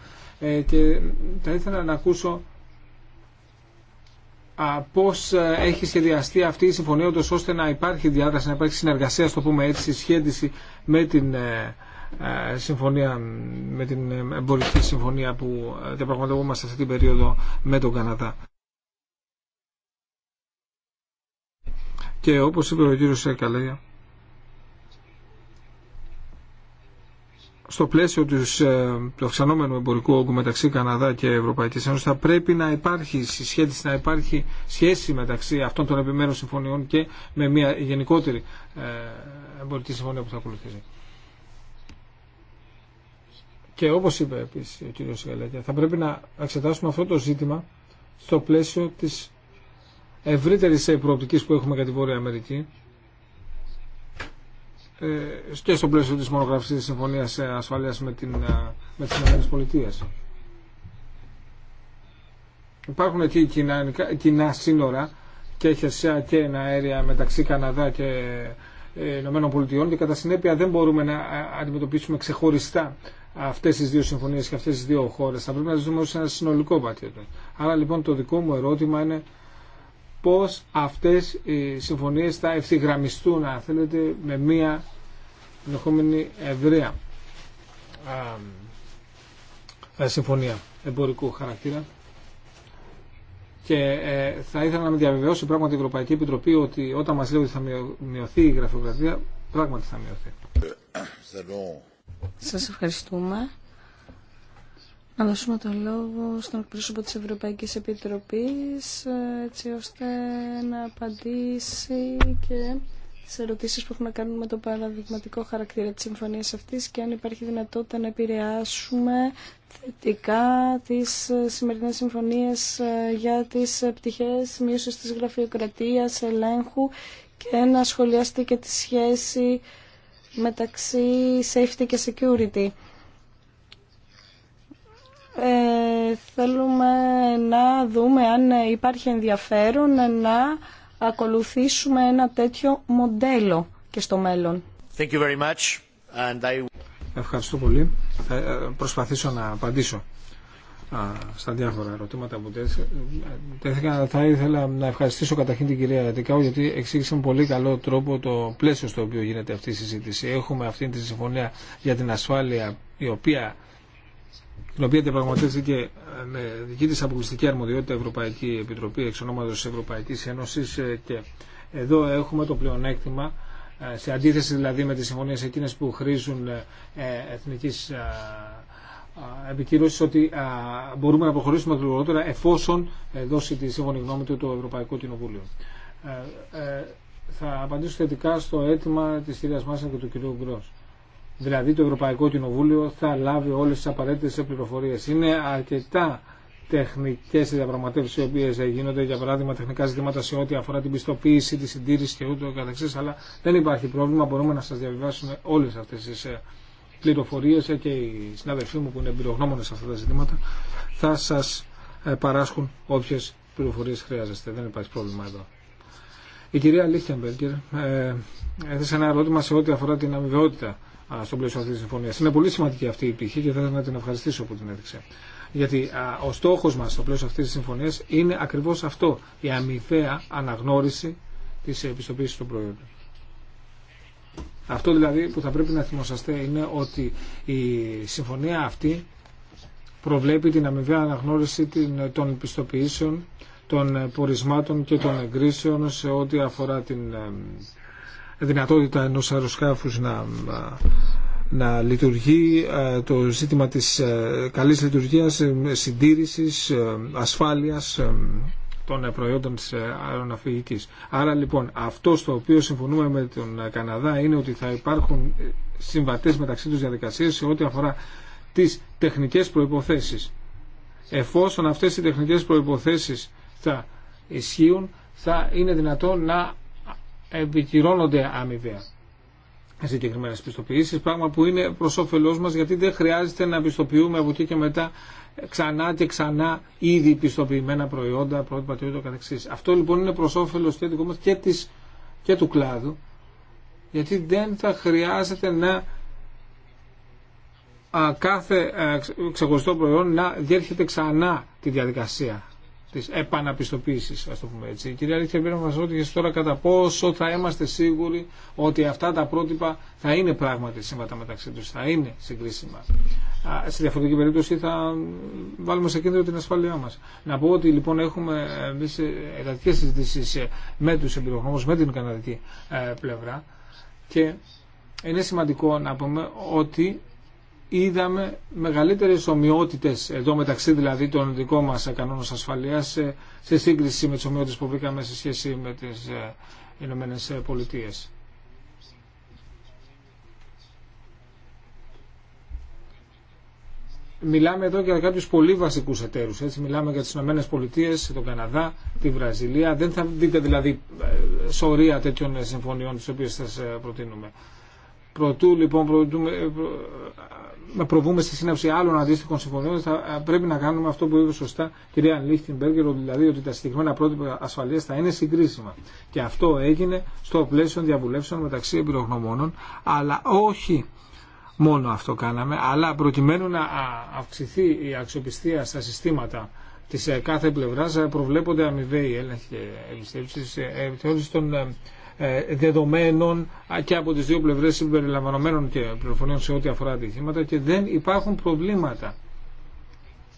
και θα ήθελα να ακούσω πώς έχει σχεδιαστεί αυτή η συμφωνία ώστε να υπάρχει διάδραση, να υπάρχει συνεργασία, στο πούμε έτσι, σχέδιση με την ε, συμφωνία, με την εμπορική συμφωνία που ε, διαπραγματευόμαστε αυτή την περίοδο με τον Καναδά. Και όπως είπε ο κύριος Καλέα στο πλαίσιο τους, ε, του αυξανόμενου εμπορικού όγκου μεταξύ Καναδά και Ευρωπαϊκής Ένωσης θα πρέπει να υπάρχει συσχέτιση, να υπάρχει σχέση μεταξύ αυτών των επιμέρων συμφωνιών και με μια γενικότερη εμπορική συμφωνία που θα ακολουθήσει. Και όπως είπε επίσης ο κύριος Γαλέτια, θα πρέπει να εξετάσουμε αυτό το ζήτημα στο πλαίσιο της ευρύτερης προοπτική που έχουμε για τη Βόρεια Αμερική ε, και στο πλαίσιο της μονογραφικής της Συμφωνίας Ασφαλείας με, την, ε, με ΗΠΑ. Υπάρχουν εκεί κοινά, κοινά σύνορα και χερσαία και ένα αέρια μεταξύ Καναδά και Πολιτειών και κατά συνέπεια δεν μπορούμε να ε, αντιμετωπίσουμε ξεχωριστά αυτέ τι δύο συμφωνίε και αυτέ τι δύο χώρε. Θα πρέπει να ζούμε ω ένα συνολικό πακέτο. Άρα λοιπόν το δικό μου ερώτημα είναι πώ αυτέ οι συμφωνίε θα ευθυγραμμιστούν, αν θέλετε, με μία ενδεχόμενη ευρεία ε, συμφωνία εμπορικού χαρακτήρα. Και ε, θα ήθελα να με διαβεβαιώσει πράγματι η Ευρωπαϊκή Επιτροπή ότι όταν μα λέει ότι θα μειωθεί η γραφειοκρατία, πράγματι θα μειωθεί. Σα ευχαριστούμε. Να δώσουμε το λόγο στον εκπρόσωπο της Ευρωπαϊκής Επιτροπής ε, έτσι ώστε να απαντήσει και σε ερωτήσεις που έχουν να κάνουν με το παραδειγματικό χαρακτήρα της συμφωνίας αυτής και αν υπάρχει δυνατότητα να επηρεάσουμε θετικά τις ε, σημερινές συμφωνίες ε, για τις ε, πτυχές μείωσης της γραφειοκρατίας, ελέγχου και να σχολιάσετε και τη σχέση μεταξύ safety και security. θέλουμε να δούμε αν υπάρχει ενδιαφέρον να ακολουθήσουμε ένα τέτοιο μοντέλο και στο μέλλον. Thank you very much. And I... Ευχαριστώ πολύ. Θα ε, προσπαθήσω να απαντήσω στα διάφορα ερωτήματα που τέθηκαν. Θα ήθελα να ευχαριστήσω καταρχήν την κυρία Ρατικάου γιατί εξήγησε με πολύ καλό τρόπο το πλαίσιο στο οποίο γίνεται αυτή η συζήτηση. Έχουμε αυτή τη συμφωνία για την ασφάλεια η οποία την οποία διαπραγματεύτηκε ε, με δική της αποκλειστική αρμοδιότητα Ευρωπαϊκή Επιτροπή εξ ονόματος Ευρωπαϊκής Ένωσης ε, και εδώ έχουμε το πλεονέκτημα ε, σε αντίθεση δηλαδή με τις συμφωνίες εκείνες που χρήζουν εθνικής επικύρωσης ότι μπορούμε να προχωρήσουμε γρηγορότερα εφόσον δώσει τη σύμφωνη γνώμη του το Ευρωπαϊκό Κοινοβούλιο. Θα απαντήσω θετικά στο αίτημα της κυρίας Μάσα και του κυρίου Γκρός δηλαδή το Ευρωπαϊκό Κοινοβούλιο θα λάβει όλες τις απαραίτητες πληροφορίες. Είναι αρκετά τεχνικέ διαπραγματεύσει οι οποίε γίνονται, για παράδειγμα τεχνικά ζητήματα σε ό,τι αφορά την πιστοποίηση, τη συντήρηση και ούτω καθεξή. Αλλά δεν υπάρχει πρόβλημα, μπορούμε να σα διαβιβάσουμε όλε αυτέ τι ε, πληροφορίε και οι συνάδελφοί μου που είναι εμπειρογνώμονε σε αυτά τα ζητήματα θα σα ε, παράσχουν όποιε πληροφορίε χρειάζεστε. Δεν υπάρχει πρόβλημα εδώ. Η κυρία Λίχτεμπεργκερ ε, έθεσε ένα ερώτημα σε ό,τι αφορά την αμοιβαιότητα στο πλαίσιο αυτή τη συμφωνία. Είναι πολύ σημαντική αυτή η πτυχή και θέλω να την ευχαριστήσω που την έδειξε. Γιατί ο στόχο μα στο πλαίσιο αυτή τη συμφωνία είναι ακριβώ αυτό. Η αμοιβαία αναγνώριση τη επιστοποίηση των προϊόντων. Αυτό δηλαδή που θα πρέπει να θυμόσαστε είναι ότι η συμφωνία αυτή προβλέπει την αμοιβαία αναγνώριση των επιστοποιήσεων, των πορισμάτων και των εγκρίσεων σε ό,τι αφορά την δυνατότητα ενός αεροσκάφους να, να λειτουργεί, το ζήτημα της καλής λειτουργίας, ε, συντήρησης, ε, ασφάλειας ε, των προϊόντων της αεροναφυγικής. Άρα λοιπόν αυτό στο οποίο συμφωνούμε με τον Καναδά είναι ότι θα υπάρχουν συμβατές μεταξύ τους διαδικασίες σε ό,τι αφορά τις τεχνικές προϋποθέσεις. Εφόσον αυτές οι τεχνικές προϋποθέσεις θα ισχύουν, θα είναι δυνατόν να επικυρώνονται αμοιβαία συγκεκριμένε πιστοποιήσει, πράγμα που είναι προ όφελό μα γιατί δεν χρειάζεται να πιστοποιούμε από εκεί και μετά ξανά και ξανά ήδη πιστοποιημένα προϊόντα, πρότυπα και ούτω καθεξή. Αυτό λοιπόν είναι προ όφελο και, και, και του κλάδου, γιατί δεν θα χρειάζεται να κάθε ξεχωριστό προϊόν να διέρχεται ξανά τη διαδικασία της επαναπιστοποίησης, ας το πούμε έτσι. Η κυρία να μας ρώτησε τώρα κατά πόσο θα είμαστε σίγουροι ότι αυτά τα πρότυπα θα είναι πράγματι σύμβατα μεταξύ τους, θα είναι συγκρίσιμα. Στη διαφορετική περίπτωση θα βάλουμε σε κίνδυνο την ασφάλειά μας. Να πω ότι λοιπόν έχουμε εμείς εντατικές συζητήσει με του εμπειρογνώμους, με την καναδική ε, πλευρά και είναι σημαντικό να πούμε ότι είδαμε μεγαλύτερες ομοιότητες εδώ μεταξύ δηλαδή των δικών μας κανόνων ασφαλείας σε σύγκριση με τις ομοιότητες που βρήκαμε σε σχέση με τις ε, Ηνωμένε Πολιτείε. Μιλάμε εδώ για κάποιους πολύ βασικούς εταίρους. Έτσι. Μιλάμε για τις Ηνωμένε Πολιτείε, τον Καναδά, τη Βραζιλία. Δεν θα δείτε δηλαδή ε, σωρία τέτοιων συμφωνιών τις οποίες σας ε, προτείνουμε. Προτού λοιπόν προτούμε, να προβούμε στη σύναψη άλλων αντίστοιχων συμφωνιών, θα πρέπει να κάνουμε αυτό που είπε σωστά κυρία Λίχτινμπεργκερ, δηλαδή ότι τα συγκεκριμένα πρότυπα ασφαλεία θα είναι συγκρίσιμα. Και αυτό έγινε στο πλαίσιο διαβουλεύσεων μεταξύ εμπειρογνωμόνων, αλλά όχι μόνο αυτό κάναμε, αλλά προκειμένου να αυξηθεί η αξιοπιστία στα συστήματα τη ε, κάθε πλευρά, ε, προβλέπονται αμοιβαίοι έλεγχοι και εμπιστεύσει ε, των ε, δεδομένων και από τις δύο πλευρές συμπεριλαμβανομένων και πληροφοριών σε ό,τι αφορά ατυχήματα και δεν υπάρχουν προβλήματα.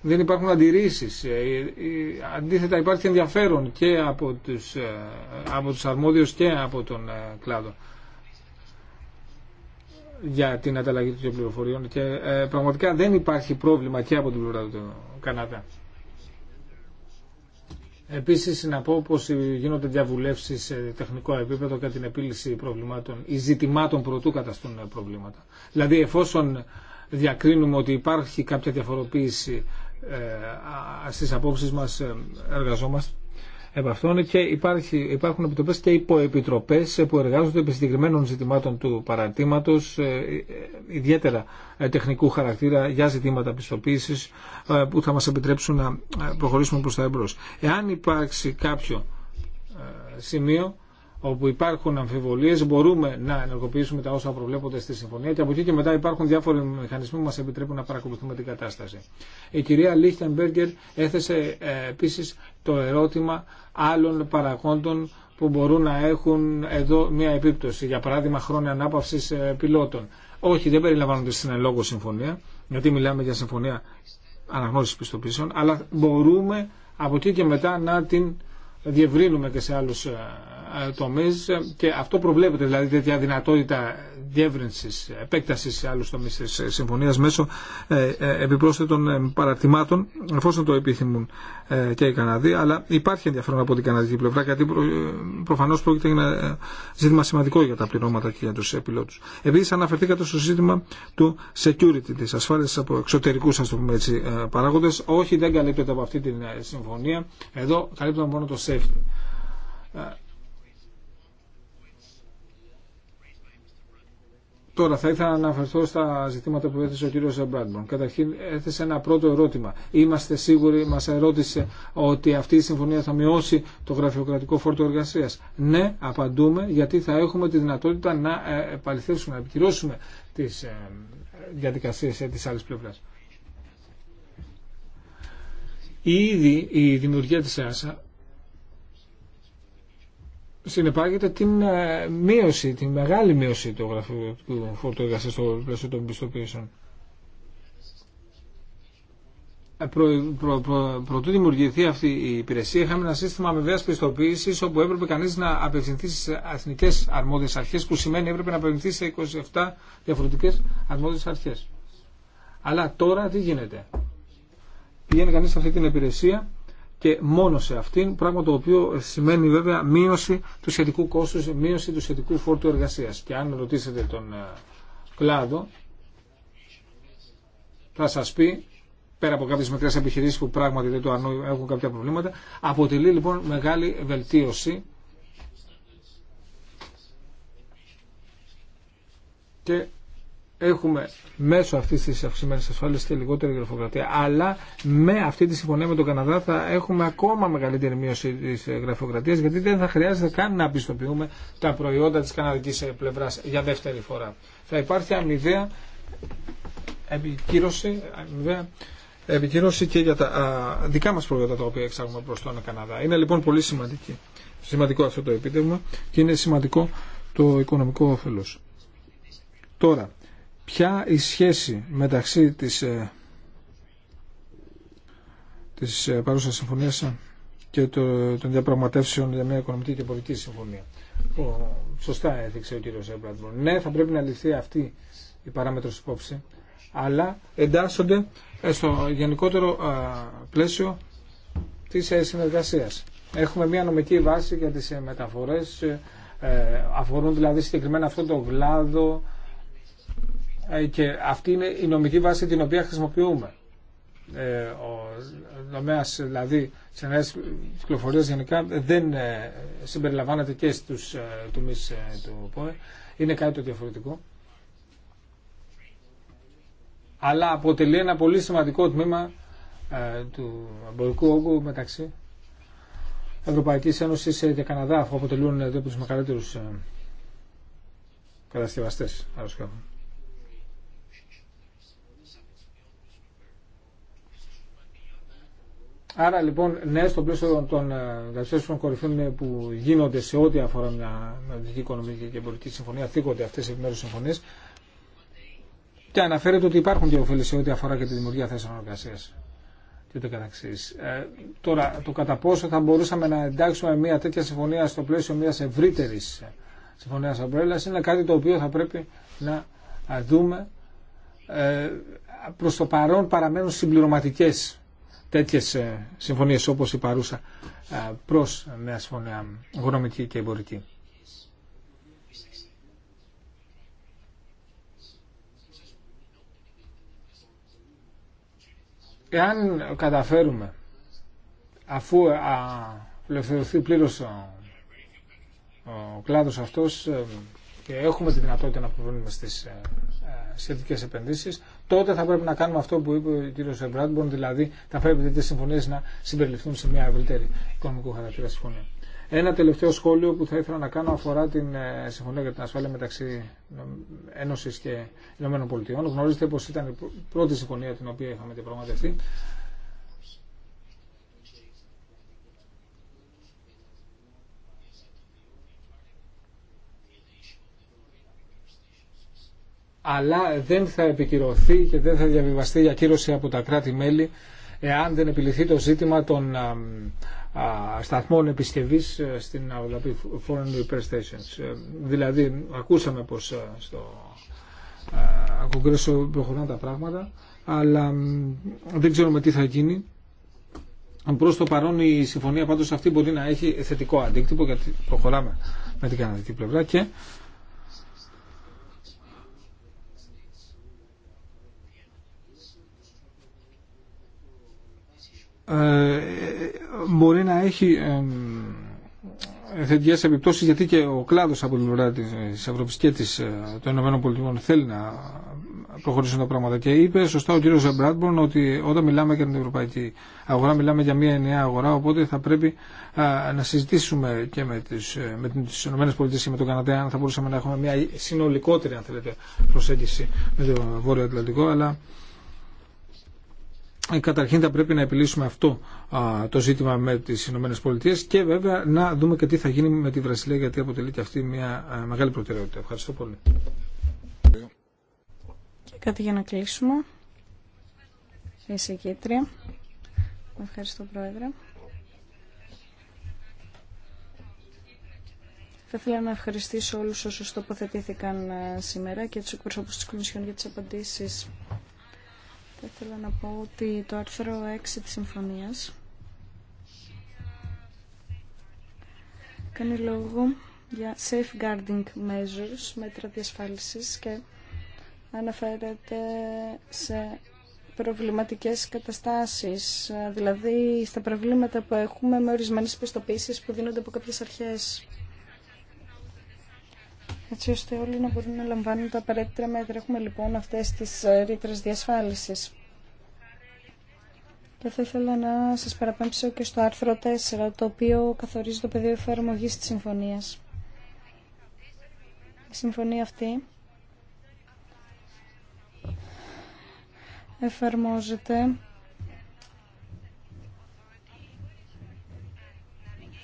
Δεν υπάρχουν αντιρρήσεις. Ε, ε, αντίθετα υπάρχει ενδιαφέρον και από τους, από τους αρμόδιους και από τον κλάδο για την ανταλλαγή των πληροφοριών και πραγματικά δεν υπάρχει πρόβλημα και από την πλευρά του Καναδά. Επίση, να πω πως γίνονται διαβουλεύσει σε τεχνικό επίπεδο για την επίλυση προβλημάτων ή ζητημάτων προτού καταστούν προβλήματα. Δηλαδή εφόσον διακρίνουμε ότι υπάρχει κάποια διαφοροποίηση στι ε, στις μα μας ε, εργαζόμαστε επ' αυτόν και υπάρχει, υπάρχουν επιτροπές και υποεπιτροπές που εργάζονται επί συγκεκριμένων ζητημάτων του παρατήματος, ε, ε, ιδιαίτερα ε, τεχνικού χαρακτήρα για ζητήματα πιστοποίησης που θα μας επιτρέψουν να προχωρήσουμε προς τα εμπρός. Εάν υπάρξει κάποιο σημείο όπου υπάρχουν αμφιβολίες μπορούμε να ενεργοποιήσουμε τα όσα προβλέπονται στη συμφωνία και από εκεί και μετά υπάρχουν διάφοροι μηχανισμοί που μας επιτρέπουν να παρακολουθούμε την κατάσταση. Η κυρία Λίχτεμπεργκερ έθεσε επίσης το ερώτημα άλλων παραγόντων που μπορούν να έχουν εδώ μια επίπτωση. Για παράδειγμα, χρόνια ανάπαυση ε, πιλότων. Όχι, δεν περιλαμβάνονται στην ελόγω συμφωνία, γιατί μιλάμε για συμφωνία αναγνώριση πιστοποίησεων, αλλά μπορούμε από εκεί και μετά να την διευρύνουμε και σε άλλου ε, τομεί και αυτό προβλέπεται, δηλαδή τέτοια δυνατότητα διεύρυνση, επέκταση σε άλλου τομεί τη ε, συμφωνία μέσω ε, ε, επιπρόσθετων παρατημάτων, εφόσον το επιθυμούν και οι Καναδοί, αλλά υπάρχει ενδιαφέρον από την καναδική πλευρά, γιατί προφανώ πρόκειται για ένα ζήτημα σημαντικό για τα πληρώματα και για του επιλότου. Επίση αναφερθήκατε στο ζήτημα του security, τη ασφάλειας από εξωτερικού, ε, Όχι, δεν καλύπτεται από αυτή τη συμφωνία. Εδώ καλύπτεται μόνο το safety Τώρα θα ήθελα να αναφερθώ στα ζητήματα που έθεσε ο κύριος Μπράντμπορν. Καταρχήν έθεσε ένα πρώτο ερώτημα. Είμαστε σίγουροι, μας ερώτησε ότι αυτή η συμφωνία θα μειώσει το γραφειοκρατικό φόρτο εργασίας. Ναι, απαντούμε, γιατί θα έχουμε τη δυνατότητα να ε, επαληθεύσουμε, να επικυρώσουμε τις ε, διαδικασίες ε, της άλλης πλευράς. Ήδη η δημιουργία της ΕΑΣΑ συνεπάγεται την ε, μείωση, την μεγάλη μείωση του γραφειοκρατικού φόρτου εργασία στο πλαίσιο των πιστοποιήσεων. Ε, προ, προ, προ, προτού δημιουργηθεί αυτή η υπηρεσία, είχαμε ένα σύστημα αμοιβαία πιστοποίηση όπου έπρεπε κανεί να απευθυνθεί σε εθνικέ αρμόδιε αρχέ, που σημαίνει έπρεπε να απευθυνθεί σε 27 διαφορετικέ αρμόδιε αρχέ. Αλλά τώρα τι γίνεται. Πηγαίνει κανεί σε αυτή την υπηρεσία και μόνο σε αυτήν, πράγμα το οποίο σημαίνει βέβαια μείωση του σχετικού κόστους, μείωση του σχετικού φόρτου εργασίας. Και αν ρωτήσετε τον ε, κλάδο, θα σας πει, πέρα από κάποιες μικρέ επιχειρήσεις που πράγματι δεν το αρνούν, έχουν κάποια προβλήματα, αποτελεί λοιπόν μεγάλη βελτίωση και έχουμε μέσω αυτής της αυξημένης ασφάλειας και λιγότερη γραφειοκρατία. Αλλά με αυτή τη συμφωνία με τον Καναδά θα έχουμε ακόμα μεγαλύτερη μείωση της γραφειοκρατίας γιατί δεν θα χρειάζεται καν να πιστοποιούμε τα προϊόντα της καναδικής πλευράς για δεύτερη φορά. Θα υπάρχει αμοιβαία επικύρωση, αμοιβαία και για τα δικά μας προϊόντα τα οποία εξάγουμε προς τον Καναδά. Είναι λοιπόν πολύ σημαντική. σημαντικό αυτό το επίτευγμα και είναι σημαντικό το οικονομικό όφελος. Τώρα, ποια η σχέση μεταξύ της, ε, της ε, παρούσας συμφωνίας ε, και των διαπραγματεύσεων για μια οικονομική και πολιτική συμφωνία. Ο, σωστά έδειξε ο κύριος Έμπραντμον. Ναι, θα πρέπει να ληφθεί αυτή η παράμετρος υπόψη, αλλά εντάσσονται στο γενικότερο πλαίσιο της συνεργασίας. Έχουμε μια νομική βάση για τις μεταφορές, αφορούν δηλαδή συγκεκριμένα αυτό το βλάδο, ε, και αυτή είναι η νομική βάση την οποία χρησιμοποιούμε. Ε, ο νομέα, δηλαδή τη ενέργεια κυκλοφορία γενικά δεν ε, συμπεριλαμβάνεται και στου ε, τομεί του ΠΟΕ. Είναι κάτι το διαφορετικό. Αλλά αποτελεί ένα πολύ σημαντικό τμήμα του εμπορικού όγκου μεταξύ Ευρωπαϊκή Ένωση και Καναδά, αφού αποτελούν δύο από του μεγαλύτερου κατασκευαστέ Άρα λοιπόν, ναι, στο πλαίσιο των ε, δραστηριοτήτων κορυφών που γίνονται σε ό,τι αφορά μια μελλοντική οικονομική και πολιτική συμφωνία, θίγονται αυτέ οι επιμέρου συμφωνίε. Και αναφέρεται ότι υπάρχουν και ωφέλη σε ό,τι αφορά και τη δημιουργία θέσεων εργασία. Και το καταξή. Ε, τώρα, το κατά πόσο θα μπορούσαμε να εντάξουμε μια τέτοια συμφωνία στο πλαίσιο μια ευρύτερη συμφωνία αμπρέλα είναι κάτι το οποίο θα πρέπει να δούμε. Ε, προς το παρόν παραμένουν συμπληρωματικέ. Τέτοιε ε, συμφωνίες όπως η παρούσα ε, προς μια συμφωνία οικονομική και εμπορική. Εάν καταφέρουμε, αφού ε, απελευθερωθεί πλήρω ο, ο κλάδος αυτός και έχουμε τη δυνατότητα να προβλήσουμε στις σχετικέ επενδύσει. τότε θα πρέπει να κάνουμε αυτό που είπε ο κ. Μπράντμπορν, δηλαδή θα πρέπει τι συμφωνίε να συμπεριληφθούν σε μια ευρύτερη οικονομικού χαρακτήρα συμφωνία. Ένα τελευταίο σχόλιο που θα ήθελα να κάνω αφορά την ε, συμφωνία για την ασφάλεια μεταξύ Ένωση και ΗΠΑ. Γνωρίζετε πω ήταν η πρώτη συμφωνία την οποία είχαμε διαπραγματευτεί αλλά δεν θα επικυρωθεί και δεν θα διαβιβαστεί για ακύρωση από τα κράτη-μέλη εάν δεν επιληθεί το ζήτημα των σταθμών επισκευής ε, στην Αυλαπή Foreign Repair Stations. Ε, δηλαδή, ακούσαμε πως ε, στο κογκρέσο προχωράνε τα πράγματα, αλλά δεν ξέρουμε τι θα γίνει. Προ το παρόν η συμφωνία πάντως αυτή μπορεί να έχει θετικό αντίκτυπο γιατί προχωράμε με την καναδική πλευρά και Ε, μπορεί να έχει θετικέ επιπτώσει γιατί και ο κλάδο από την πλευρά τη ε, Ευρώπη και της, ε, των Πολιτειών θέλει να προχωρήσουν τα πράγματα. Και είπε σωστά ο κύριο Ζεμπράτμπορν ότι όταν μιλάμε για την ευρωπαϊκή αγορά, μιλάμε για μια νέα αγορά. Οπότε θα πρέπει να συζητήσουμε και με, τις, με τις και με τον Καναδά αν θα μπορούσαμε να έχουμε μια συνολικότερη αν θέλετε, προσέγγιση με το Βόρειο Ατλαντικό. Αλλά ε, καταρχήν θα πρέπει να επιλύσουμε αυτό το ζήτημα με τις Ηνωμένες Πολιτείες και βέβαια να δούμε και τι θα γίνει με τη Βραζιλία γιατί αποτελεί και αυτή μια μεγάλη προτεραιότητα. Ευχαριστώ πολύ. Και κάτι για να κλείσουμε. Είσαι κίτρια. Ευχαριστώ Πρόεδρε. Θα ήθελα να ευχαριστήσω όλους όσους τοποθετήθηκαν ε, σήμερα και τους εκπροσώπους της Κομισιόν για τις απαντήσεις. Θα ήθελα να πω ότι το άρθρο 6 της συμφωνίας κάνει λόγο για safeguarding measures, μέτρα διασφάλισης και αναφέρεται σε προβληματικές καταστάσεις, δηλαδή στα προβλήματα που έχουμε με ορισμένες πιστοποίησεις που δίνονται από κάποιες αρχές έτσι ώστε όλοι να μπορούν να λαμβάνουν τα απαραίτητα μέτρα. Έχουμε λοιπόν αυτές τις ε, ρήτρες διασφάλισης. Και θα ήθελα να σας παραπέμψω και στο άρθρο 4, το οποίο καθορίζει το πεδίο εφαρμογής τη συμφωνίας. Η συμφωνία αυτή εφαρμόζεται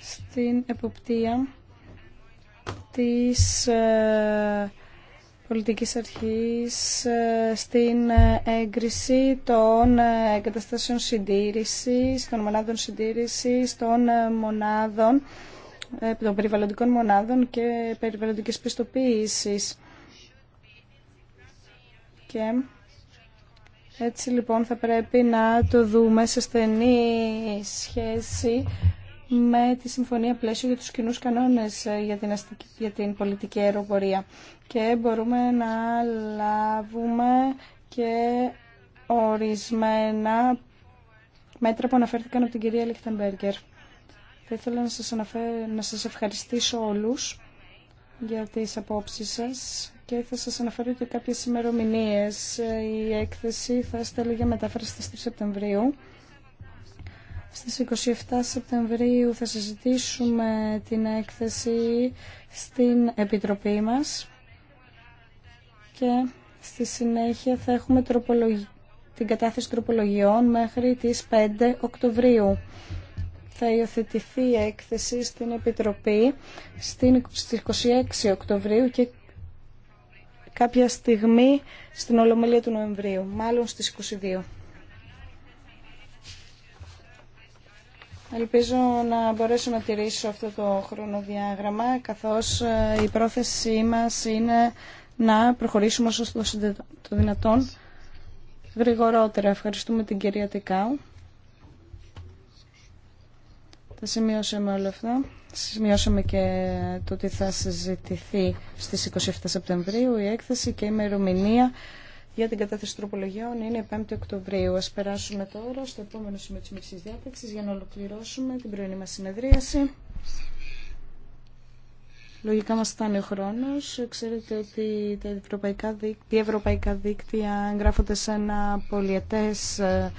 στην εποπτεία της ε, πολιτικής αρχής ε, στην ε, έγκριση των καταστάσεων συντήρησης, των μονάδων συντήρησης, των μονάδων, των περιβαλλοντικών μονάδων και περιβαλλοντικής πιστοποίησης. Και έτσι λοιπόν θα πρέπει να το δούμε σε στενή σχέση με τη Συμφωνία Πλαίσιο για τους κοινούς κανόνες ε, για την, αστική, για την πολιτική αεροπορία. Και μπορούμε να λάβουμε και ορισμένα μέτρα που αναφέρθηκαν από την κυρία Λιχτεμπέργκερ. Θα ήθελα να σας, να σας ευχαριστήσω όλους για τις απόψεις σας και θα σας αναφέρω και κάποιες ημερομηνίες. Η έκθεση θα στέλνει για μετάφραση στις 3 Σεπτεμβρίου. Στις 27 Σεπτεμβρίου θα συζητήσουμε την έκθεση στην Επιτροπή μας και στη συνέχεια θα έχουμε τροπολογ... την κατάθεση τροπολογιών μέχρι τις 5 Οκτωβρίου. Θα υιοθετηθεί η έκθεση στην Επιτροπή στις 26 Οκτωβρίου και κάποια στιγμή στην Ολομελία του Νοεμβρίου, μάλλον στις 22. Ελπίζω να μπορέσω να τηρήσω αυτό το χρονοδιάγραμμα, καθώς ε, η πρόθεσή μας είναι να προχωρήσουμε όσο το δυνατόν γρηγορότερα. Ευχαριστούμε την κυρία Τικάου. Τα σημειώσαμε όλα αυτά. Σημειώσαμε και το ότι θα συζητηθεί στις 27 Σεπτεμβρίου η έκθεση και η ημερομηνία για την κατάθεση τροπολογιών είναι 5η Οκτωβρίου. Ας περάσουμε τώρα στο επόμενο σημείο της για να ολοκληρώσουμε την πρωινή μα συνεδρίαση. Λογικά μας φτάνει ο χρόνος. Ξέρετε ότι τα ευρωπαϊκά δίκτυα, ευρωπαϊκά εγγράφονται σε ενα πολυετες πολιετές ε,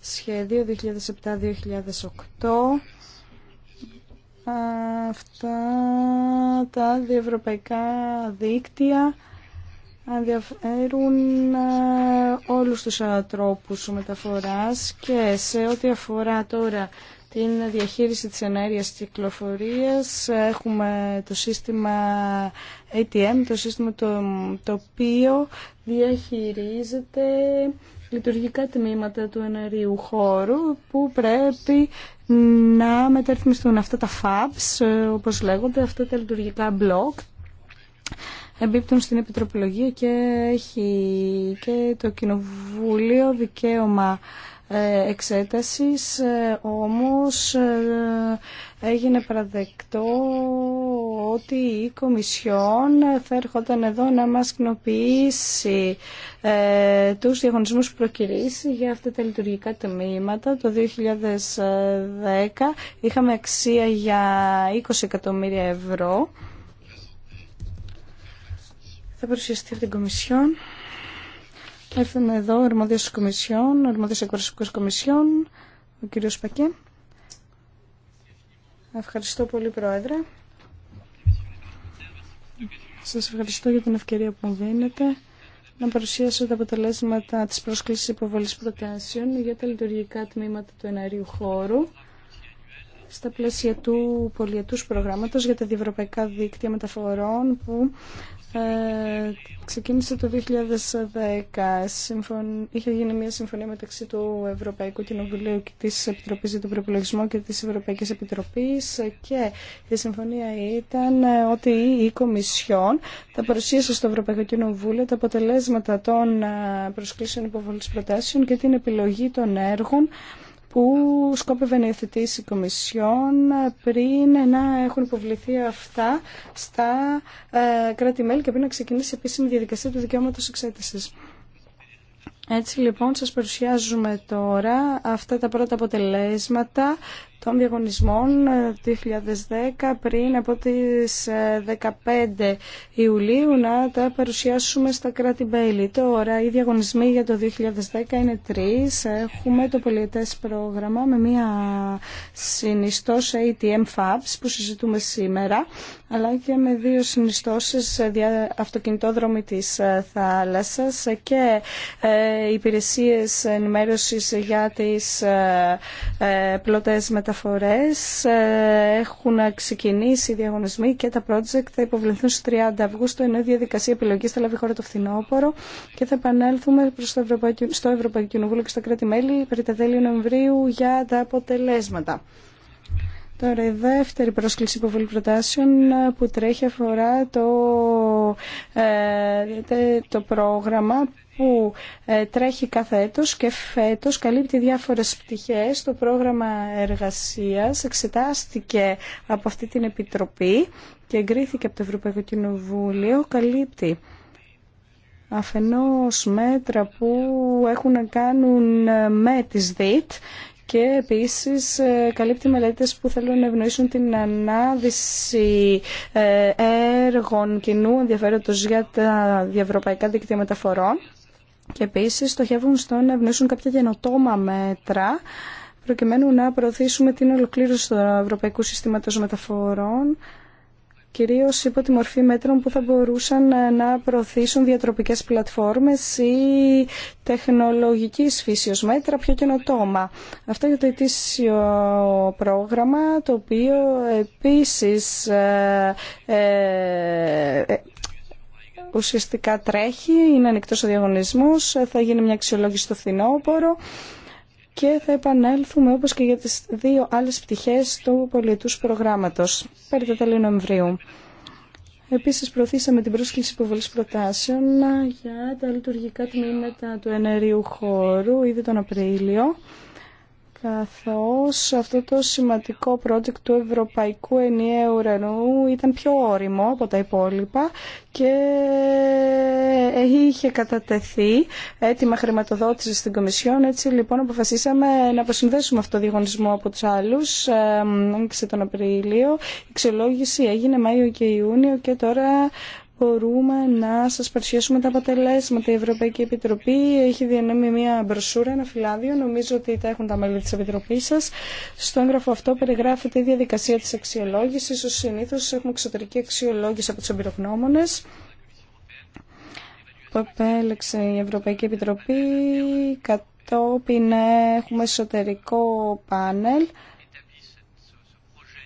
σχέδιο 2007-2008. Αυτά τα διευρωπαϊκά δίκτυα ενδιαφέρουν ε, όλους τους τρόπους μεταφοράς και σε ό,τι αφορά τώρα την διαχείριση της ενέργειας κυκλοφορίας έχουμε το σύστημα ATM, το σύστημα το, το οποίο διαχειρίζεται λειτουργικά τμήματα του ενεργείου χώρου που πρέπει να μεταρρυθμιστούν αυτά τα FABs, ε, όπως λέγονται, αυτά τα λειτουργικά μπλοκ εμπίπτουν στην επιτροπολογία και έχει και το Κοινοβούλιο δικαίωμα ε, εξέτασης ε, όμως ε, έγινε παραδεκτό ότι η Κομισιόν θα έρχονταν εδώ να μας κοινοποιήσει τους διαγωνισμούς που προκυρήσει για αυτά τα λειτουργικά τμήματα. Το 2010 είχαμε αξία για 20 εκατομμύρια ευρώ θα παρουσιαστεί από την Κομισιόν. Έρθουν εδώ ο αρμόδιο της Κομισιόν, ο αρμόδιο εκπροσωπικό Κομισιόν, ο κύριο Πακέ. Ευχαριστώ πολύ, Πρόεδρε. Σα ευχαριστώ για την ευκαιρία που μου δίνετε να παρουσιάσω τα αποτελέσματα της πρόσκλησης υποβολής προτάσεων για τα λειτουργικά τμήματα του εναερίου χώρου στα πλαίσια του πολιετούς προγράμματος για τα διευρωπαϊκά δίκτυα μεταφορών που ε, ξεκίνησε το 2010. Συμφων... Είχε γίνει μια συμφωνία μεταξύ του Ευρωπαϊκού Κοινοβουλίου και της Επιτροπής για τον Προπολογισμό και της Ευρωπαϊκής Επιτροπής και η συμφωνία ήταν ότι η Κομισιόν θα παρουσίασε στο Ευρωπαϊκό Κοινοβούλιο τα αποτελέσματα των ε, προσκλήσεων υποβολής προτάσεων και την επιλογή των έργων που σκόπευε να υιοθετήσει η Κομισιόν πριν να έχουν υποβληθεί αυτά στα ε, κράτη-μέλη και πριν να ξεκινήσει η επίσημη διαδικασία του δικαιώματο εξέταση. Έτσι λοιπόν σας παρουσιάζουμε τώρα αυτά τα πρώτα αποτελέσματα των διαγωνισμών 2010 ε, πριν από τις 15 ε, Ιουλίου να τα παρουσιάσουμε στα κρατη μπελη Τώρα οι διαγωνισμοί για το 2010 είναι τρεις. Έχουμε το πολιτες πρόγραμμα με μια συνιστός ATM Fabs που συζητούμε σήμερα αλλά και με δύο συνιστώσεις ε, αυτοκινητόδρομοι της ε, θάλασσας και ε, υπηρεσίες ενημέρωσης για τις πλωτές μεταφορές. Έχουν ξεκινήσει οι διαγωνισμοί και τα project θα υποβληθούν στις 30 Αυγούστου, ενώ η διαδικασία επιλογής θα λάβει χώρα το φθινόπωρο και θα επανέλθουμε προς το Ευρωπαϊκό, στο Ευρωπαϊκό Κοινοβούλιο και στα κράτη-μέλη περί τα τέλη Νοεμβρίου για τα αποτελέσματα. Τώρα η δεύτερη πρόσκληση υποβολή προτάσεων ε, που τρέχει αφορά το, ε, το πρόγραμμα που ε, τρέχει κάθε έτος και φέτος καλύπτει διάφορες πτυχές. Το πρόγραμμα εργασίας εξετάστηκε από αυτή την Επιτροπή και εγκρίθηκε από το Ευρωπαϊκό Κοινοβούλιο. Καλύπτει αφενός μέτρα που έχουν να κάνουν με τις ΔΙΤ και επίσης ε, καλύπτει μελέτες που θέλουν να ευνοήσουν την ανάδυση ε, έργων κοινού ενδιαφέροντος για τα διευρωπαϊκά δίκτυα μεταφορών και επίσης στοχεύουν στο να ευνοήσουν κάποια γενοτόμα μέτρα προκειμένου να προωθήσουμε την ολοκλήρωση του Ευρωπαϊκού Συστήματος Μεταφορών κυρίως υπό τη μορφή μέτρων που θα μπορούσαν ε, να προωθήσουν διατροπικές πλατφόρμες ή τεχνολογικής φύσεως μέτρα πιο καινοτόμα. Αυτό για το ετήσιο πρόγραμμα, το οποίο επίσης ε, ε, ε ουσιαστικά τρέχει, είναι ανοιχτός ο διαγωνισμός, ε, θα γίνει μια αξιολόγηση στο φθινόπωρο και θα επανέλθουμε όπως και για τις δύο άλλες πτυχές του πολιτούς προγράμματος περί τα τέλη Νοεμβρίου. Επίσης προωθήσαμε την πρόσκληση υποβολής προτάσεων για τα λειτουργικά τμήματα του ενέργειου χώρου ήδη τον Απρίλιο καθώς αυτό το σημαντικό project του Ευρωπαϊκού Ενιαίου Ουρανού ήταν πιο όριμο από τα υπόλοιπα και είχε κατατεθεί έτοιμα χρηματοδότηση στην Κομισιόν. Έτσι λοιπόν αποφασίσαμε να αποσυνδέσουμε αυτό το διαγωνισμό από τους άλλους. Άνοιξε τον Απριλίο, η εξολόγηση έγινε Μάιο και Ιούνιο και τώρα μπορούμε να σας παρουσιάσουμε τα αποτελέσματα. Η Ευρωπαϊκή Επιτροπή έχει διανέμει μια μπροσούρα, ένα φυλάδιο. Νομίζω ότι τα έχουν τα μέλη τη Επιτροπή σας. Στο έγγραφο αυτό περιγράφεται η διαδικασία της αξιολόγηση. Ως συνήθως έχουμε εξωτερική αξιολόγηση από τους εμπειρογνώμονες που επέλεξε η Ευρωπαϊκή Επιτροπή. Κατόπιν έχουμε εσωτερικό πάνελ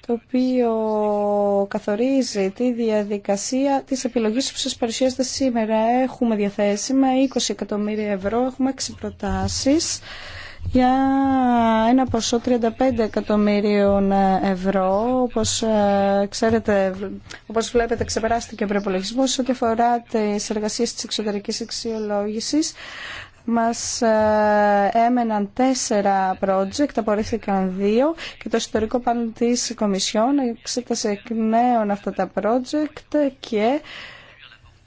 το οποίο καθορίζει τη διαδικασία της επιλογής που σας παρουσιάζεται σήμερα. Έχουμε διαθέσιμα 20 εκατομμύρια ευρώ, έχουμε 6 προτάσεις για ένα ποσό 35 εκατομμύριων ευρώ. Όπως, ε, ξέρετε, όπως βλέπετε ξεπεράστηκε ο προπολογισμό ό,τι αφορά τις εργασίες της εξωτερικής αξιολόγησης μας ε, έμεναν τέσσερα project, απορρίφθηκαν δύο και το ιστορικό πάνελ της Κομισιόν εξέτασε εκ νέων αυτά τα project και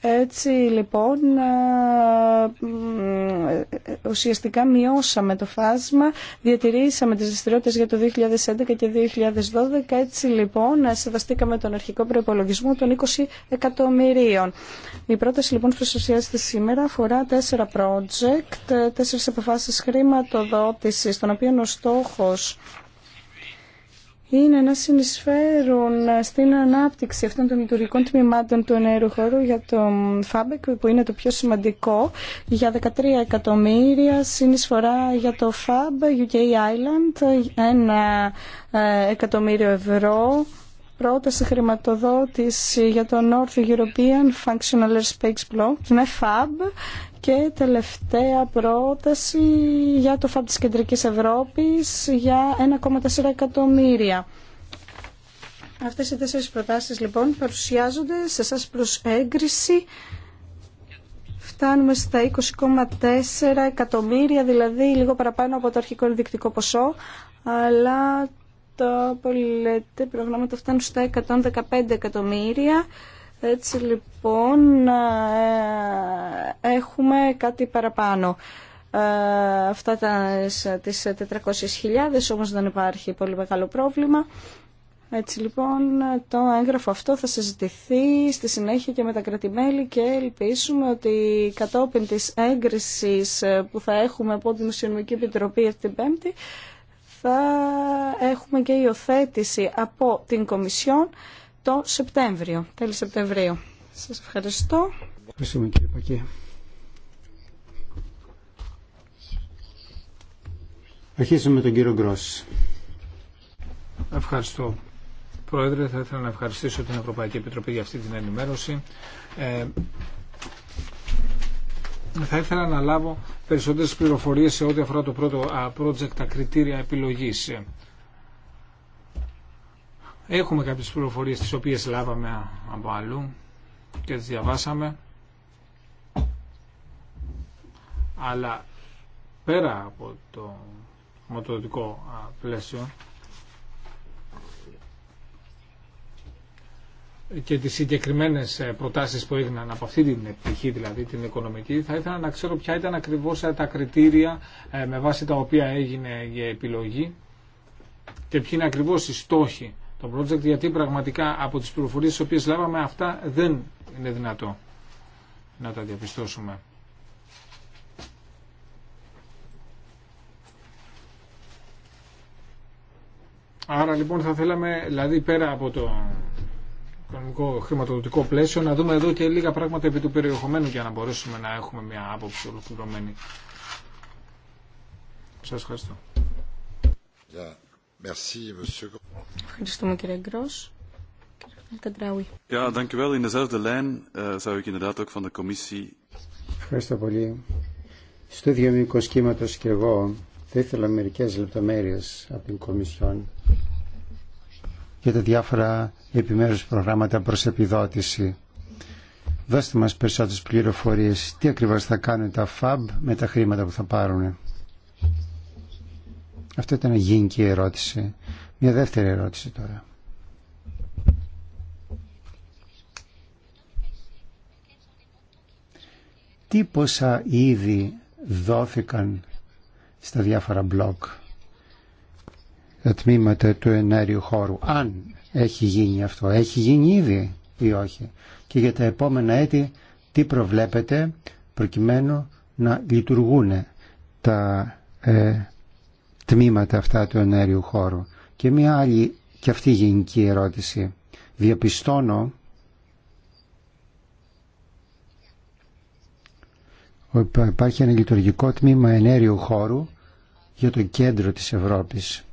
έτσι λοιπόν ε, ε, ουσιαστικά μειώσαμε το φάσμα, διατηρήσαμε τις δραστηριότητε για το 2011 και 2012, έτσι λοιπόν σεβαστήκαμε τον αρχικό προϋπολογισμό των 20 εκατομμυρίων. Η πρόταση λοιπόν που σοσιάζεται σήμερα αφορά τέσσερα project, τέσσερις αποφάσεις χρηματοδότησης, των οποίων ο στόχος είναι να συνεισφέρουν στην ανάπτυξη αυτών των λειτουργικών τμήματων του ενέργου χώρου για το ΦΑΜΠΕΚ που είναι το πιο σημαντικό για 13 εκατομμύρια συνεισφορά για το ΦΑΜΠ UK Island ένα ε, εκατομμύριο ευρώ πρόταση χρηματοδότηση για το North European Functional Space Block, την FAB, και τελευταία πρόταση για το FAB της Κεντρικής Ευρώπης για 1,4 εκατομμύρια. Αυτές οι τέσσερις προτάσεις λοιπόν παρουσιάζονται σε σας προς έγκριση. Φτάνουμε στα 20,4 εκατομμύρια, δηλαδή λίγο παραπάνω από το αρχικό ενδεικτικό ποσό, αλλά το λέτε, προγράμματα φτάνουν στα 115 εκατομμύρια. Έτσι λοιπόν ε, έχουμε κάτι παραπάνω. Ε, αυτά τις 400.000 όμως δεν υπάρχει πολύ μεγάλο πρόβλημα. Έτσι λοιπόν το έγγραφο αυτό θα συζητηθεί στη συνέχεια και με τα κρατημέλη και ελπίσουμε ότι κατόπιν της έγκρισης ε, που θα έχουμε από την Μουσιονομική Επιτροπή αυτή την Πέμπτη θα έχουμε και υιοθέτηση από την Κομισιόν το Σεπτέμβριο, τέλη Σεπτεμβρίου. Σας ευχαριστώ. Ευχαριστούμε κύριε Πακέ. Αρχίζουμε με τον κύριο Γκρός. Ευχαριστώ. Πρόεδρε, θα ήθελα να ευχαριστήσω την Ευρωπαϊκή Επιτροπή για αυτή την ενημέρωση. Ε, θα ήθελα να λάβω περισσότερες πληροφορίες σε ό,τι αφορά το πρώτο project, τα κριτήρια επιλογής. Έχουμε κάποιες πληροφορίες τις οποίες λάβαμε από αλλού και τις διαβάσαμε. Αλλά πέρα από το μοτοδοτικό πλαίσιο και τις συγκεκριμένες ε, προτάσεις που έγιναν από αυτή την πτυχή, δηλαδή την οικονομική, θα ήθελα να ξέρω ποια ήταν ακριβώς ε, τα κριτήρια ε, με βάση τα οποία έγινε η επιλογή και ποιοι είναι ακριβώς οι στόχοι των project, γιατί πραγματικά από τις πληροφορίες τις οποίες λάβαμε αυτά δεν είναι δυνατό να τα διαπιστώσουμε. Άρα λοιπόν θα θέλαμε, δηλαδή πέρα από το οικονομικό χρηματοδοτικό πλαίσιο, να δούμε εδώ και λίγα πράγματα επί του περιεχομένου για να μπορέσουμε να έχουμε μια άποψη ολοκληρωμένη. Σας ευχαριστώ. Ευχαριστούμε κύριε Γκρός. Ευχαριστώ πολύ. Στο ίδιο μήκο κύματο και εγώ θα ήθελα μερικέ λεπτομέρειε από την Κομισιόν για τα διάφορα επιμέρους προγράμματα προς επιδότηση. Δώστε μας περισσότερες πληροφορίες. Τι ακριβώς θα κάνουν τα FAB με τα χρήματα που θα πάρουν. Αυτό ήταν γίνει η ερώτηση. Μια δεύτερη ερώτηση τώρα. Τι ποσά ήδη δόθηκαν στα διάφορα μπλοκ τμήματα του ενέργειου χώρου. Αν έχει γίνει αυτό, έχει γίνει ήδη ή όχι. Και για τα επόμενα έτη τι προβλέπετε προκειμένου να λειτουργούν τα ε, τμήματα αυτά του ενέργειου χώρου. Και μια άλλη και αυτή γενική ερώτηση. Διαπιστώνω ότι υπάρχει ένα λειτουργικό τμήμα ενέργειου χώρου για το κέντρο της Ευρώπης.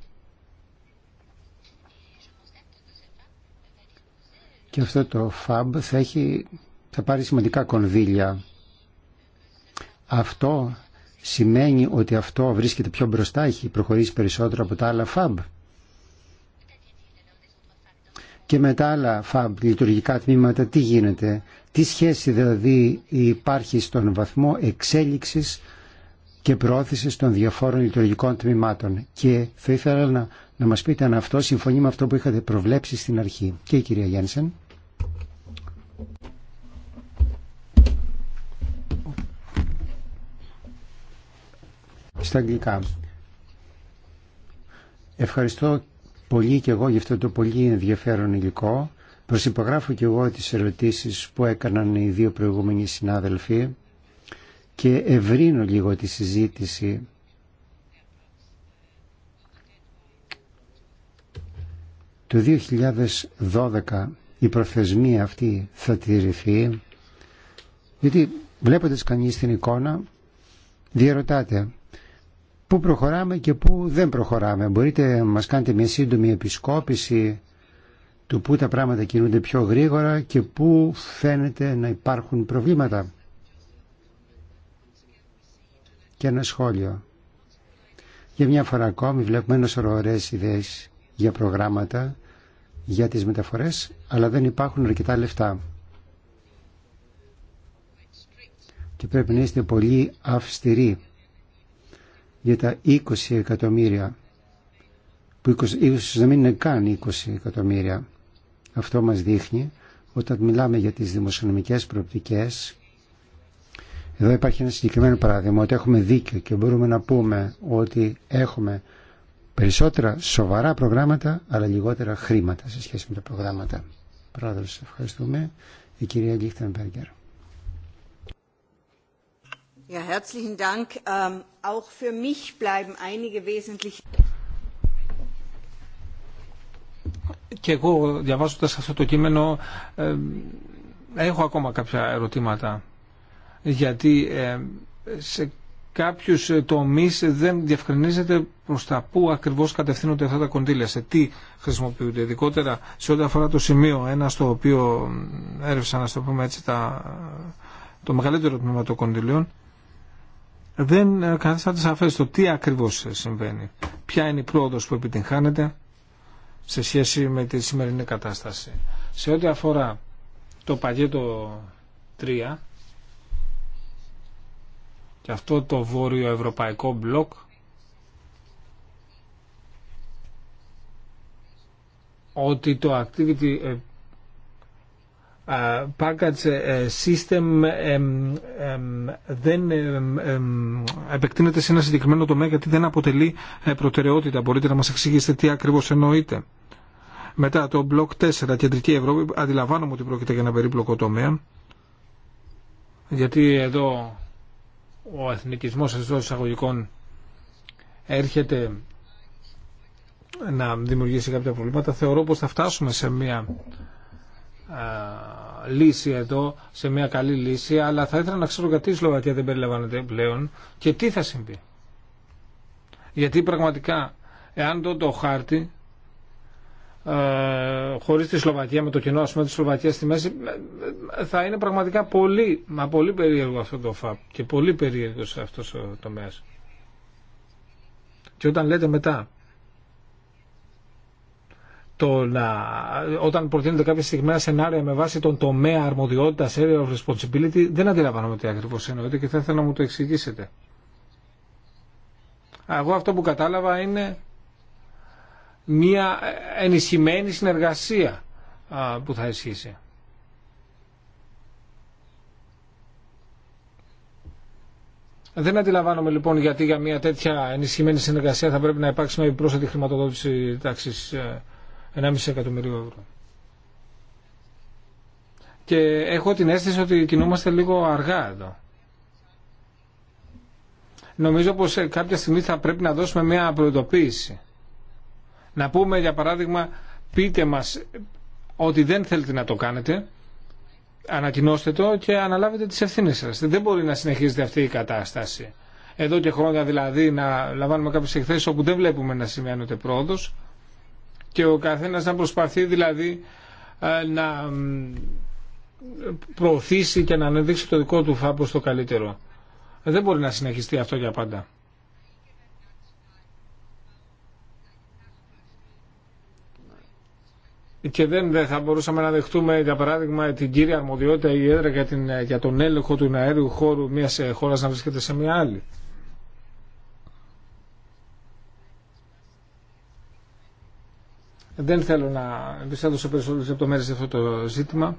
και αυτό το FAB θα, έχει, θα πάρει σημαντικά κονδύλια. Αυτό σημαίνει ότι αυτό βρίσκεται πιο μπροστά, έχει προχωρήσει περισσότερο από τα άλλα FAB. Και με τα άλλα FAB, λειτουργικά τμήματα, τι γίνεται. Τι σχέση δηλαδή υπάρχει στον βαθμό εξέλιξης και προώθησης των διαφόρων λειτουργικών τμήματων. Και θα ήθελα να να μας πείτε αν αυτό συμφωνεί με αυτό που είχατε προβλέψει στην αρχή. Και η κυρία Γιάννησεν. Στα αγγλικά. Ευχαριστώ πολύ και εγώ για αυτό το πολύ ενδιαφέρον υλικό. Προσυπογράφω και εγώ τις ερωτήσεις που έκαναν οι δύο προηγούμενοι συνάδελφοι και ευρύνω λίγο τη συζήτηση Το 2012 η προθεσμία αυτή θα τηρηθεί γιατί βλέποντας κανείς την εικόνα διαρωτάτε πού προχωράμε και πού δεν προχωράμε. Μπορείτε να μας κάνετε μια σύντομη επισκόπηση του πού τα πράγματα κινούνται πιο γρήγορα και πού φαίνεται να υπάρχουν προβλήματα. Και ένα σχόλιο. Για μια φορά ακόμη βλέπουμε ένα σωρό ιδέες για προγράμματα για τις μεταφορές, αλλά δεν υπάρχουν αρκετά λεφτά. Και πρέπει να είστε πολύ αυστηροί για τα 20 εκατομμύρια, που 20, ίσως να μην είναι καν 20 εκατομμύρια. Αυτό μας δείχνει όταν μιλάμε για τις δημοσιονομικές προοπτικές. Εδώ υπάρχει ένα συγκεκριμένο παράδειγμα ότι έχουμε δίκιο και μπορούμε να πούμε ότι έχουμε περισσότερα σοβαρά προγράμματα αλλά λιγότερα χρήματα σε σχέση με τα προγράμματα. Πρόεδρος, ευχαριστούμε. Η κυρία Λίχτενμπεργκερ. Ja, herzlichen Dank. Ähm, auch für mich bleiben einige wesentliche. Και εγώ διαβάζοντας αυτό το κείμενο ε, έχω ακόμα κάποια ερωτήματα. Γιατί ε, σε κάποιους ε, τομείς ε, δεν διευκρινίζεται προς τα πού ακριβώς κατευθύνονται αυτά τα κονδύλια, σε τι χρησιμοποιούνται. Ειδικότερα σε ό,τι αφορά το σημείο ένα στο οποίο έρευσαν, να το πούμε έτσι, τα, το μεγαλύτερο τμήμα των κονδυλίων, δεν ε, καθίσταται σαφές το τι ακριβώς συμβαίνει, ποια είναι η πρόοδος που επιτυγχάνεται σε σχέση με τη σημερινή κατάσταση. Σε ό,τι αφορά το παγέτο 3, και αυτό το βόρειο ευρωπαϊκό μπλοκ ότι το activity ε, ε, package ε, system δεν επεκτείνεται σε ένα συγκεκριμένο τομέα γιατί δεν αποτελεί προτεραιότητα. Μπορείτε να μας εξηγήσετε τι ακριβώς εννοείται. Μετά το μπλοκ 4, Κεντρική Ευρώπη, αντιλαμβάνομαι ότι πρόκειται για ένα περίπλοκο τομέα, γιατί εδώ ο εθνικισμός εντό εισαγωγικών έρχεται να δημιουργήσει κάποια προβλήματα, θεωρώ πως θα φτάσουμε σε μια λύση εδώ, σε μια καλή λύση, αλλά θα ήθελα να ξέρω γιατί η Σλοβακία δεν περιλαμβάνεται πλέον και τι θα συμβεί. Γιατί πραγματικά, εάν δω το χάρτη, ε, χωρί τη Σλοβακία, με το κοινό ας πούμε, τη Σλοβακία στη μέση, ε, ε, θα είναι πραγματικά πολύ, μα πολύ περίεργο αυτό το ΦΑΠ και πολύ περίεργο αυτό ο τομέα. Και όταν λέτε μετά, το να, όταν προτείνονται κάποια ένα σενάριο με βάση τον τομέα αρμοδιότητα, area of responsibility, δεν αντιλαμβάνομαι τι ακριβώ εννοείται και θα ήθελα να μου το εξηγήσετε. Εγώ αυτό που κατάλαβα είναι μια ενισχυμένη συνεργασία που θα ισχύσει. Δεν αντιλαμβάνομαι λοιπόν γιατί για μια τέτοια ενισχυμένη συνεργασία θα πρέπει να υπάρξει μια επιπρόσθετη χρηματοδότηση ταξης 1,5 ε, εκατομμυρίου ευρώ. Και έχω την αίσθηση ότι κινούμαστε λίγο αργά εδώ. Νομίζω πως ε, κάποια στιγμή θα πρέπει να δώσουμε μια προειδοποίηση να πούμε για παράδειγμα πείτε μας ότι δεν θέλετε να το κάνετε, ανακοινώστε το και αναλάβετε τις ευθύνες σας. Δεν μπορεί να συνεχίζεται αυτή η κατάσταση. Εδώ και χρόνια δηλαδή να λαμβάνουμε κάποιες εκθέσεις όπου δεν βλέπουμε να σημαίνονται πρόοδος και ο καθένας να προσπαθεί δηλαδή ε, να προωθήσει και να αναδείξει το δικό του φάπο στο καλύτερο. Δεν μπορεί να συνεχιστεί αυτό για πάντα. και δεν θα μπορούσαμε να δεχτούμε, για παράδειγμα, την κύρια αρμοδιότητα ή έδρα για, τον έλεγχο του αέριου χώρου μιας ε, χώρας να βρίσκεται σε μια άλλη. Δεν θέλω να επιστρέψω σε περισσότερε λεπτομέρειε σε αυτό το ζήτημα.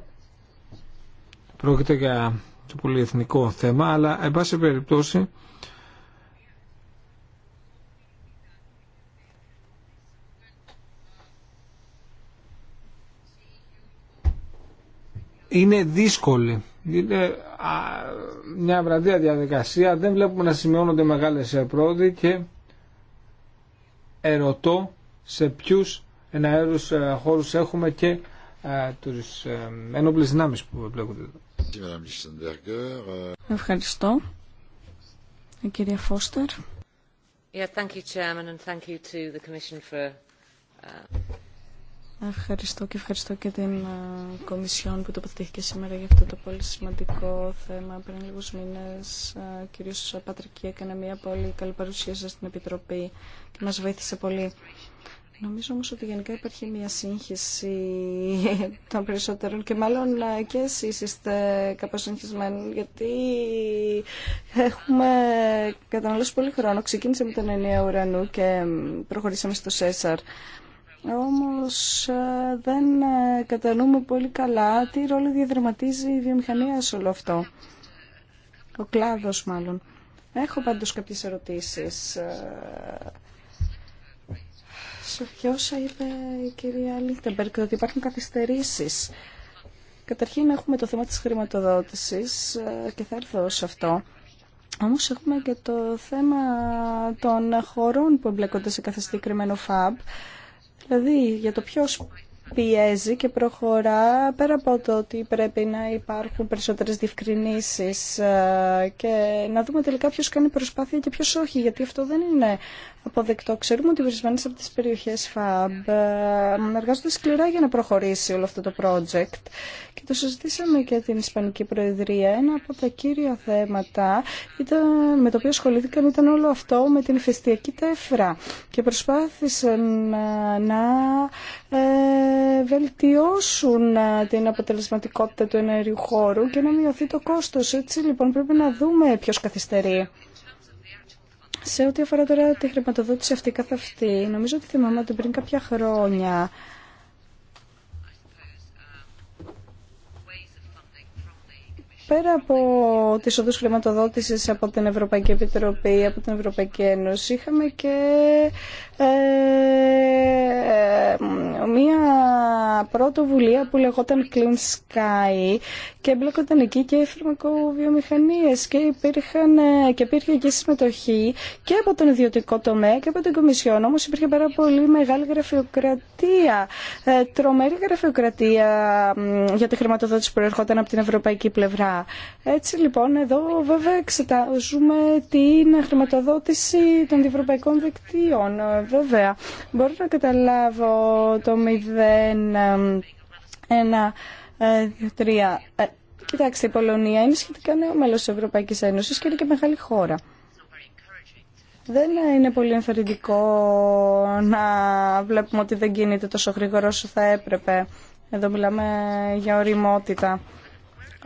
Πρόκειται για το πολυεθνικό θέμα, αλλά, εν πάση περιπτώσει, είναι δύσκολη. Είναι μια βραδιά διαδικασία, δεν βλέπουμε να σημειώνονται μεγάλες πρόοδοι και ερωτώ σε ποιους εναέρους ε, χώρους έχουμε και ε, τους ενόπλες δυνάμεις που εδώ. Ευχαριστώ. Η κυρία Φώστερ. Yeah, thank you, Chairman, and thank you to the Commission for... Uh, Ευχαριστώ και ευχαριστώ και την ε, Κομισιόν που τοποθετήθηκε σήμερα για αυτό το πολύ σημαντικό θέμα. Πριν λίγου μήνε, ε, ο Πατρική έκανε μια πολύ καλή παρουσίαση στην Επιτροπή και μα βοήθησε πολύ. Νομίζω όμω ότι γενικά υπάρχει μια σύγχυση *laughs* των περισσότερων και μάλλον ε, και εσεί είστε κάπω σύγχυσμένοι γιατί έχουμε καταναλώσει πολύ χρόνο. Ξεκίνησε με τον ενιαίο ουρανού και προχωρήσαμε στο ΣΕΣΑΡ. Όμως ε, δεν ε, κατανοούμε πολύ καλά τι ρόλο διαδραματίζει η βιομηχανία σε όλο αυτό. Ο κλάδος μάλλον. Έχω πάντως κάποιες ερωτήσεις. Ε, ποιο είπε η κυρία Λίχτεμπερκ ότι υπάρχουν καθυστερήσεις. Καταρχήν έχουμε το θέμα της χρηματοδότησης και θα έρθω σε αυτό. Όμως έχουμε και το θέμα των χωρών που εμπλέκονται σε κάθε συγκεκριμένο Δηλαδή για το ποιο πιέζει και προχωρά πέρα από το ότι πρέπει να υπάρχουν περισσότερες διευκρινήσεις ε, και να δούμε τελικά ποιος κάνει προσπάθεια και ποιος όχι γιατί αυτό δεν είναι αποδεκτό. Ξέρουμε ότι ορισμένε από τι περιοχέ FAB ε, εργάζονται σκληρά για να προχωρήσει όλο αυτό το project και το συζητήσαμε και την Ισπανική Προεδρία. Ένα από τα κύρια θέματα ήταν, με το οποίο ασχολήθηκαν ήταν όλο αυτό με την ηφαιστειακή τέφρα και προσπάθησαν ε, να ε, βελτιώσουν την αποτελεσματικότητα του ενέργειου χώρου και να μειωθεί το κόστος. Έτσι λοιπόν πρέπει να δούμε ποιος καθυστερεί. Σε ό,τι αφορά τώρα τη χρηματοδότηση αυτή καθ' αυτή, νομίζω ότι θυμάμαι ότι πριν κάποια χρόνια πέρα από τις οδούς χρηματοδότησης από την Ευρωπαϊκή Επιτροπή, από την Ευρωπαϊκή Ένωση, είχαμε και ε, μία πρωτοβουλία που λεγόταν Clean Sky και εμπλέκονταν εκεί και οι φαρμακοβιομηχανίες και, υπήρχαν, ε, και υπήρχε εκεί συμμετοχή και από τον ιδιωτικό τομέα και από την Κομισιόν όμως υπήρχε πάρα πολύ μεγάλη γραφειοκρατία ε, τρομερή γραφειοκρατία για τη χρηματοδότηση που ερχόταν από την ευρωπαϊκή πλευρά έτσι λοιπόν εδώ βέβαια εξετάζουμε την χρηματοδότηση των ευρωπαϊκών δικτύων Βέβαια, μπορώ να καταλάβω το 0, 1, 2, 3. Κοιτάξτε, η Πολωνία είναι σχετικά νέο μέλος της Ευρωπαϊκής Ένωσης και είναι και μεγάλη χώρα. Δεν είναι πολύ ενθαρρυντικό να βλέπουμε ότι δεν κινείται τόσο γρήγορα όσο θα έπρεπε. Εδώ μιλάμε για οριμότητα.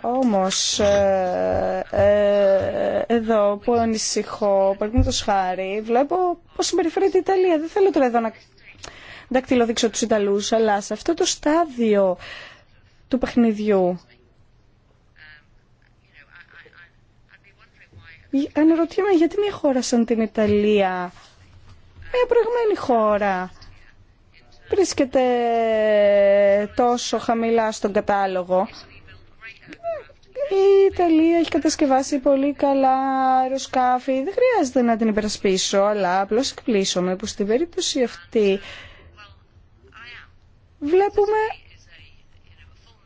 Όμως, ε, ε, εδώ που ανησυχώ, παραδείγματο χάρη, βλέπω πώς συμπεριφέρεται η Ιταλία. Δεν θέλω τώρα εδώ να δακτυλοδείξω τους Ιταλούς, αλλά σε αυτό το στάδιο του παιχνιδιού. Αναρωτιέμαι γιατί μια χώρα σαν την Ιταλία, μια προηγμένη χώρα, βρίσκεται τόσο χαμηλά στον κατάλογο. Η Ιταλία έχει κατασκευάσει πολύ καλά αεροσκάφη. Δεν χρειάζεται να την υπερασπίσω, αλλά απλώ εκπλήσωμαι που στην περίπτωση αυτή βλέπουμε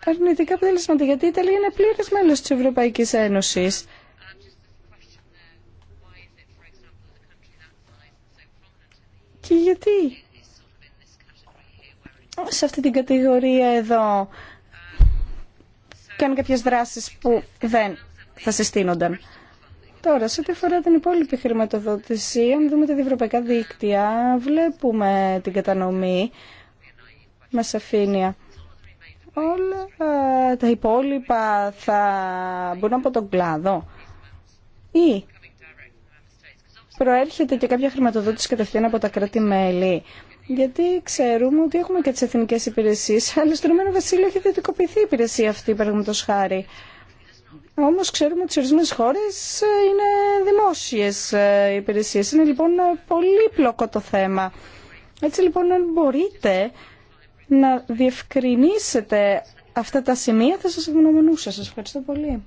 αρνητικά αποτελέσματα. Γιατί η Ιταλία είναι πλήρε μέλο τη Ευρωπαϊκή Ένωση. Και γιατί σε αυτή την κατηγορία εδώ κάνουν κάποιες δράσεις που δεν θα συστήνονταν. Τώρα, σε ό,τι αφορά την υπόλοιπη χρηματοδότηση, αν δούμε τα διευρωπαϊκά δίκτυα, βλέπουμε την κατανομή με σαφήνεια. Όλα τα υπόλοιπα θα μπουν από τον κλάδο ή προέρχεται και κάποια χρηματοδότηση κατευθείαν από τα κράτη-μέλη. Γιατί ξέρουμε ότι έχουμε και τι εθνικέ υπηρεσίε, αλλά στον Ηνωμένο Βασίλειο έχει ιδιωτικοποιηθεί η υπηρεσία αυτή, παραδείγματο χάρη. Όμω ξέρουμε ότι σε ορισμένε χώρε ε, είναι δημόσιε υπηρεσίε. Είναι λοιπόν πολύ πλοκό το θέμα. Έτσι λοιπόν, αν μπορείτε να διευκρινίσετε αυτά τα σημεία, θα σας ευγνωμονούσα. Σα ευχαριστώ πολύ.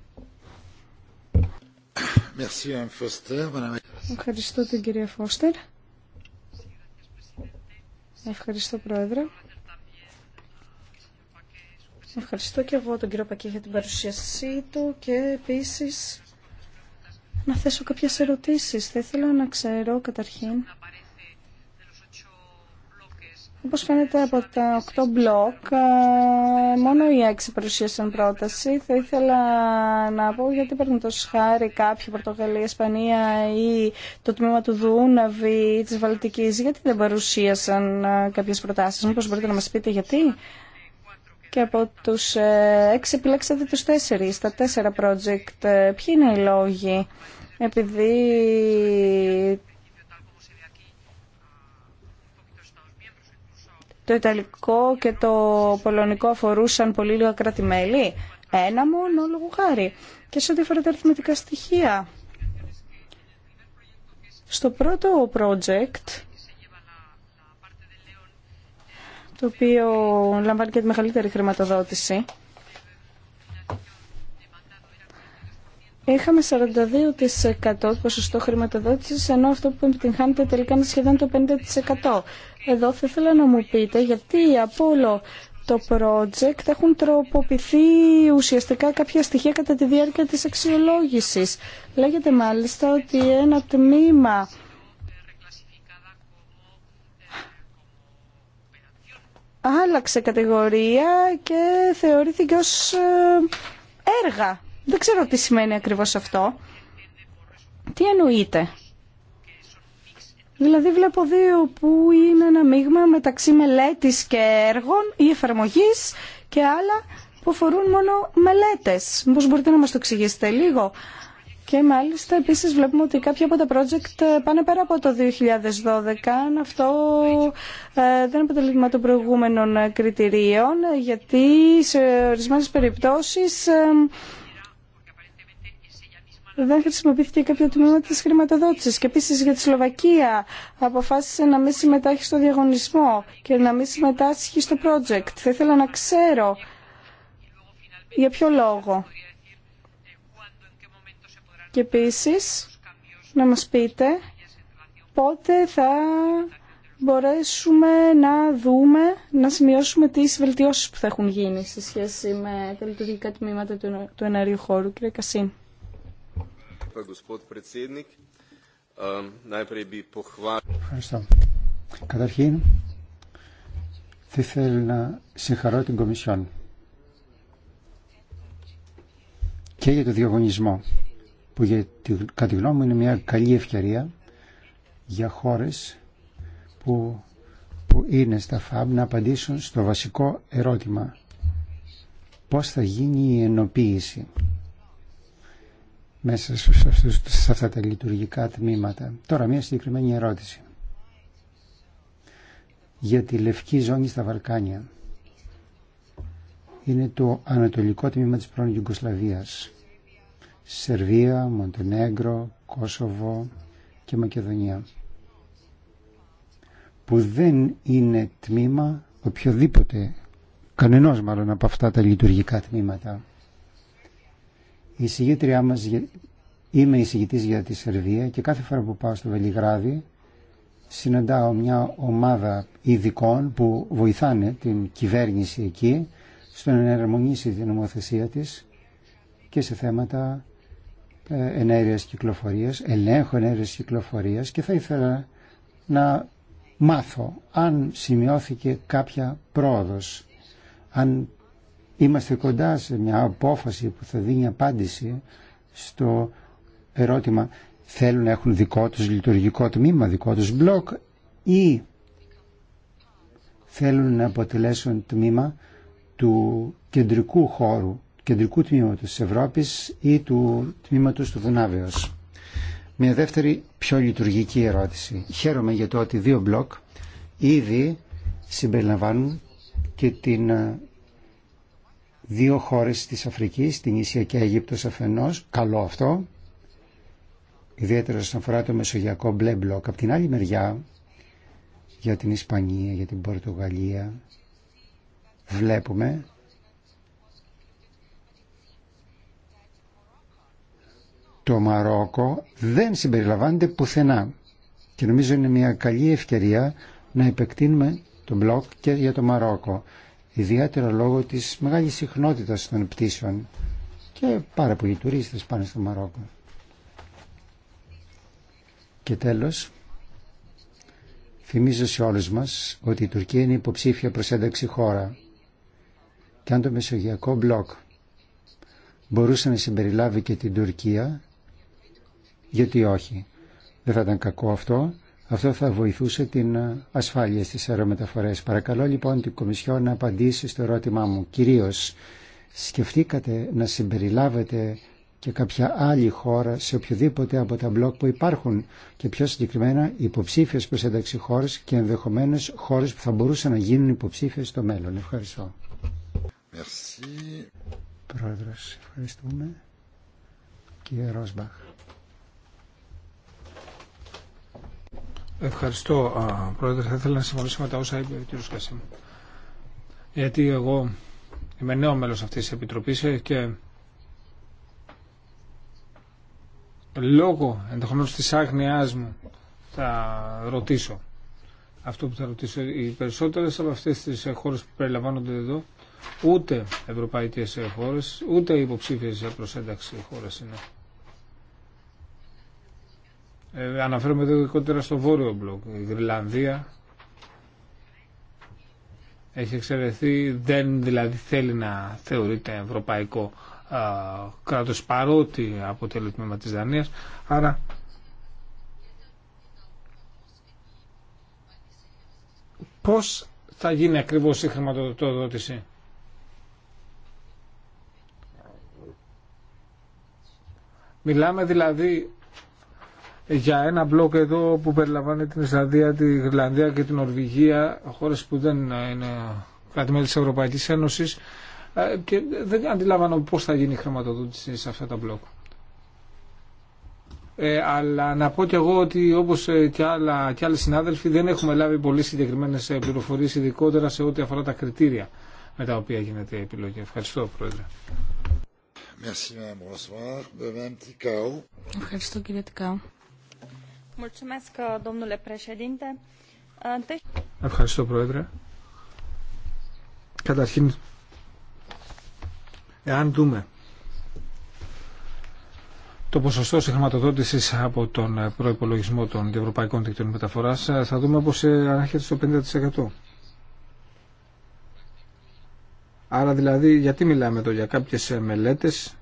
Ευχαριστώ την κυρία Φώστερ. Ευχαριστώ, Πρόεδρε. Ευχαριστώ και εγώ τον κύριο Πακή για την παρουσίασή του και επίσης να θέσω κάποιες ερωτήσεις. Θα ήθελα να ξέρω καταρχήν όπως φαίνεται από τα 8 μπλοκ, ε, μόνο οι έξι παρουσίασαν πρόταση. Θα ήθελα να πω γιατί παίρνουν το χάρη κάποιοι Πορτογαλία, Ισπανία ή το τμήμα του Δούναβη ή της Βαλτικής. Γιατί δεν παρουσίασαν ε, κάποιες προτάσεις. Μήπως μπορείτε να μας πείτε γιατί. Και από τους 6 ε, επιλέξατε τους 4, τα τέσσερα project. Ποιοι είναι οι λόγοι. Επειδή το Ιταλικό και το Πολωνικό αφορούσαν πολύ λίγα κράτη-μέλη. Ένα μόνο λόγω χάρη. Και σε ό,τι αφορά τα αριθμητικά στοιχεία. Στο πρώτο project, το οποίο λαμβάνει και τη μεγαλύτερη χρηματοδότηση, Είχαμε 42% ποσοστό χρηματοδότηση ενώ αυτό που επιτυγχάνεται τελικά είναι σχεδόν το 50%. Εδώ θα ήθελα να μου πείτε γιατί από όλο το project έχουν τροποποιηθεί ουσιαστικά κάποια στοιχεία κατά τη διάρκεια της αξιολόγησης. Λέγεται μάλιστα ότι ένα τμήμα άλλαξε κατηγορία και θεωρήθηκε ως ε, έργα δεν ξέρω τι σημαίνει ακριβώς αυτό. Τι εννοείται. Δηλαδή βλέπω δύο που είναι ένα μείγμα μεταξύ μελέτης και έργων ή εφαρμογής και άλλα που αφορούν μόνο μελέτες. Μήπως μπορείτε να μας το εξηγήσετε λίγο. Και μάλιστα επίσης βλέπουμε ότι κάποια από τα project ε, πάνε πέρα από το 2012. Αυτό ε, δεν αποτελεί των προηγούμενων ε, κριτηρίων γιατί σε ορισμένες περιπτώσεις δεν χρησιμοποιήθηκε κάποιο τμήμα τη χρηματοδότηση. Και επίση για τη Σλοβακία αποφάσισε να μην συμμετάσχει στο διαγωνισμό και να μην συμμετάσχει στο project. Θα ήθελα να ξέρω για ποιο λόγο. Και επίση, να μας πείτε πότε θα μπορέσουμε να δούμε, να σημειώσουμε τις βελτιώσεις που θα έχουν γίνει σε σχέση με τα λειτουργικά τμήματα του εναέριου χώρου. Κύριε Κασίν. Ehm, Καταρχήν, θα ήθελα να συγχαρώ την Κομισιόν και για το διαγωνισμό που για τη, κατά τη γνώμη μου είναι μια καλή ευκαιρία για χώρες που, που είναι στα ΦΑΜ να απαντήσουν στο βασικό ερώτημα πώς θα γίνει η ενοποίηση μέσα σε αυτά τα λειτουργικά τμήματα. Τώρα μια συγκεκριμένη ερώτηση για τη λευκή ζώνη στα Βαλκάνια. Είναι το ανατολικό τμήμα της πρώην Ιουγκοσλαβίας. Σερβία, Μοντενέγκρο, Κόσοβο και Μακεδονία. Που δεν είναι τμήμα οποιοδήποτε, κανενός μάλλον από αυτά τα λειτουργικά τμήματα. Η συγγήτριά μας, είμαι εισηγητής για τη Σερβία και κάθε φορά που πάω στο Βελιγράδι συναντάω μια ομάδα ειδικών που βοηθάνε την κυβέρνηση εκεί στο να εναρμονίσει την νομοθεσία της και σε θέματα ε, ενέργειας κυκλοφορίας, ελέγχου ενέργειας κυκλοφορίας και θα ήθελα να μάθω αν σημειώθηκε κάποια πρόοδος, αν Είμαστε κοντά σε μια απόφαση που θα δίνει απάντηση στο ερώτημα θέλουν να έχουν δικό τους λειτουργικό τμήμα, δικό τους μπλοκ ή θέλουν να αποτελέσουν τμήμα του κεντρικού χώρου, κεντρικού τμήματος της Ευρώπης ή του τμήματος του Δουνάβεως. Μια δεύτερη πιο λειτουργική ερώτηση. Χαίρομαι για το ότι δύο μπλοκ ήδη συμπεριλαμβάνουν και την ε, δύο χώρες της Αφρικής, την Ίσια και Αίγυπτος αφενός, καλό αυτό, ιδιαίτερα όσον αφορά το μεσογειακό μπλε μπλοκ. Απ' την άλλη μεριά, για την Ισπανία, για την Πορτογαλία, βλέπουμε το Μαρόκο δεν συμπεριλαμβάνεται πουθενά. Και νομίζω είναι μια καλή ευκαιρία να επεκτείνουμε το μπλοκ και για το Μαρόκο ιδιαίτερα λόγω της μεγάλης συχνότητας των πτήσεων και πάρα πολλοί τουρίστες πάνε στο Μαρόκο. Και τέλος, θυμίζω σε όλους μας ότι η Τουρκία είναι υποψήφια προς ένταξη χώρα και αν το μεσογειακό μπλοκ μπορούσε να συμπεριλάβει και την Τουρκία, γιατί όχι. Δεν θα ήταν κακό αυτό αυτό θα βοηθούσε την ασφάλεια στις αερομεταφορές. Παρακαλώ λοιπόν την Κομισιό να απαντήσει στο ερώτημά μου. Κυρίως, σκεφτήκατε να συμπεριλάβετε και κάποια άλλη χώρα σε οποιοδήποτε από τα μπλοκ που υπάρχουν και πιο συγκεκριμένα υποψήφιες προς ένταξη χώρες και ενδεχομένως χώρες που θα μπορούσαν να γίνουν υποψήφιες στο μέλλον. Ευχαριστώ. Πρόεδρος, ευχαριστούμε. Κύριε Ρόσμπαχ. Ευχαριστώ, Πρόεδρε. Θα ήθελα να συμφωνήσω με τα όσα είπε ο κ. Κασίμ. Γιατί εγώ είμαι νέο μέλο αυτής τη Επιτροπής ε, και λόγω ενδεχομένω τη άγνοιά μου θα ρωτήσω αυτό που θα ρωτήσω. Οι περισσότερες από αυτές τις ε, χώρε που περιλαμβάνονται εδώ ούτε ευρωπαϊκέ ε, χώρε, ούτε υποψήφιες για ένταξη χώρε είναι. Ε, αναφέρομαι εδώ ειδικότερα στο βόρειο μπλοκ. Η Γρυλανδία έχει εξαιρεθεί, δεν δηλαδή θέλει να θεωρείται ευρωπαϊκό κράτο κράτος παρότι αποτελεί τμήμα της Δανίας. Άρα πώς θα γίνει ακριβώς η χρηματοδότηση. Μιλάμε δηλαδή για ένα μπλοκ εδώ που περιλαμβάνει την Ισλανδία, τη Γρυλανδία και την Ορβηγία, χώρες που δεν είναι κράτη-μέλη της Ευρωπαϊκής Ένωσης ε, και δεν αντιλαμβάνω πώς θα γίνει η χρηματοδότηση σε αυτά τα μπλοκ. Ε, αλλά να πω κι εγώ ότι όπως ε, και, και άλλοι συνάδελφοι δεν έχουμε λάβει πολύ συγκεκριμένες ε, πληροφορίες ειδικότερα σε ό,τι αφορά τα κριτήρια με τα οποία γίνεται η επιλογή. Ευχαριστώ Πρόεδρε. Ευχαριστώ κύριε Τικάου. Ευχαριστώ, Πρόεδρε. Καταρχήν, εάν δούμε το ποσοστό συγχρηματοδότηση από τον προπολογισμό των διευρωπαϊκών δικτύων μεταφορά θα δούμε πω ε, ανέρχεται στο 50%. Άρα δηλαδή γιατί μιλάμε εδώ για κάποιες ε, μελέτες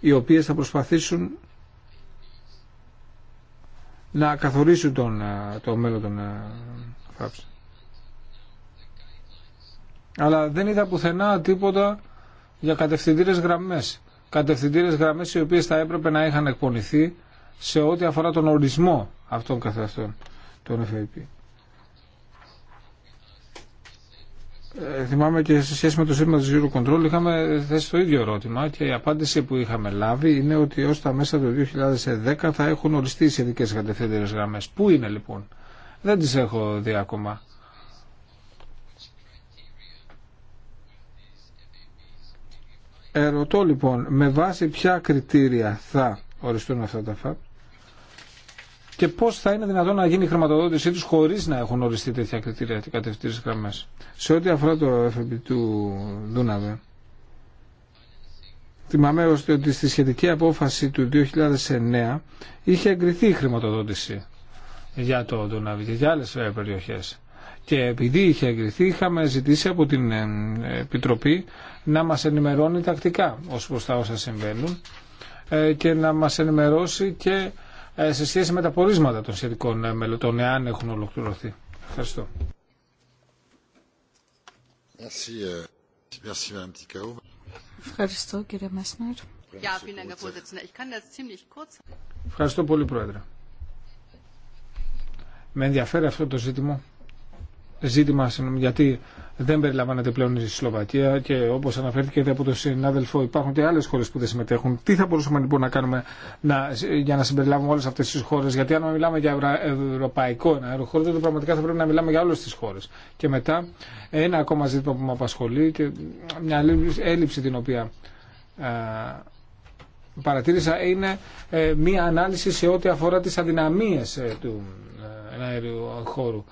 οι οποίες θα προσπαθήσουν να καθορίσουν τον, ε, το μέλλον των ε, φάψε, Αλλά δεν είδα πουθενά τίποτα για κατευθυντήρε γραμμές. Κατευθυντήρε γραμμές οι οποίες θα έπρεπε να είχαν εκπονηθεί σε ό,τι αφορά τον ορισμό αυτών καθεαυτών των FAP. Ε, θυμάμαι και σε σχέση με το σύστημα της Eurocontrol είχαμε θέσει το ίδιο ερώτημα και η απάντηση που είχαμε λάβει είναι ότι ως τα μέσα του 2010 θα έχουν οριστεί οι ειδικέ κατευθύντερες γραμμές. Πού είναι λοιπόν. Δεν τις έχω δει ακόμα. Ερωτώ λοιπόν, με βάση ποια κριτήρια θα οριστούν αυτά τα ΦΑΠ και πώ θα είναι δυνατόν να γίνει η χρηματοδότησή του χωρί να έχουν οριστεί τέτοια κριτήρια και κατευθύνσει γραμμέ. Σε ό,τι αφορά το FB του Δούναβε, θυμάμαι ότι στη σχετική απόφαση του 2009 είχε εγκριθεί η χρηματοδότηση για το Δούναβε και για άλλε περιοχέ. Και επειδή είχε εγκριθεί, είχαμε ζητήσει από την ε, Επιτροπή να μα ενημερώνει τακτικά ω προ τα όσα συμβαίνουν ε, και να μας ενημερώσει και ε, σε σχέση με τα πορίσματα των σχετικών ε, μελετών, εάν έχουν ολοκληρωθεί. Ευχαριστώ. Ε, Ευχαριστώ κύριε Μέσνερ. Ευχαριστώ πολύ Πρόεδρε. Με ενδιαφέρει αυτό το ζήτημα, ζήτημα γιατί δεν περιλαμβάνεται πλέον η Σλοβακία και όπω αναφέρθηκε από τον συνάδελφο, υπάρχουν και άλλε χώρε που δεν συμμετέχουν. Τι θα μπορούσαμε λοιπόν να κάνουμε να, για να συμπεριλάβουμε όλε αυτέ τι χώρε, γιατί αν μιλάμε για ευρωπαϊκό ένα αεροχώρο, τότε πραγματικά θα πρέπει να μιλάμε για όλε τι χώρε. Και μετά, ένα ακόμα ζήτημα που με απασχολεί και μια έλλειψη την οποία παρατήρησα είναι ε, μία ανάλυση σε ό,τι αφορά τις αδυναμίες ε, του ε, αέριου χώρου.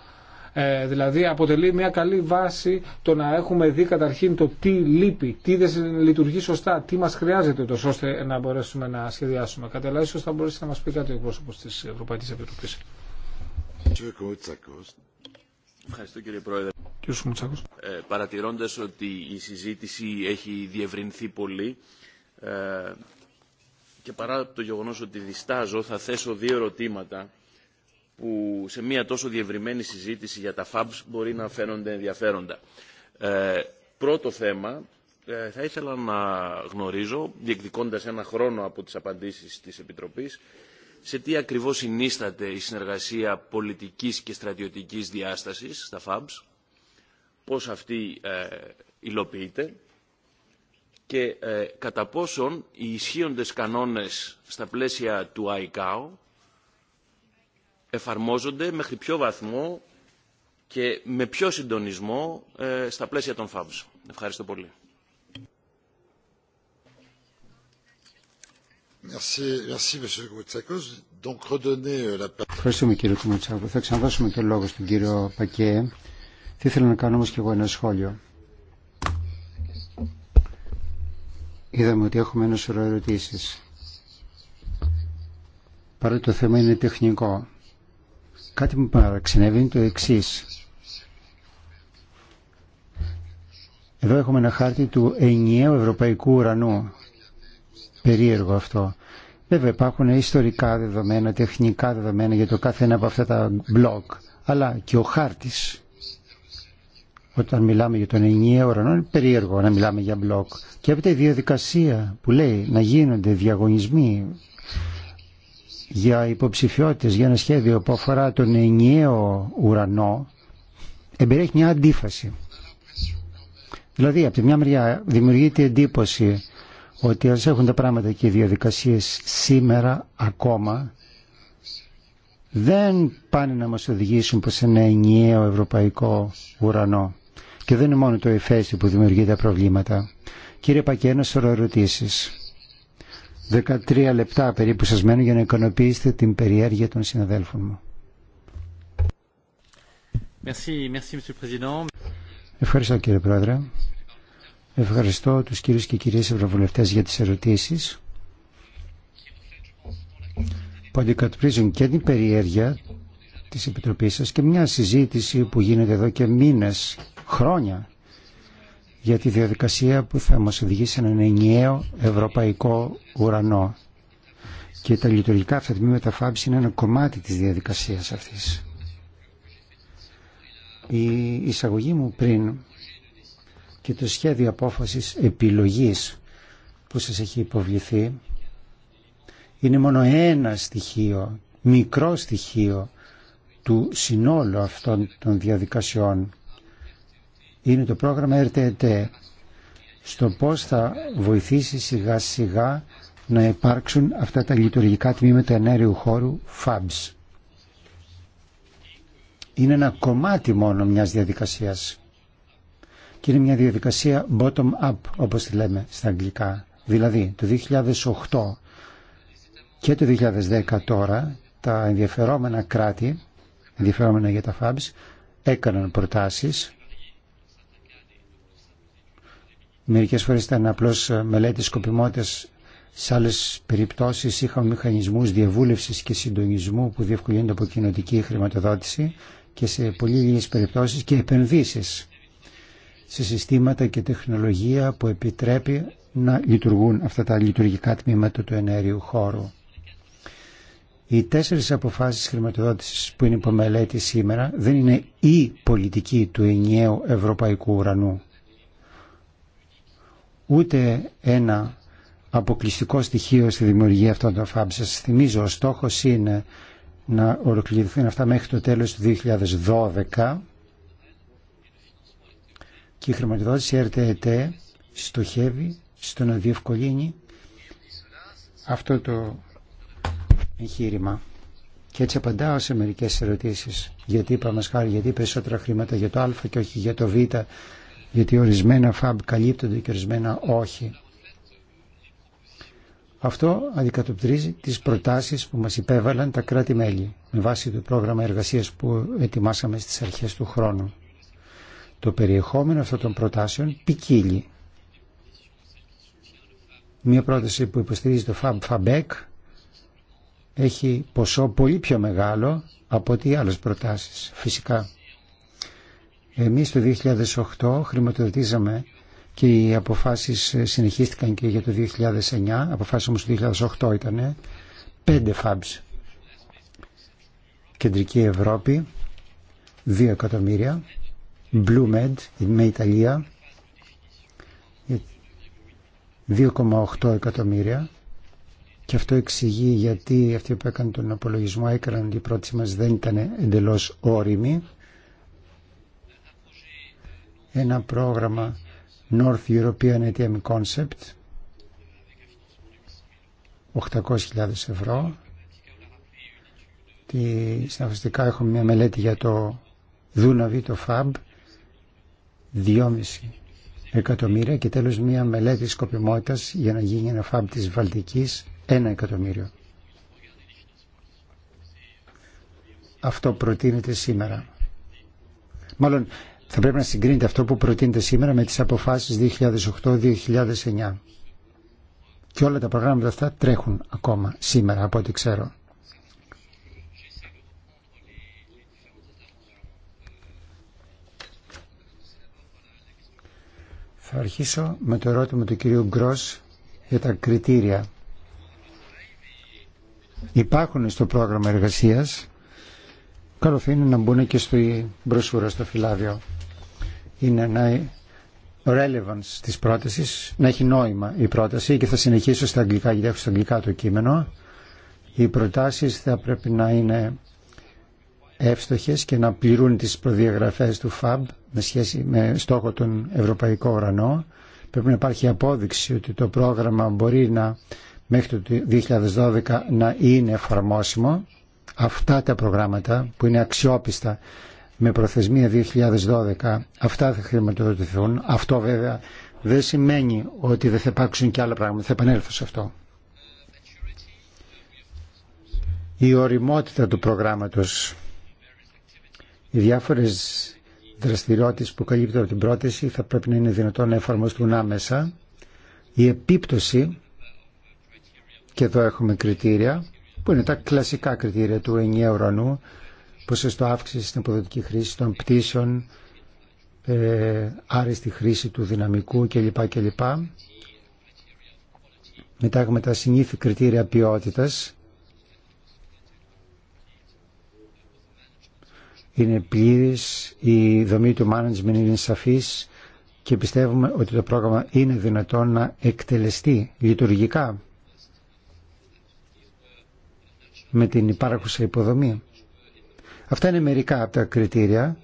Ε, δηλαδή αποτελεί μια καλή βάση το να έχουμε δει καταρχήν το τι λείπει, τι δεν λειτουργεί σωστά, τι μας χρειάζεται τόσο ώστε να μπορέσουμε να σχεδιάσουμε. Κατάλληλα ίσως θα μπορέσει να μας πει κάτι ο πρόσωπο τη Ευρωπαϊκή Επιτροπή. Ευχαριστώ κύριε Πρόεδρε. Ε, παρατηρώντας ότι η συζήτηση έχει διευρυνθεί πολύ ε, και παρά το γεγονός ότι διστάζω θα θέσω δύο ερωτήματα που σε μια τόσο διευρυμένη συζήτηση για τα FABs μπορεί να φαίνονται ενδιαφέροντα. Ε, πρώτο θέμα, ε, θα ήθελα να γνωρίζω, διεκδικώντας ένα χρόνο από τις απαντήσεις της Επιτροπής, σε τι ακριβώς συνίσταται η συνεργασία πολιτικής και στρατιωτικής διάστασης στα FABs, πώς αυτή ε, υλοποιείται και ε, κατά πόσον οι ισχύοντες κανόνες στα πλαίσια του ICAO εφαρμόζονται μέχρι ποιο βαθμό και με ποιο συντονισμό ε, στα πλαίσια των ΦΑΒΣ. Ευχαριστώ πολύ. Euh, Ευχαριστούμε κύριε Κουμουτσάκο. Θα ξαναδώσουμε το λόγο στον κύριο Πακέ. Θα ήθελα να κάνω όμως και εγώ ένα σχόλιο. Είδαμε ότι έχουμε ένα σωρό ερωτήσει. Παρότι το θέμα είναι τεχνικό. Κάτι που παραξενεύει είναι το εξή. Εδώ έχουμε ένα χάρτη του ενιαίου ευρωπαϊκού ουρανού. Περίεργο αυτό. Βέβαια υπάρχουν ιστορικά δεδομένα, τεχνικά δεδομένα για το κάθε ένα από αυτά τα μπλοκ. Αλλά και ο χάρτης, όταν μιλάμε για τον ενιαίο ουρανό, είναι περίεργο να μιλάμε για μπλοκ. Και από η διαδικασία που λέει να γίνονται διαγωνισμοί για υποψηφιότητες για ένα σχέδιο που αφορά τον ενιαίο ουρανό εμπεριέχει μια αντίφαση. Δηλαδή, από τη μια μεριά δημιουργείται εντύπωση ότι ας έχουν τα πράγματα και οι διαδικασίες σήμερα ακόμα δεν πάνε να μας οδηγήσουν προς ένα ενιαίο ευρωπαϊκό ουρανό. Και δεν είναι μόνο το εφέστη που δημιουργεί τα προβλήματα. Κύριε Πακένο, ερωτήσεις. 13 λεπτά περίπου σας μένουν για να ικανοποιήσετε την περιέργεια των συναδέλφων μου. Ευχαριστώ κύριε Πρόεδρε. Ευχαριστώ τους κύριους και κυρίες ευρωβουλευτές για τις ερωτήσεις που αντικατοπρίζουν και την περιέργεια της Επιτροπής σας και μια συζήτηση που γίνεται εδώ και μήνες, χρόνια για τη διαδικασία που θα μας οδηγήσει σε έναν ενιαίο ευρωπαϊκό ουρανό. Και τα λειτουργικά αυτά τμήματα φάμψη είναι ένα κομμάτι της διαδικασίας αυτής. Η εισαγωγή μου πριν και το σχέδιο απόφασης επιλογής που σας έχει υποβληθεί είναι μόνο ένα στοιχείο, μικρό στοιχείο του συνόλου αυτών των διαδικασιών είναι το πρόγραμμα RTT στο πώς θα βοηθήσει σιγά σιγά να υπάρξουν αυτά τα λειτουργικά τμήματα ενέργειου χώρου FABs. Είναι ένα κομμάτι μόνο μιας διαδικασίας και είναι μια διαδικασία bottom-up όπως τη λέμε στα αγγλικά. Δηλαδή το 2008 και το 2010 τώρα τα ενδιαφερόμενα κράτη, ενδιαφερόμενα για τα FABs, έκαναν προτάσεις Μερικές φορές ήταν απλώς ε, μελέτη σκοπιμότητας, σε άλλε περιπτώσει είχαμε μηχανισμούς διαβούλευσης και συντονισμού που διευκολύνονται από κοινοτική χρηματοδότηση και σε πολύ λίγε περιπτώσεις και επενδύσεις σε συστήματα και τεχνολογία που επιτρέπει να λειτουργούν αυτά τα λειτουργικά τμήματα του ενέργειου χώρου. Οι τέσσερις αποφάσεις χρηματοδότησης που είναι υπό μελέτη σήμερα δεν είναι η πολιτική του ενιαίου ευρωπαϊκού ουρανού ούτε ένα αποκλειστικό στοιχείο στη δημιουργία αυτών των ΦΑΜ. Σας θυμίζω, ο στόχος είναι να ολοκληρωθούν αυτά μέχρι το τέλος του 2012 και η χρηματοδότηση RTET στοχεύει στο να διευκολύνει αυτό το εγχείρημα. Και έτσι απαντάω σε μερικές ερωτήσεις. Γιατί είπαμε χάρη, γιατί περισσότερα χρήματα για το Α και όχι για το Β γιατί ορισμένα FAB καλύπτονται και ορισμένα όχι. Αυτό αντικατοπτρίζει τις προτάσεις που μας υπέβαλαν τα κράτη-μέλη με βάση το πρόγραμμα εργασίας που ετοιμάσαμε στις αρχές του χρόνου. Το περιεχόμενο αυτών των προτάσεων ποικίλει. Μία πρόταση που υποστηρίζει το FAB FABEC έχει ποσό πολύ πιο μεγάλο από ό,τι άλλες προτάσεις. Φυσικά εμείς το 2008 χρηματοδοτήσαμε και οι αποφάσεις συνεχίστηκαν και για το 2009, αποφάσεις όμως το 2008 ήταν, πέντε FABs. Κεντρική Ευρώπη, 2 εκατομμύρια, Blue Med με Ιταλία, 2,8 εκατομμύρια και αυτό εξηγεί γιατί αυτοί που έκαναν τον απολογισμό έκαναν ότι η πρότασή μας δεν ήταν εντελώς όριμοι ένα πρόγραμμα North European ATM Concept 800.000 ευρώ Τι στα έχουμε μια μελέτη για το Δούναβι, το FAB 2,5 εκατομμύρια και τέλος μια μελέτη σκοπιμότητας για να γίνει ένα FAB της Βαλτικής 1 εκατομμύριο αυτό προτείνεται σήμερα μάλλον θα πρέπει να συγκρίνεται αυτό που προτείνεται σήμερα με τις αποφάσεις 2008-2009. Και όλα τα προγράμματα αυτά τρέχουν ακόμα σήμερα από ό,τι ξέρω. Θα αρχίσω με το ερώτημα του κυρίου Γκρός για τα κριτήρια. Υπάρχουν στο πρόγραμμα εργασίας, καλό να μπουν και στο μπροσούρα στο φυλάδιο είναι να relevance της πρότασης, να έχει νόημα η πρόταση και θα συνεχίσω στα αγγλικά γιατί έχω στα αγγλικά το κείμενο. Οι προτάσεις θα πρέπει να είναι εύστοχες και να πληρούν τις προδιαγραφές του FAB με σχέση με στόχο τον Ευρωπαϊκό Ουρανό. Πρέπει να υπάρχει απόδειξη ότι το πρόγραμμα μπορεί να μέχρι το 2012 να είναι εφαρμόσιμο. Αυτά τα προγράμματα που είναι αξιόπιστα με προθεσμία 2012 αυτά θα χρηματοδοτηθούν. Αυτό βέβαια δεν σημαίνει ότι δεν θα υπάρξουν και άλλα πράγματα. Θα επανέλθω σε αυτό. Η οριμότητα του προγράμματος, οι διάφορες δραστηριότητες που καλύπτουν από την πρόταση θα πρέπει να είναι δυνατόν να εφαρμοστούν άμεσα. Η επίπτωση, και εδώ έχουμε κριτήρια, που είναι τα κλασικά κριτήρια του ενιαίου ουρανού, ποσοστό αύξηση στην αποδοτική χρήση των πτήσεων, ε, άριστη χρήση του δυναμικού κλπ. κλπ. Μετά έχουμε τα συνήθη κριτήρια ποιότητας. Είναι πλήρης, η δομή του management είναι σαφής και πιστεύουμε ότι το πρόγραμμα είναι δυνατόν να εκτελεστεί λειτουργικά με την υπάρχουσα υποδομή. Αυτά είναι μερικά από τα κριτήρια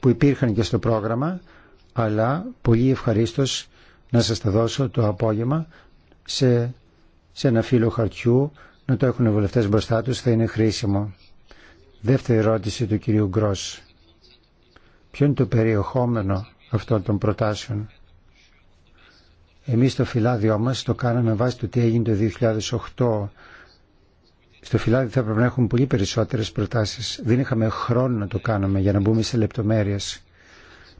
που υπήρχαν και στο πρόγραμμα, αλλά πολύ ευχαρίστως να σας τα δώσω το απόγευμα σε, σε ένα φύλλο χαρτιού, να το έχουν οι βουλευτές μπροστά τους, θα είναι χρήσιμο. Δεύτερη ερώτηση του κυρίου Γκρός. Ποιο είναι το περιεχόμενο αυτών των προτάσεων. Εμείς το φυλάδιό μας το κάναμε βάσει του τι έγινε το 2008 στο φυλάδι θα έπρεπε να έχουμε πολύ περισσότερες προτάσεις. Δεν είχαμε χρόνο να το κάνουμε για να μπούμε σε λεπτομέρειες.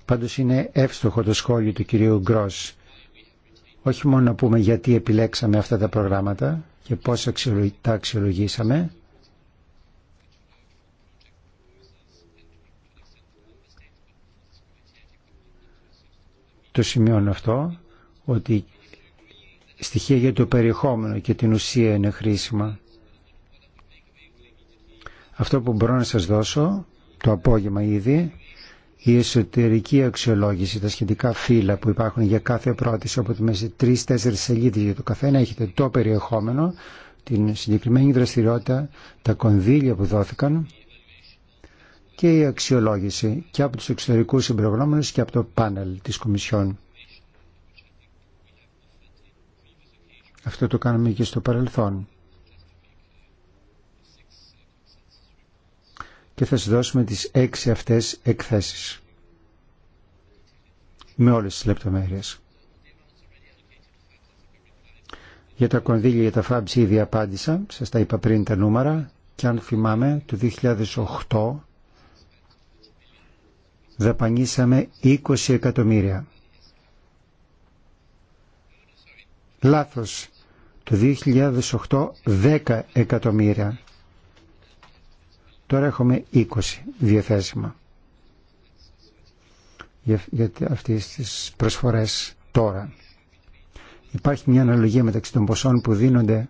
Πάντως είναι εύστοχο το σχόλιο του κυρίου Γκρός. Όχι μόνο να πούμε γιατί επιλέξαμε αυτά τα προγράμματα και πώς τα αξιολογήσαμε, το σημειώνω αυτό, ότι στοιχεία για το περιεχόμενο και την ουσία είναι χρήσιμα. Αυτό που μπορώ να σας δώσω το απόγευμα ήδη η εσωτερική αξιολόγηση, τα σχετικά φύλλα που υπάρχουν για κάθε πρόταση από τη μέση τρει-τέσσερι σελίδε για το καθένα, έχετε το περιεχόμενο, την συγκεκριμένη δραστηριότητα, τα κονδύλια που δόθηκαν και η αξιολόγηση και από τους εξωτερικούς συμπεριγνώμενους και από το πάνελ της Κομισιόν. Αυτό το κάναμε και στο παρελθόν. και θα σας δώσουμε τις έξι αυτές εκθέσεις με όλες τις λεπτομέρειες. Για τα κονδύλια για τα φάμψη ήδη απάντησα, σας τα είπα πριν τα νούμερα και αν θυμάμαι το 2008 δαπανίσαμε 20 εκατομμύρια. Λάθος, το 2008 10 εκατομμύρια. Τώρα έχουμε 20 διαθέσιμα για, για αυτές τις προσφορές τώρα. Υπάρχει μια αναλογία μεταξύ των ποσών που δίνονται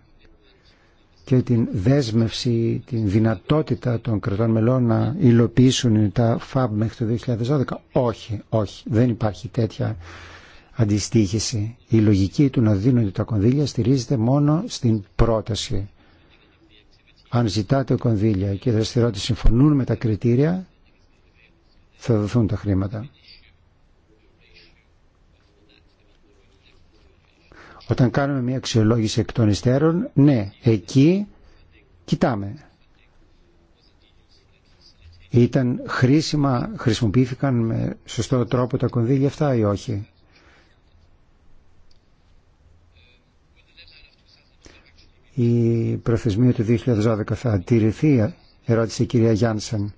και την δέσμευση, την δυνατότητα των κρατών μελών να υλοποιήσουν τα FAB μέχρι το 2012. Όχι, όχι, δεν υπάρχει τέτοια αντιστοίχηση. Η λογική του να δίνονται τα κονδύλια στηρίζεται μόνο στην πρόταση αν ζητάτε κονδύλια και οι δραστηριότητε συμφωνούν με τα κριτήρια, θα δοθούν τα χρήματα. Όταν κάνουμε μια αξιολόγηση εκ των υστέρων, ναι, εκεί κοιτάμε. Ήταν χρήσιμα, χρησιμοποιήθηκαν με σωστό τρόπο τα κονδύλια αυτά ή όχι. η προθεσμία του 2012 θα τηρηθεί, ερώτησε η κυρία Γιάνσεν.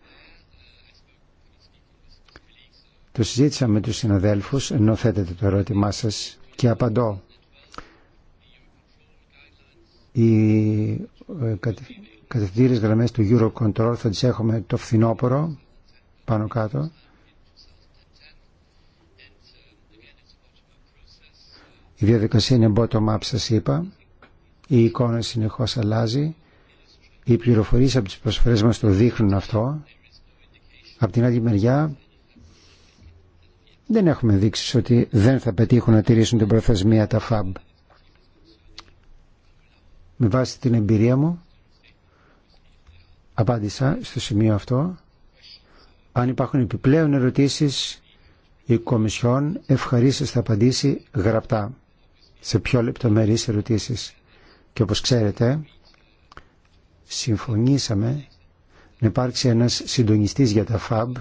Το συζήτησα με τους συναδέλφους, ενώ θέτετε το ερώτημά σας και απαντώ. Οι ε, κατευθυντήρες γραμμές του Eurocontrol θα τις έχουμε το φθινόπωρο, πάνω κάτω. Η διαδικασία είναι bottom-up, σας είπα η εικόνα συνεχώς αλλάζει, οι πληροφορίες από τις προσφορές μας το δείχνουν αυτό. από την άλλη μεριά δεν έχουμε δείξει ότι δεν θα πετύχουν να τηρήσουν την προθεσμία τα FAB. Με βάση την εμπειρία μου απάντησα στο σημείο αυτό. Αν υπάρχουν επιπλέον ερωτήσεις η Κομισιόν ευχαρίστως θα απαντήσει γραπτά σε πιο λεπτομερείς ερωτήσεις. Και όπως ξέρετε, συμφωνήσαμε να υπάρξει ένας συντονιστής για τα FAB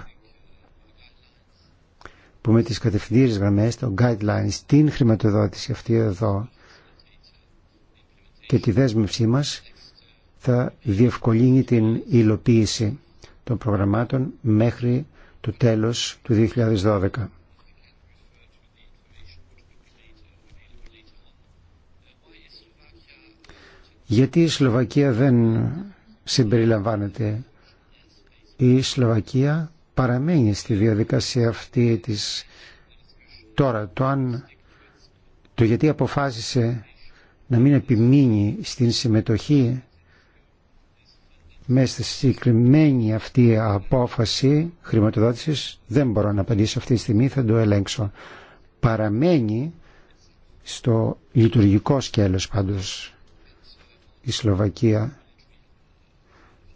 που με τις κατευθυντήρες γραμμές, το guidelines, την χρηματοδότηση αυτή εδώ και τη δέσμευσή μας θα διευκολύνει την υλοποίηση των προγραμμάτων μέχρι το τέλος του 2012. Γιατί η Σλοβακία δεν συμπεριλαμβάνεται. Η Σλοβακία παραμένει στη διαδικασία αυτή της τώρα. Το, αν, το γιατί αποφάσισε να μην επιμείνει στην συμμετοχή μέσα στη συγκεκριμένη αυτή απόφαση χρηματοδότησης δεν μπορώ να απαντήσω αυτή τη στιγμή, θα το ελέγξω. Παραμένει στο λειτουργικό σκέλος πάντως η Σλοβακία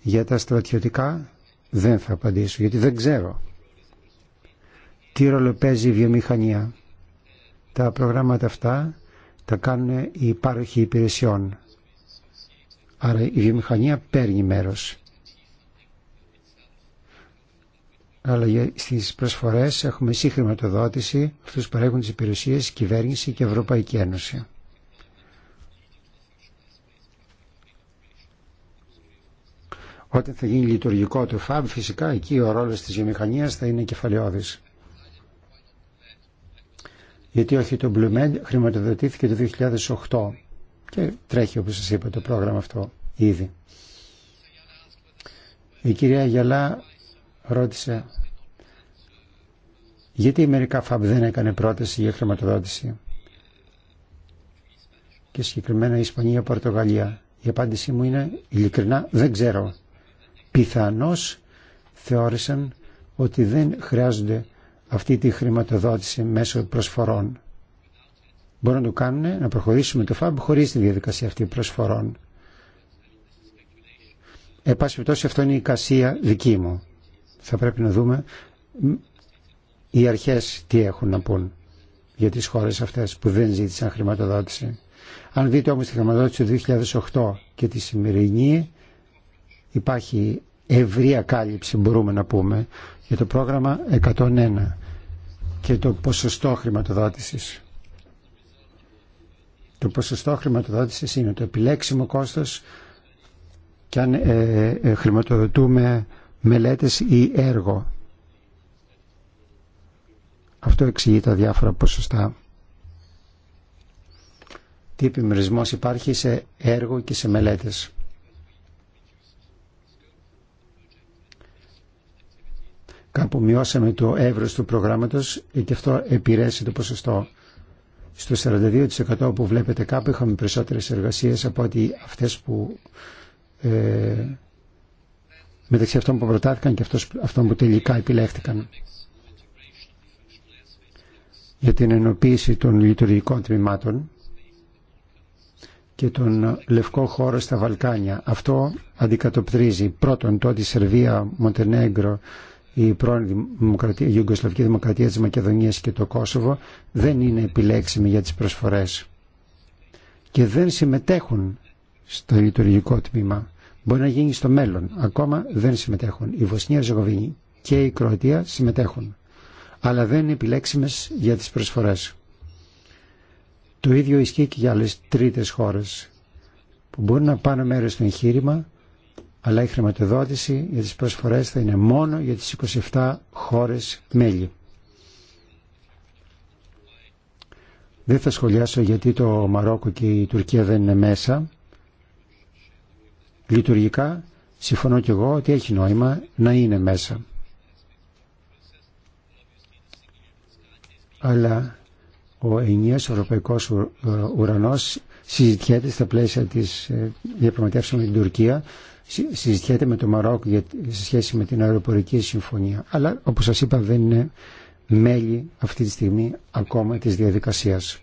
για τα στρατιωτικά δεν θα απαντήσω γιατί δεν ξέρω τι ρόλο παίζει η βιομηχανία. Τα προγράμματα αυτά τα κάνουν οι υπάρχοι υπηρεσιών. Άρα η βιομηχανία παίρνει μέρος. Αλλά στις προσφορές έχουμε συγχρηματοδότηση, αυτούς παρέχουν τις υπηρεσίες, κυβέρνηση και Ευρωπαϊκή Ένωση. Όταν θα γίνει λειτουργικό το ΦΑΜ, φυσικά εκεί ο ρόλος της βιομηχανίας θα είναι κεφαλαιώδης. Γιατί όχι το BlueMed χρηματοδοτήθηκε το 2008 και τρέχει όπως σας είπα το πρόγραμμα αυτό ήδη. Η κυρία Γιαλά ρώτησε γιατί η μερικά ΦΑΜ δεν έκανε πρόταση για χρηματοδότηση και συγκεκριμένα η Ισπανία-Πορτογαλία. Η απάντησή μου είναι ειλικρινά δεν ξέρω πιθανώς θεώρησαν ότι δεν χρειάζονται αυτή τη χρηματοδότηση μέσω προσφορών. Μπορούν να το κάνουν, να προχωρήσουμε το ΦΑΜ χωρίς τη διαδικασία αυτή προσφορών. Ε, πάση αυτό είναι η κασία δική μου. Θα πρέπει να δούμε οι αρχές τι έχουν να πούν για τις χώρες αυτές που δεν ζήτησαν χρηματοδότηση. Αν δείτε όμως τη χρηματοδότηση του 2008 και τη σημερινή, υπάρχει ευρία κάλυψη μπορούμε να πούμε για το πρόγραμμα 101 και το ποσοστό χρηματοδότησης. Το ποσοστό χρηματοδότησης είναι το επιλέξιμο κόστος και αν ε, ε, ε, χρηματοδοτούμε μελέτες ή έργο. Αυτό εξηγεί τα διάφορα ποσοστά. Τι επιμερισμός υπάρχει σε έργο και σε μελέτες. Κάπου μειώσαμε το εύρος του προγράμματος και αυτό επηρέασε το ποσοστό. Στο 42% που βλέπετε κάπου είχαμε περισσότερες εργασίες από ότι αυτές που ε, μεταξύ αυτών που προτάθηκαν και αυτός, αυτών που τελικά επιλέχθηκαν για την ενοποίηση των λειτουργικών τμήματων και τον λευκό χώρο στα Βαλκάνια. Αυτό αντικατοπτρίζει πρώτον το ότι η Σερβία, Μοντενέγκρο, η πρώην δημοκρατία, η Ιουγκοσλαβική Δημοκρατία της Μακεδονίας και το Κόσοβο δεν είναι επιλέξιμη για τις προσφορές και δεν συμμετέχουν στο λειτουργικό τμήμα. Μπορεί να γίνει στο μέλλον. Ακόμα δεν συμμετέχουν. Η Βοσνία, Ζεγοβίνη και η Κροατία συμμετέχουν. Αλλά δεν είναι επιλέξιμες για τις προσφορές. Το ίδιο ισχύει και για άλλες τρίτες χώρες που μπορούν να πάνε μέρος στο εγχείρημα αλλά η χρηματοδότηση για τις προσφορές θα είναι μόνο για τις 27 χώρες μέλη. Δεν θα σχολιάσω γιατί το Μαρόκο και η Τουρκία δεν είναι μέσα. Λειτουργικά συμφωνώ και εγώ ότι έχει νόημα να είναι μέσα. Αλλά ο ενιαίος ευρωπαϊκός ε, ουρανός συζητιέται στα πλαίσια της ε, διαπραγματεύσεων με την Τουρκία συζητιέται με το Μαρόκ για, σε σχέση με την αεροπορική συμφωνία. Αλλά όπως σας είπα δεν είναι μέλη αυτή τη στιγμή ακόμα της διαδικασίας.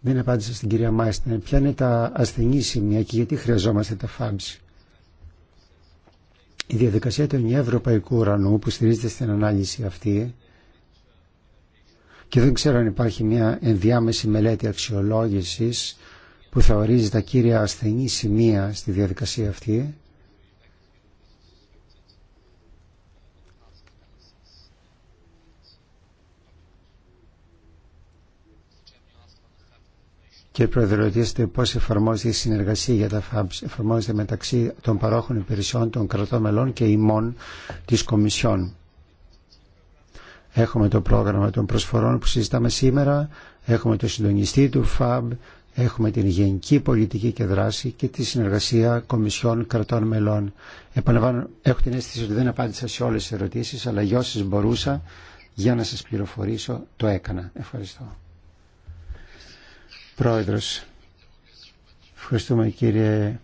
Δεν απάντησα στην κυρία Μάιστερ. Ποια είναι τα ασθενή σημεία και γιατί χρειαζόμαστε τα FAMS. Η διαδικασία του ενιαίου ευρωπαϊκού ουρανού που στηρίζεται στην ανάλυση αυτή και δεν ξέρω αν υπάρχει μια ενδιάμεση μελέτη αξιολόγησης που θα ορίζει τα κύρια ασθενή σημεία στη διαδικασία αυτή και προεδρεωτήσετε πώς εφαρμόζεται η συνεργασία για τα FABs. Εφαρμόζεται μεταξύ των παρόχων υπηρεσιών των κρατών μελών και ημών της Κομισιόν. Έχουμε το πρόγραμμα των προσφορών που συζητάμε σήμερα, έχουμε το συντονιστή του FAB, Έχουμε την γενική πολιτική και δράση και τη συνεργασία κομισιών κρατών μελών. Επαναλαμβάνω, έχω την αίσθηση ότι δεν απάντησα σε όλες τις ερωτήσεις, αλλά για όσε μπορούσα, για να σας πληροφορήσω, το έκανα. Ευχαριστώ. Πρόεδρος, ευχαριστούμε κύριε